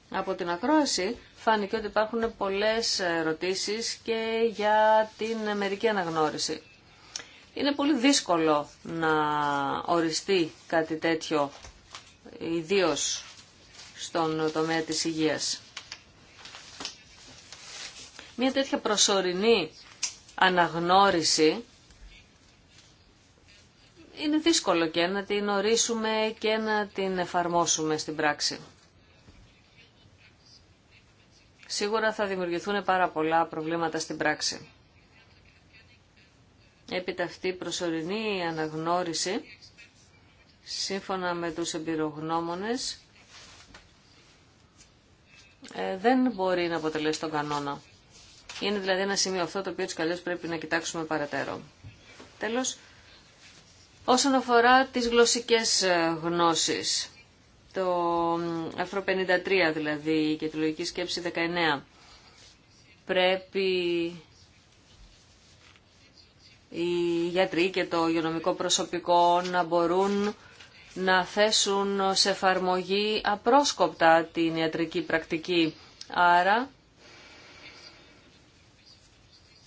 από την ακρόαση φάνηκε ότι υπάρχουν πολλές ερωτήσεις και για την μερική αναγνώριση. Είναι πολύ δύσκολο να οριστεί κάτι τέτοιο ιδίως στον τομέα της υγείας. Μια τέτοια προσωρινή αναγνώριση είναι δύσκολο και να την ορίσουμε και να την εφαρμόσουμε στην πράξη. Σίγουρα θα δημιουργηθούν πάρα πολλά προβλήματα στην πράξη. Έπειτα αυτή η προσωρινή αναγνώριση σύμφωνα με τους εμπειρογνώμονες, ε, δεν μπορεί να αποτελέσει τον κανόνα. Είναι δηλαδή ένα σημείο αυτό το οποίο τους καλώς πρέπει να κοιτάξουμε παρατέρω. Τέλος, όσον αφορά τις γλωσσικές ε, γνώσεις, το αφρο 53 δηλαδή και τη λογική σκέψη 19, πρέπει οι γιατροί και το υγειονομικό προσωπικό να μπορούν να θέσουν σε εφαρμογή απρόσκοπτα την ιατρική πρακτική. Άρα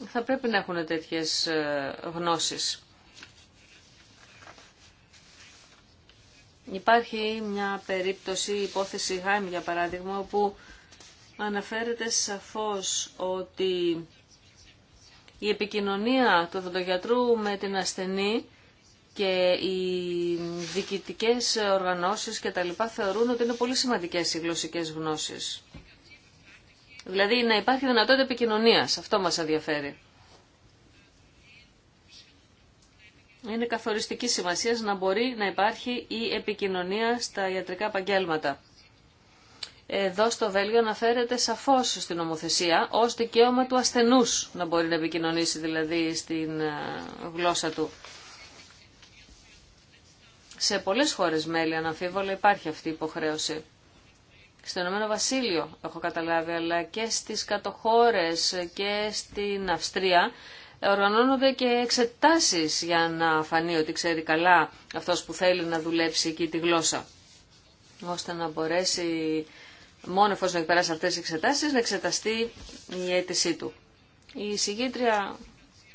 θα πρέπει να έχουν τέτοιες ε, γνώσεις. Υπάρχει μια περίπτωση, υπόθεση Χάιμ για παράδειγμα, όπου αναφέρεται σαφώς ότι η επικοινωνία του δοντογιατρού με την ασθενή και οι διοικητικές οργανώσεις και τα λοιπά θεωρούν ότι είναι πολύ σημαντικές οι γλωσσικές γνώσεις. Δηλαδή να υπάρχει δυνατότητα επικοινωνίας, αυτό μας ενδιαφέρει. Είναι καθοριστική σημασία να μπορεί να υπάρχει η επικοινωνία στα ιατρικά επαγγέλματα. Εδώ στο Βέλγιο αναφέρεται σαφώς στην νομοθεσία ως δικαίωμα του ασθενούς να μπορεί να επικοινωνήσει δηλαδή στην ε, γλώσσα του. Σε πολλές χώρες μέλη αναμφίβολα υπάρχει αυτή η υποχρέωση. Στο Ηνωμένο Βασίλειο έχω καταλάβει, αλλά και στις κατοχώρες και στην Αυστρία οργανώνονται και εξετάσεις για να φανεί ότι ξέρει καλά αυτός που θέλει να δουλέψει εκεί τη γλώσσα. Ώστε να μπορέσει μόνο εφόσον έχει περάσει αυτές τις εξετάσεις να εξεταστεί η αίτησή του. Η συγκήτρια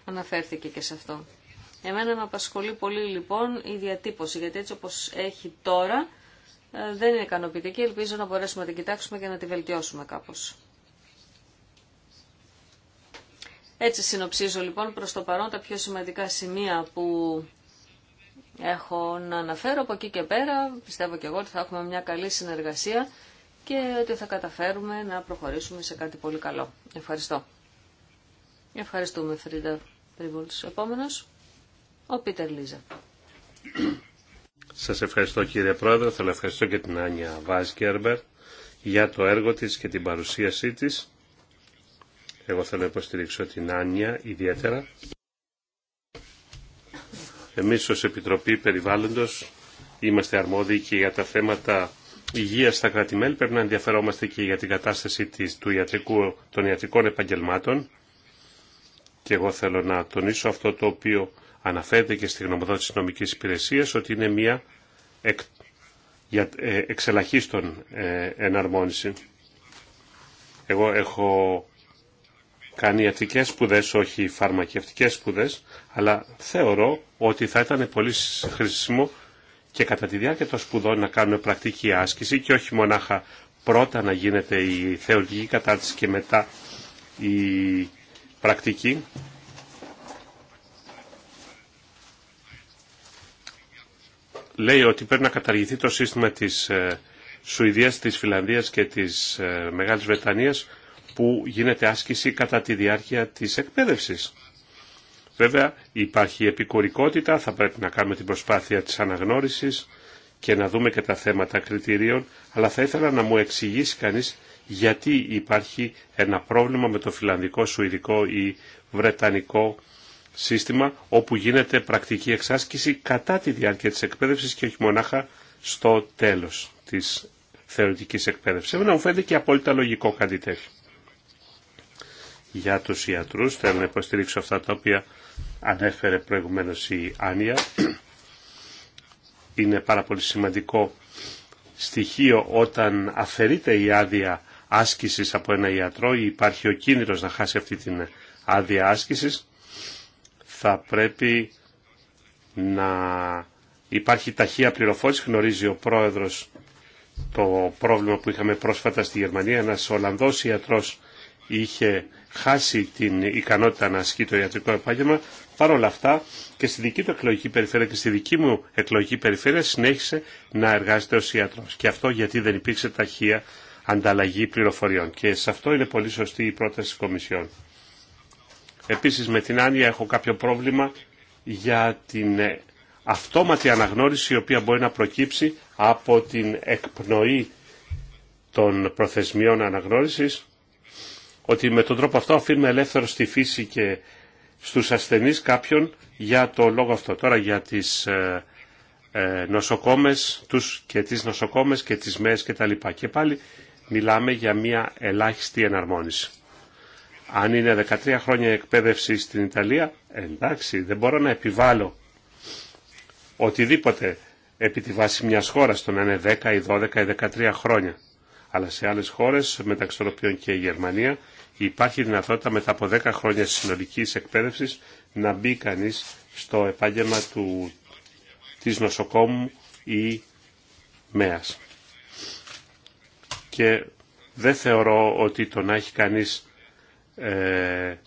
αναφέρθηκε και σε αυτό. Εμένα με απασχολεί πολύ λοιπόν η διατύπωση, γιατί έτσι όπως έχει τώρα ε, δεν είναι ικανοποιητική. Ελπίζω να μπορέσουμε να την κοιτάξουμε και να τη βελτιώσουμε κάπως. Έτσι συνοψίζω λοιπόν προς το παρόν τα πιο σημαντικά σημεία που έχω να αναφέρω. Από εκεί και πέρα πιστεύω και εγώ ότι θα έχουμε μια καλή συνεργασία και ότι θα καταφέρουμε να προχωρήσουμε σε κάτι πολύ καλό. Ευχαριστώ. Ευχαριστούμε Φρίντα Επόμενος ο Πίτερ Λίζα. Σας ευχαριστώ κύριε Πρόεδρε, θέλω να ευχαριστώ και την Άνια Βάζ για το έργο της και την παρουσίασή της. Εγώ θέλω να υποστηρίξω την Άνια ιδιαίτερα. Εμείς ως Επιτροπή Περιβάλλοντος είμαστε αρμόδιοι και για τα θέματα υγείας στα κρατημέλη. Πρέπει να ενδιαφερόμαστε και για την κατάσταση της, του ιατρικού, των ιατρικών επαγγελμάτων. Και εγώ θέλω να τονίσω αυτό το οποίο Αναφέρεται και στη γνωμοδότηση της νομικής υπηρεσίας ότι είναι μια εκ, για, ε, εξελαχίστων ε, εναρμόνιση. Εγώ έχω κάνει ιατρικές σπουδές, όχι φαρμακευτικές σπουδές, αλλά θεωρώ ότι θα ήταν πολύ χρήσιμο και κατά τη διάρκεια των σπουδών να κάνουμε πρακτική άσκηση και όχι μονάχα πρώτα να γίνεται η θεωρητική κατάρτιση και μετά η πρακτική. λέει ότι πρέπει να καταργηθεί το σύστημα της ε, Σουηδίας, της Φιλανδίας και της ε, Μεγάλης Βρετανίας που γίνεται άσκηση κατά τη διάρκεια της εκπαίδευσης. Βέβαια υπάρχει επικουρικότητα, θα πρέπει να κάνουμε την προσπάθεια της αναγνώρισης και να δούμε και τα θέματα κριτηρίων, αλλά θα ήθελα να μου εξηγήσει κανείς γιατί υπάρχει ένα πρόβλημα με το φιλανδικό, σουηδικό ή βρετανικό σύστημα όπου γίνεται πρακτική εξάσκηση κατά τη διάρκεια της εκπαίδευσης και όχι μονάχα στο τέλος της θεωρητικής εκπαίδευσης. Εμένα μου φαίνεται και απόλυτα λογικό κάτι Για τους ιατρούς θέλω να υποστηρίξω αυτά τα οποία ανέφερε προηγουμένως η Άνια. Είναι πάρα πολύ σημαντικό στοιχείο όταν αφαιρείται η άδεια άσκησης από ένα ιατρό ή υπάρχει ο κίνδυνος να χάσει αυτή την άδεια άσκησης θα πρέπει να υπάρχει ταχεία πληροφόρηση. Γνωρίζει ο πρόεδρος το πρόβλημα που είχαμε πρόσφατα στη Γερμανία. Ένας Ολλανδός ιατρός είχε χάσει την ικανότητα να ασκεί το ιατρικό επάγγελμα. Παρ' όλα αυτά και στη δική του εκλογική περιφέρεια και στη δική μου εκλογική περιφέρεια συνέχισε να εργάζεται ως ιατρός. Και αυτό γιατί δεν υπήρξε ταχεία ανταλλαγή πληροφοριών. Και σε αυτό είναι πολύ σωστή η πρόταση της Κομισιόν. Επίσης με την άνοια έχω κάποιο πρόβλημα για την ε, αυτόματη αναγνώριση η οποία μπορεί να προκύψει από την εκπνοή των προθεσμιών αναγνώρισης ότι με τον τρόπο αυτό αφήνουμε ελεύθερο στη φύση και στους ασθενείς κάποιον για το λόγο αυτό. Τώρα για τις ε, ε, νοσοκόμες τους και τις νοσοκόμες και τις ΜΕΣ και τα λοιπά. Και πάλι μιλάμε για μια ελάχιστη εναρμόνιση. Αν είναι 13 χρόνια εκπαίδευση στην Ιταλία, εντάξει, δεν μπορώ να επιβάλλω οτιδήποτε επί τη βάση μιας χώρας, το να είναι 10 ή 12 ή 13 χρόνια. Αλλά σε άλλες χώρες, μεταξύ των οποίων και η Γερμανία, υπάρχει δυνατότητα μετά από 10 χρόνια συνολικής εκπαίδευσης να μπει κανείς στο επάγγελμα του, της νοσοκόμου ή μέας. Και δεν θεωρώ ότι το να έχει κανείς ε,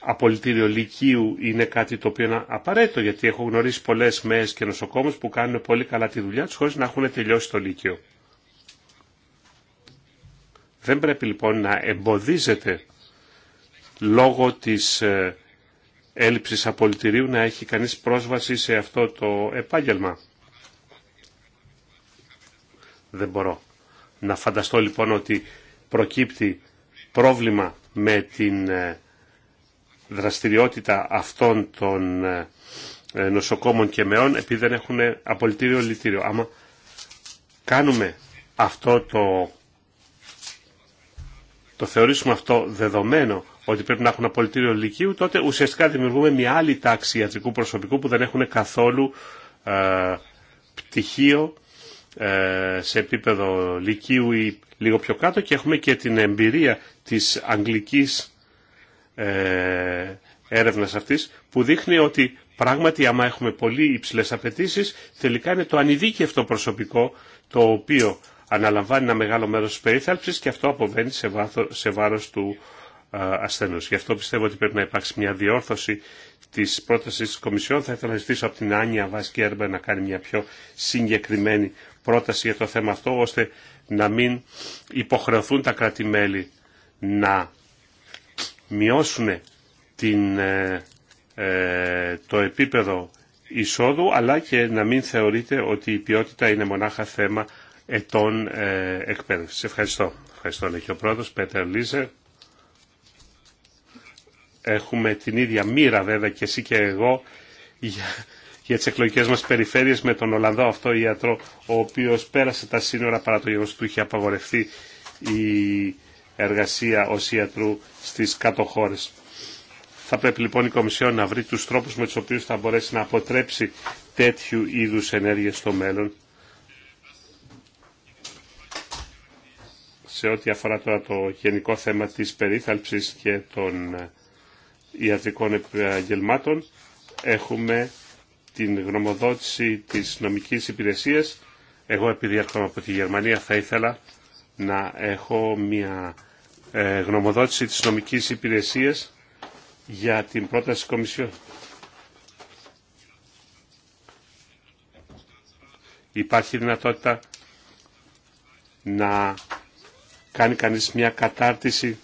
απολυτήριο λυκείου είναι κάτι το οποίο είναι απαραίτητο γιατί έχω γνωρίσει πολλές μέες και νοσοκόμους που κάνουν πολύ καλά τη δουλειά τους χωρίς να έχουν τελειώσει το λύκειο. Δεν πρέπει λοιπόν να εμποδίζεται λόγω της ε, έλλειψης απολυτηρίου να έχει κανείς πρόσβαση σε αυτό το επάγγελμα. Δεν μπορώ. Να φανταστώ λοιπόν ότι προκύπτει πρόβλημα με την ε, δραστηριότητα αυτών των ε, ε, νοσοκόμων και μεών επειδή δεν έχουν απολυτήριο λυτήριο. Άμα κάνουμε αυτό το, το θεωρήσουμε αυτό δεδομένο ότι πρέπει να έχουν απολυτήριο λυκείου, τότε ουσιαστικά δημιουργούμε μια άλλη τάξη ιατρικού προσωπικού που δεν έχουν καθόλου ε, πτυχίο σε επίπεδο λυκείου ή λίγο πιο κάτω και έχουμε και την εμπειρία της αγγλικής ε, έρευνας αυτής που δείχνει ότι πράγματι άμα έχουμε πολύ υψηλές απαιτήσει, τελικά είναι το ανειδίκευτο προσωπικό το οποίο αναλαμβάνει ένα μεγάλο μέρος της περίθαλψης και αυτό αποβαίνει σε, βάθο, σε βάρος του ε, ασθενούς. Γι' αυτό πιστεύω ότι πρέπει να υπάρξει μια διόρθωση της πρότασης της Κομισιόν. Θα ήθελα να ζητήσω από την Άνια Βάσκη να κάνει μια πιο συγκεκριμένη πρόταση για το θέμα αυτό, ώστε να μην υποχρεωθούν τα κρατη να μειώσουν την, ε, ε, το επίπεδο εισόδου αλλά και να μην θεωρείτε ότι η ποιότητα είναι μονάχα θέμα ετών ε, εκπαίδευσης. Ευχαριστώ. Ευχαριστώ Είναι και ο πρώτος Πέτερ Λίζερ. Έχουμε την ίδια μοίρα βέβαια και εσύ και εγώ για, για τις εκλογικές μας περιφέρειες με τον Ολλανδό αυτό ιατρό ο οποίος πέρασε τα σύνορα παρά το γεγονός του είχε απαγορευτεί η εργασία ως ιατρού στις κάτω χώρες. Θα πρέπει λοιπόν η Κομισιόν να βρει τους τρόπους με τους οποίους θα μπορέσει να αποτρέψει τέτοιου είδους ενέργειες στο μέλλον. Σε ό,τι αφορά τώρα το γενικό θέμα της περίθαλψης και των ε, ιατρικών επαγγελμάτων, έχουμε την γνωμοδότηση της νομικής υπηρεσίας. Εγώ επειδή έρχομαι από τη Γερμανία θα ήθελα να έχω μια ε, γνωμοδότηση της νομικής υπηρεσίας για την πρόταση Κομισιόν. Υπάρχει δυνατότητα να κάνει κανείς μια κατάρτιση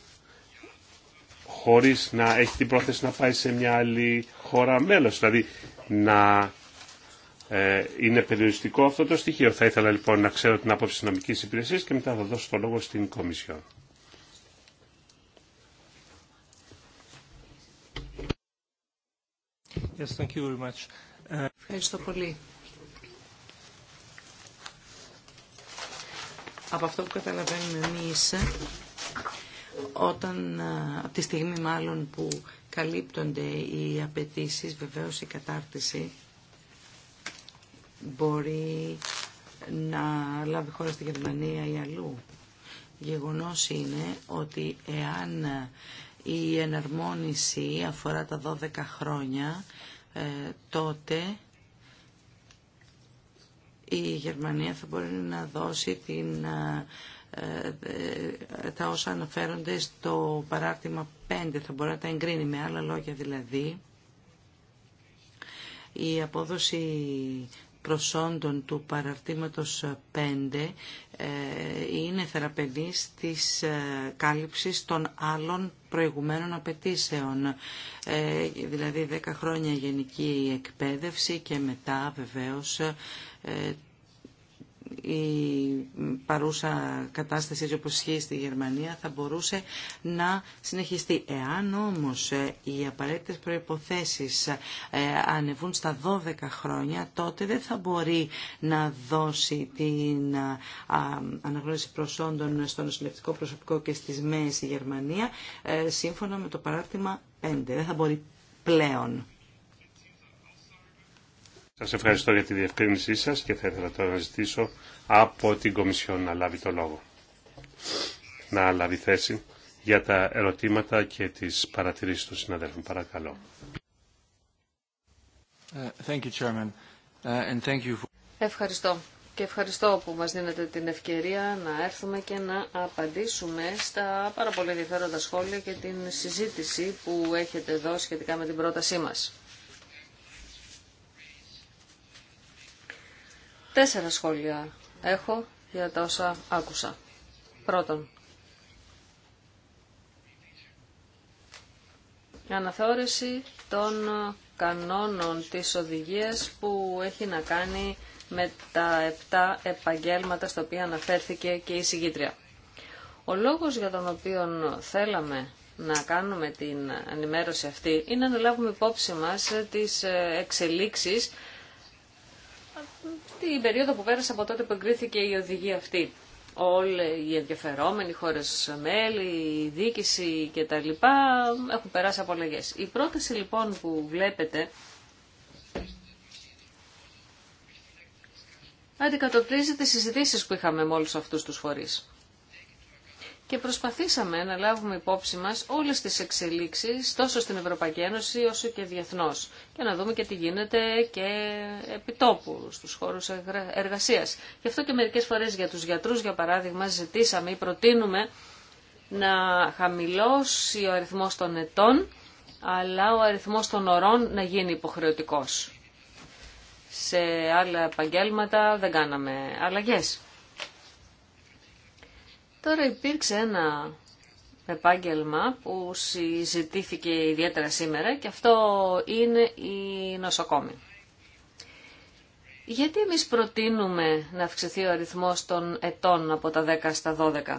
χωρίς να έχει την πρόθεση να πάει σε μια άλλη χώρα μέλος. Δηλαδή να ε, είναι περιοριστικό αυτό το στοιχείο. Θα ήθελα λοιπόν να ξέρω την άποψη της νομικής υπηρεσίας και μετά θα δώσω το λόγο στην Κομισιόν. Ευχαριστώ πολύ. Από αυτό που καταλαβαίνουμε εμείς, όταν, από τη στιγμή μάλλον που καλύπτονται οι απαιτήσει, βεβαίως η κατάρτιση μπορεί να λάβει χώρα στη Γερμανία ή αλλού. Γεγονός είναι ότι εάν η εναρμόνιση αφορά τα 12 χρόνια, ε, τότε η Γερμανία θα μπορεί να δώσει την, ε, ε, τα όσα αναφέρονται στο παράρτημα 5, θα μπορεί να τα εγκρίνει. Με άλλα λόγια δηλαδή, η απόδοση προσόντων του παραρτήματος 5 ε, είναι θεραπευής της ε, κάλυψης των άλλων προηγουμένων απαιτήσεων. Ε, δηλαδή 10 χρόνια γενική εκπαίδευση και μετά βεβαίως η παρούσα κατάσταση έτσι όπως ισχύει στη Γερμανία θα μπορούσε να συνεχιστεί. Εάν όμως ε, οι απαραίτητες προϋποθέσεις ε, ανεβούν στα 12 χρόνια τότε δεν θα μπορεί να δώσει την ε, αναγνώριση προσόντων στον νοσηλευτικό προσωπικό και στις ΜΕΕ στη Γερμανία σύμφωνα με το παράρτημα 5. Δεν θα μπορεί πλέον. Σας ευχαριστώ για τη διευκρίνησή σας και θα ήθελα τώρα να ζητήσω από την Κομισιόν να λάβει το λόγο. Να λάβει θέση για τα ερωτήματα και τις παρατηρήσεις των συναδέλφων. Παρακαλώ. Ε, ε, ευχαριστώ. Και ευχαριστώ που μας δίνετε την ευκαιρία να έρθουμε και να απαντήσουμε στα πάρα πολύ ενδιαφέροντα σχόλια και την συζήτηση που έχετε εδώ σχετικά με την πρότασή μας. Τέσσερα σχόλια έχω για τα όσα άκουσα. Πρώτον, αναθεώρηση των κανόνων της οδηγίας που έχει να κάνει με τα επτά επαγγέλματα στο οποία αναφέρθηκε και η συγκήτρια. Ο λόγος για τον οποίο θέλαμε να κάνουμε την ενημέρωση αυτή είναι να λάβουμε υπόψη μας τις εξελίξεις την περίοδο που πέρασε από τότε που εγκρίθηκε η οδηγία αυτή. Όλοι οι ενδιαφερόμενοι, οι χώρες μέλη, η διοίκηση κτλ. έχουν περάσει από Η πρόταση λοιπόν που βλέπετε αντικατοπτρίζει τις συζητήσεις που είχαμε με όλους αυτούς τους φορείς και προσπαθήσαμε να λάβουμε υπόψη μας όλες τις εξελίξεις τόσο στην Ευρωπαϊκή Ένωση όσο και διεθνώς και να δούμε και τι γίνεται και επιτόπου στους χώρους εργασίας. Γι' αυτό και μερικές φορές για τους γιατρούς για παράδειγμα ζητήσαμε ή προτείνουμε να χαμηλώσει ο αριθμός των ετών αλλά ο αριθμός των ωρών να γίνει υποχρεωτικός. Σε άλλα επαγγέλματα δεν κάναμε αλλαγές. Τώρα υπήρξε ένα επάγγελμα που συζητήθηκε ιδιαίτερα σήμερα και αυτό είναι η νοσοκόμη. Γιατί εμείς προτείνουμε να αυξηθεί ο αριθμός των ετών από τα 10 στα 12.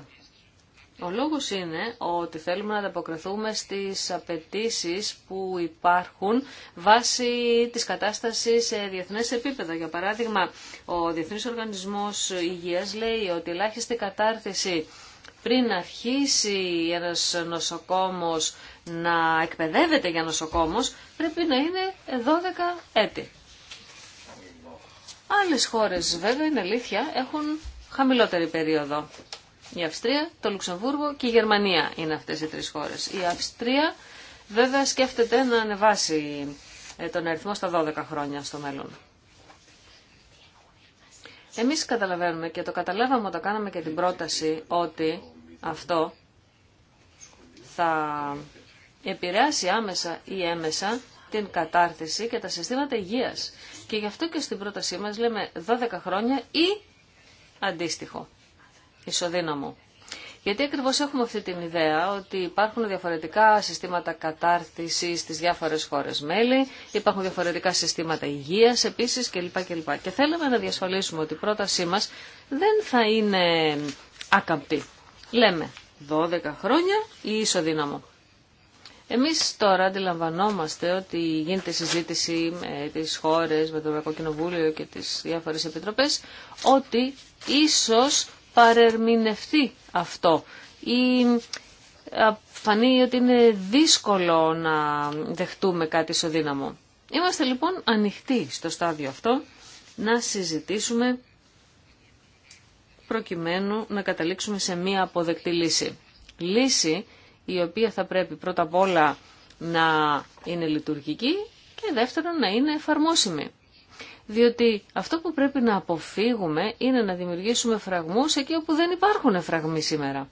Ο λόγος είναι ότι θέλουμε να ανταποκριθούμε στις απαιτήσει που υπάρχουν βάσει της κατάστασης σε διεθνές επίπεδα. Για παράδειγμα, ο Διεθνής Οργανισμός Υγείας λέει ότι ελάχιστη κατάρτιση πριν αρχίσει ένας νοσοκόμος να εκπαιδεύεται για νοσοκόμος πρέπει να είναι 12 έτη. Άλλες χώρες βέβαια είναι αλήθεια έχουν χαμηλότερη περίοδο. Η Αυστρία, το Λουξεμβούργο και η Γερμανία είναι αυτές οι τρεις χώρες. Η Αυστρία βέβαια σκέφτεται να ανεβάσει ε, τον αριθμό στα 12 χρόνια στο μέλλον. Εμείς καταλαβαίνουμε και το καταλάβαμε όταν κάναμε και την πρόταση ότι αυτό θα επηρεάσει άμεσα ή έμεσα την κατάρτιση και τα συστήματα υγείας. Και γι' αυτό και στην πρότασή μας λέμε 12 χρόνια ή αντίστοιχο ισοδύναμο. Γιατί ακριβώς έχουμε αυτή την ιδέα ότι υπάρχουν διαφορετικά συστήματα κατάρτιση στι διάφορε χώρε μέλη, υπάρχουν διαφορετικά συστήματα υγεία επίση κλπ. Και θέλαμε να διασφαλίσουμε ότι η πρότασή μα δεν θα είναι άκαμπτη. Λέμε 12 χρόνια ή ισοδύναμο. Εμεί τώρα αντιλαμβανόμαστε ότι γίνεται συζήτηση με τι χώρε με το Ευρωπαϊκό Κοινοβούλιο και τι διάφορε επίτροπε, ότι ίσω παρερμηνευτεί αυτό ή φανεί ότι είναι δύσκολο να δεχτούμε κάτι ισοδύναμο. Είμαστε λοιπόν ανοιχτοί στο στάδιο αυτό να συζητήσουμε προκειμένου να καταλήξουμε σε μία αποδεκτή λύση. Λύση η οποία θα πρέπει πρώτα απ' όλα να είναι λειτουργική και δεύτερον να είναι εφαρμόσιμη διότι αυτό που πρέπει να αποφύγουμε είναι να δημιουργήσουμε φραγμούς εκεί όπου δεν υπάρχουν φραγμοί σήμερα.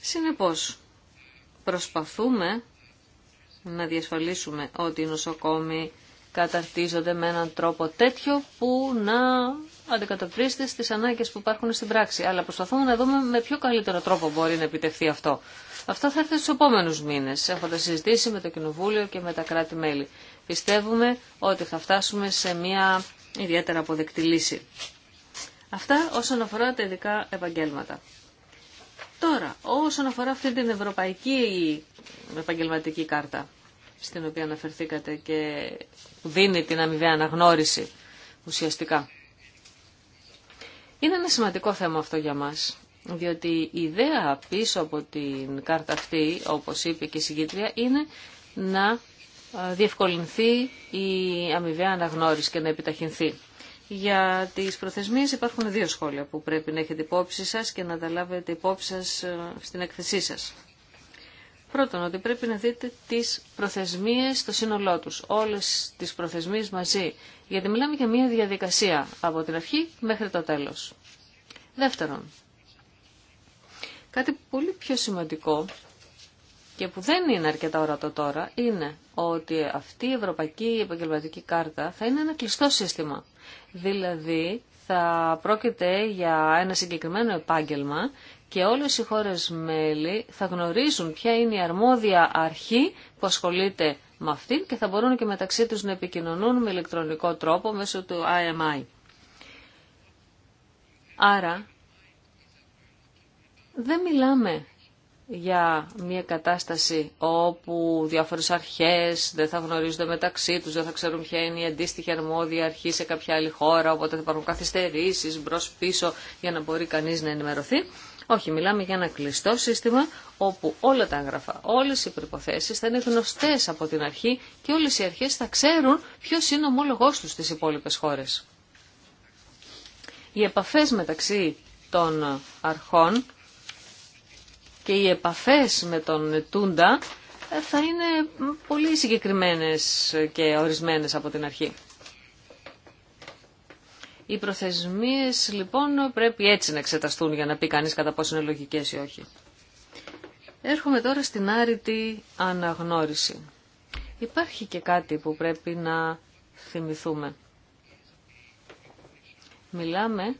Συνεπώς, προσπαθούμε να διασφαλίσουμε ότι οι νοσοκόμοι καταρτίζονται με έναν τρόπο τέτοιο που να αντικατοπτρίζεται στις ανάγκες που υπάρχουν στην πράξη. Αλλά προσπαθούμε να δούμε με ποιο καλύτερο τρόπο μπορεί να επιτευχθεί αυτό. Αυτό θα έρθει στους επόμενους μήνες, έχοντας συζητήσει με το Κοινοβούλιο και με τα κράτη-μέλη πιστεύουμε ότι θα φτάσουμε σε μια ιδιαίτερα αποδεκτή λύση. Αυτά όσον αφορά τα ειδικά επαγγέλματα. Τώρα, όσον αφορά αυτή την ευρωπαϊκή επαγγελματική κάρτα, στην οποία αναφερθήκατε και δίνει την αμοιβαία αναγνώριση ουσιαστικά. Είναι ένα σημαντικό θέμα αυτό για μας, διότι η ιδέα πίσω από την κάρτα αυτή, όπως είπε και η συγκήτρια, είναι να διευκολυνθεί η αμοιβαία αναγνώριση και να επιταχυνθεί. Για τις προθεσμίες υπάρχουν δύο σχόλια που πρέπει να έχετε υπόψη σας και να τα λάβετε υπόψη σας στην εκθεσή σας. Πρώτον, ότι πρέπει να δείτε τις προθεσμίες στο σύνολό τους, όλες τις προθεσμίες μαζί, γιατί μιλάμε για μια διαδικασία από την αρχή μέχρι το τέλος. Δεύτερον, κάτι πολύ πιο σημαντικό και που δεν είναι αρκετά ορατό τώρα είναι ότι αυτή η Ευρωπαϊκή Επαγγελματική Κάρτα θα είναι ένα κλειστό σύστημα. Δηλαδή θα πρόκειται για ένα συγκεκριμένο επάγγελμα και όλες οι χώρες μέλη θα γνωρίζουν ποια είναι η αρμόδια αρχή που ασχολείται με αυτή και θα μπορούν και μεταξύ τους να επικοινωνούν με ηλεκτρονικό τρόπο μέσω του IMI. Άρα δεν μιλάμε για μια κατάσταση όπου διάφορες αρχές δεν θα γνωρίζονται μεταξύ τους, δεν θα ξέρουν ποια είναι η αντίστοιχη αρμόδια αρχή σε κάποια άλλη χώρα, οπότε θα υπάρχουν καθυστερήσεις μπρος-πίσω για να μπορεί κανείς να ενημερωθεί. Όχι, μιλάμε για ένα κλειστό σύστημα όπου όλα τα έγγραφα, όλε οι προποθέσει θα είναι γνωστέ από την αρχή και όλε οι αρχέ θα ξέρουν ποιο είναι ο ομολογό του στις υπόλοιπε χώρε. Οι επαφέ μεταξύ των αρχών και οι επαφές με τον Τούντα ε, θα είναι πολύ συγκεκριμένες και ορισμένες από την αρχή. Οι προθεσμίες λοιπόν πρέπει έτσι να εξεταστούν για να πει κανείς κατά πόσο είναι λογικές ή όχι. Έρχομαι τώρα στην άρρητη αναγνώριση. Υπάρχει και κάτι που πρέπει να θυμηθούμε. Μιλάμε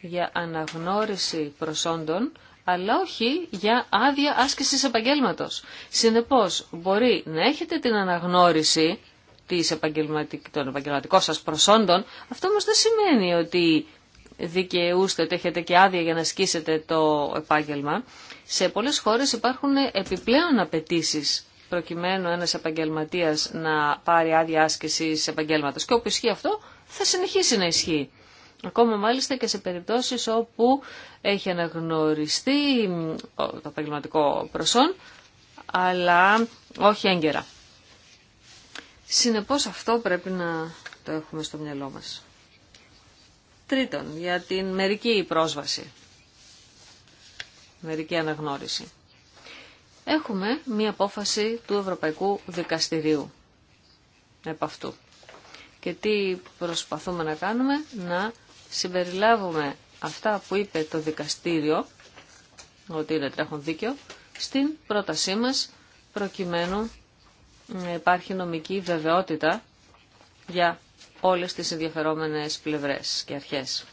για αναγνώριση προσόντων αλλά όχι για άδεια άσκησης επαγγέλματος. Συνεπώς, μπορεί να έχετε την αναγνώριση της των επαγγελματικών σας προσόντων, αυτό όμως δεν σημαίνει ότι δικαιούστε ότι έχετε και άδεια για να ασκήσετε το επάγγελμα. Σε πολλές χώρες υπάρχουν επιπλέον απαιτήσει προκειμένου ένας επαγγελματίας να πάρει άδεια άσκησης επαγγέλματος και όπου ισχύει αυτό θα συνεχίσει να ισχύει. Ακόμα μάλιστα και σε περιπτώσεις όπου έχει αναγνωριστεί το επαγγελματικό προσόν, αλλά όχι έγκαιρα. Συνεπώς αυτό πρέπει να το έχουμε στο μυαλό μας. Τρίτον, για την μερική πρόσβαση, μερική αναγνώριση. Έχουμε μία απόφαση του Ευρωπαϊκού Δικαστηρίου επ' αυτού. Και τι προσπαθούμε να κάνουμε, να συμπεριλάβουμε αυτά που είπε το δικαστήριο, ότι είναι τρέχον δίκαιο, στην πρότασή μας προκειμένου να υπάρχει νομική βεβαιότητα για όλες τις ενδιαφερόμενες πλευρές και αρχές.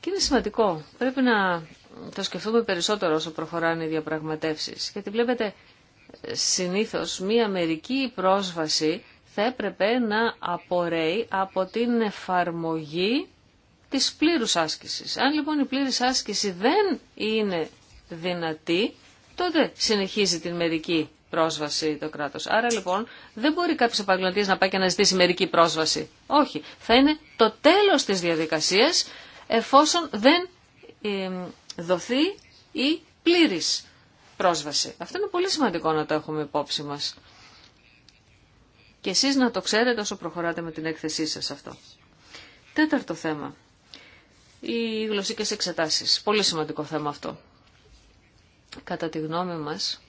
Και είναι σημαντικό. Πρέπει να το σκεφτούμε περισσότερο όσο προχωράνε οι διαπραγματεύσεις. Γιατί βλέπετε ε, συνήθως μία μερική πρόσβαση θα έπρεπε να απορρέει από την εφαρμογή της πλήρους άσκησης. Αν λοιπόν η πλήρης άσκηση δεν είναι δυνατή, τότε συνεχίζει την μερική πρόσβαση το κράτο. Άρα λοιπόν δεν μπορεί κάποιο επαγγελματία να πάει και να ζητήσει μερική πρόσβαση. Όχι. Θα είναι το τέλο της διαδικασία εφόσον δεν δοθεί η πλήρη πρόσβαση. Αυτό είναι πολύ σημαντικό να το έχουμε υπόψη μας. Και εσείς να το ξέρετε όσο προχωράτε με την έκθεσή σας αυτό. Τέταρτο θέμα. Οι γλωσσικές εξετάσεις. Πολύ σημαντικό θέμα αυτό. Κατά τη γνώμη μας,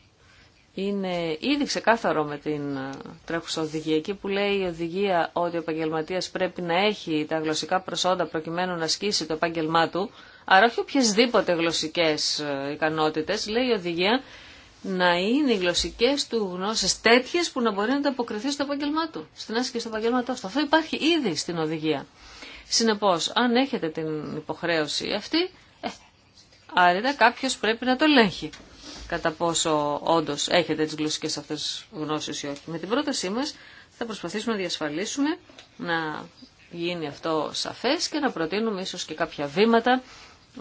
είναι ήδη ξεκάθαρο με την ε, τρέχουσα οδηγία. Εκεί που λέει η οδηγία ότι ο επαγγελματία πρέπει να έχει τα γλωσσικά προσόντα προκειμένου να ασκήσει το επάγγελμά του, άρα όχι οποιασδήποτε γλωσσικέ ε, ικανότητε, λέει η οδηγία να είναι οι γλωσσικέ του γνώσει τέτοιε που να μπορεί να αποκριθεί στο επάγγελμά του, στην άσκηση του επαγγελματό του. Αυτό υπάρχει ήδη στην οδηγία. Συνεπώ, αν έχετε την υποχρέωση αυτή, ε, άρρητα κάποιο πρέπει να το ελέγχει κατά πόσο όντω έχετε τι γλωσσικέ αυτέ γνώσει ή όχι. Με την πρότασή μα θα προσπαθήσουμε να διασφαλίσουμε να γίνει αυτό σαφές και να προτείνουμε ίσως και κάποια βήματα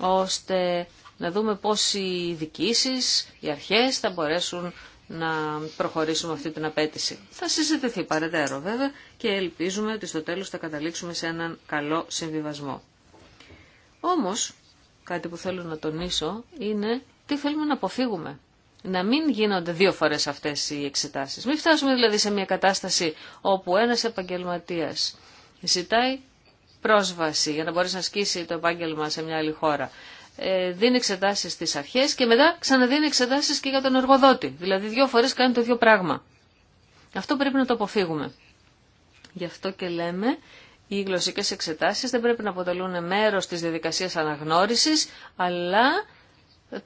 ώστε να δούμε πώς οι διοικήσει, οι αρχές θα μπορέσουν να προχωρήσουμε αυτή την απέτηση. Θα συζητηθεί παρατέρο βέβαια και ελπίζουμε ότι στο τέλος θα καταλήξουμε σε έναν καλό συμβιβασμό. Όμως, κάτι που θέλω να τονίσω είναι τι θέλουμε να αποφύγουμε. Να μην γίνονται δύο φορές αυτές οι εξετάσεις. Μην φτάσουμε δηλαδή σε μια κατάσταση όπου ένας επαγγελματίας ζητάει πρόσβαση για να μπορέσει να ασκήσει το επάγγελμα σε μια άλλη χώρα. Ε, δίνει εξετάσεις στις αρχές και μετά ξαναδίνει εξετάσεις και για τον εργοδότη. Δηλαδή δύο φορές κάνει το ίδιο πράγμα. Αυτό πρέπει να το αποφύγουμε. Γι' αυτό και λέμε οι γλωσσικές εξετάσεις δεν πρέπει να αποτελούν μέρο της διαδικασία αναγνώρισης, αλλά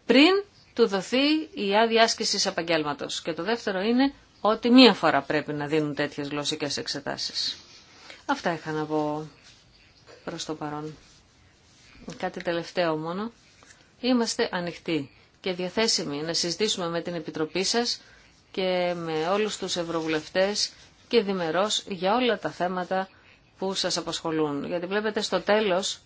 πριν του δοθεί η άδεια άσκηση επαγγελματο. Και το δεύτερο είναι ότι μία φορά πρέπει να δίνουν τέτοιε γλωσσικέ εξετάσει. Αυτά είχα να πω προς το παρόν. Κάτι τελευταίο μόνο. Είμαστε ανοιχτοί και διαθέσιμοι να συζητήσουμε με την Επιτροπή σας και με όλους τους ευρωβουλευτές και διμερώς για όλα τα θέματα που σας απασχολούν. Γιατί βλέπετε στο τέλος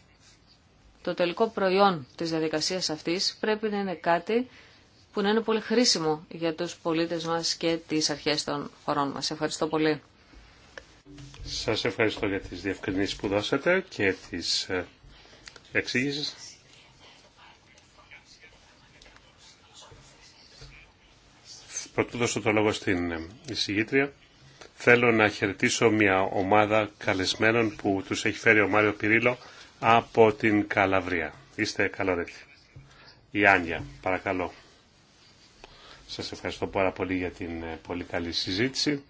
το τελικό προϊόν της διαδικασίας αυτής πρέπει να είναι κάτι που να είναι πολύ χρήσιμο για τους πολίτες μας και τις αρχές των χωρών μας. Ευχαριστώ πολύ. Σας ευχαριστώ για τις διευκρινήσεις που δώσατε και τις ε, Εξήγησης. Πρωτού δώσω το λόγο στην ε, εισηγήτρια. Θέλω να χαιρετήσω μια ομάδα καλεσμένων που τους έχει φέρει ο Μάριο Πυρίλο από την Καλαβρία. Είστε ρε. Η Άνια, παρακαλώ. Σας ευχαριστώ πάρα πολύ για την ε, πολύ καλή συζήτηση.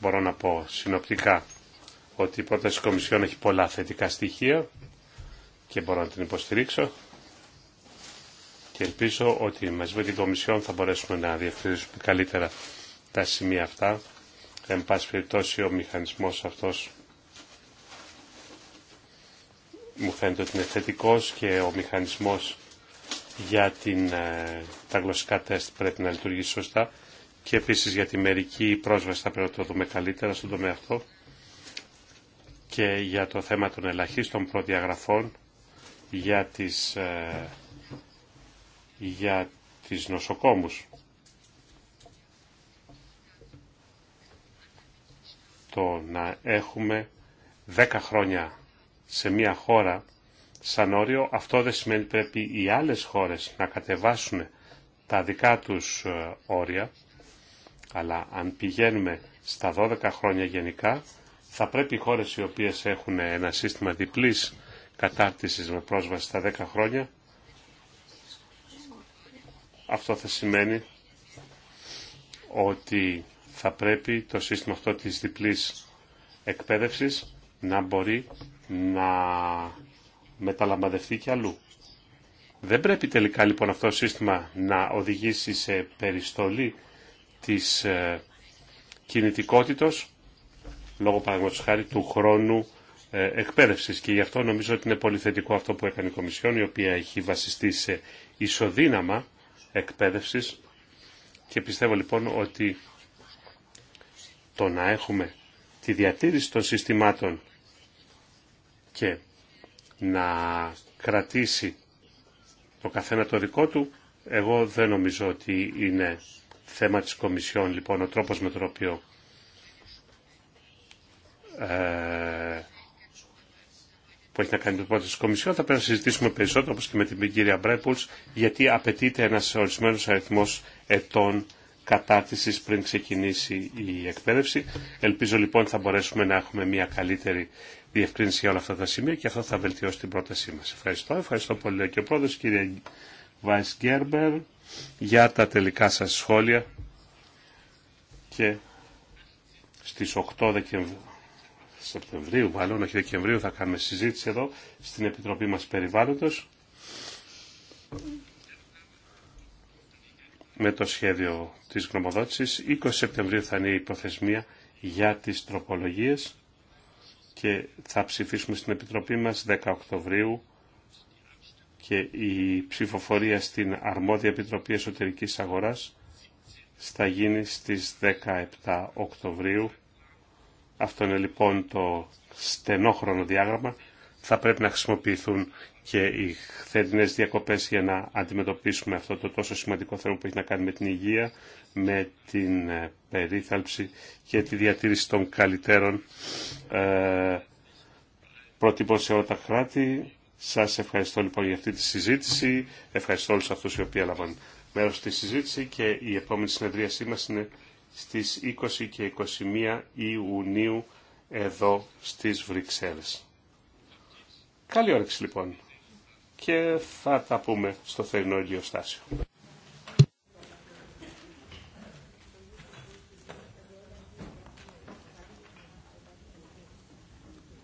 Μπορώ να πω συνοπτικά ότι η πρόταση της Κομισιόν έχει πολλά θετικά στοιχεία και μπορώ να την υποστηρίξω και ελπίζω ότι μαζί με την Κομισιόν θα μπορέσουμε να διευθυνήσουμε καλύτερα τα σημεία αυτά. Εν πάση περιπτώσει ο μηχανισμός αυτός μου φαίνεται ότι είναι θετικός και ο μηχανισμός για την, ε, τα γλωσσικά τεστ πρέπει να λειτουργήσει σωστά και επίσης για τη μερική πρόσβαση θα πρέπει να το δούμε καλύτερα στον τομέα αυτό και για το θέμα των ελαχίστων προδιαγραφών για τις, ε, για τις νοσοκόμους. Το να έχουμε 10 χρόνια σε μια χώρα σαν όριο, αυτό δεν σημαίνει πρέπει οι άλλες χώρες να κατεβάσουν τα δικά τους ε, όρια, αλλά αν πηγαίνουμε στα 12 χρόνια γενικά, θα πρέπει οι χώρες οι οποίες έχουν ένα σύστημα διπλής κατάρτισης με πρόσβαση στα 10 χρόνια. Αυτό θα σημαίνει ότι θα πρέπει το σύστημα αυτό της διπλής εκπαίδευσης να μπορεί να μεταλαμπαδευτεί και αλλού. Δεν πρέπει τελικά λοιπόν αυτό το σύστημα να οδηγήσει σε περιστολή της ε, κινητικότητος λόγω παραδείγματος του χρόνου ε, εκπαίδευσης και γι' αυτό νομίζω ότι είναι πολύ θετικό αυτό που έκανε η Κομισιόν η οποία έχει βασιστεί σε ισοδύναμα εκπαίδευση και πιστεύω λοιπόν ότι το να έχουμε τη διατήρηση των συστημάτων και να κρατήσει το καθένα το δικό του, εγώ δεν νομίζω ότι είναι θέμα της Κομισιόν, λοιπόν, ο τρόπος με τον οποίο ε, που έχει να κάνει με την πρόταση τη Κομισιόν. Θα πρέπει να συζητήσουμε περισσότερο, όπω και με την κυρία Μπρέπουλ, γιατί απαιτείται ένα ορισμένο αριθμό ετών κατάρτιση πριν ξεκινήσει η εκπαίδευση. Ελπίζω λοιπόν θα μπορέσουμε να έχουμε μια καλύτερη διευκρίνηση για όλα αυτά τα σημεία και αυτό θα βελτιώσει την πρότασή μα. Ευχαριστώ. Ευχαριστώ πολύ και ο πρόεδρο, κύριε Βάι Γκέρμπερ για τα τελικά σα σχόλια και στις 8 Δεκεμβρίου Σεπτεμβρίου, μάλλον όχι Δεκεμβρίου, θα κάνουμε συζήτηση εδώ στην Επιτροπή μας Περιβάλλοντος με το σχέδιο της γνωμοδότησης. 20 Σεπτεμβρίου θα είναι η υποθεσμία για τις τροπολογίες και θα ψηφίσουμε στην Επιτροπή μας 10 Οκτωβρίου και η ψηφοφορία στην Αρμόδια Επιτροπή Εσωτερικής Αγοράς θα γίνει στις 17 Οκτωβρίου αυτό είναι λοιπόν το στενό χρονοδιάγραμμα. Θα πρέπει να χρησιμοποιηθούν και οι χθερινέ διακοπές για να αντιμετωπίσουμε αυτό το τόσο σημαντικό θέμα που έχει να κάνει με την υγεία, με την ε, περίθαλψη και τη διατήρηση των καλύτερων ε, πρότυπων σε όλα τα κράτη. Σας ευχαριστώ λοιπόν για αυτή τη συζήτηση. Ευχαριστώ όλου αυτού οι οποίοι έλαβαν μέρο στη συζήτηση και η επόμενη συνεδρίασή μα είναι στις 20 και 21 Ιουνίου εδώ στις Βρυξέλλες. Καλή όρεξη λοιπόν και θα τα πούμε στο θερινό ηλιοστάσιο.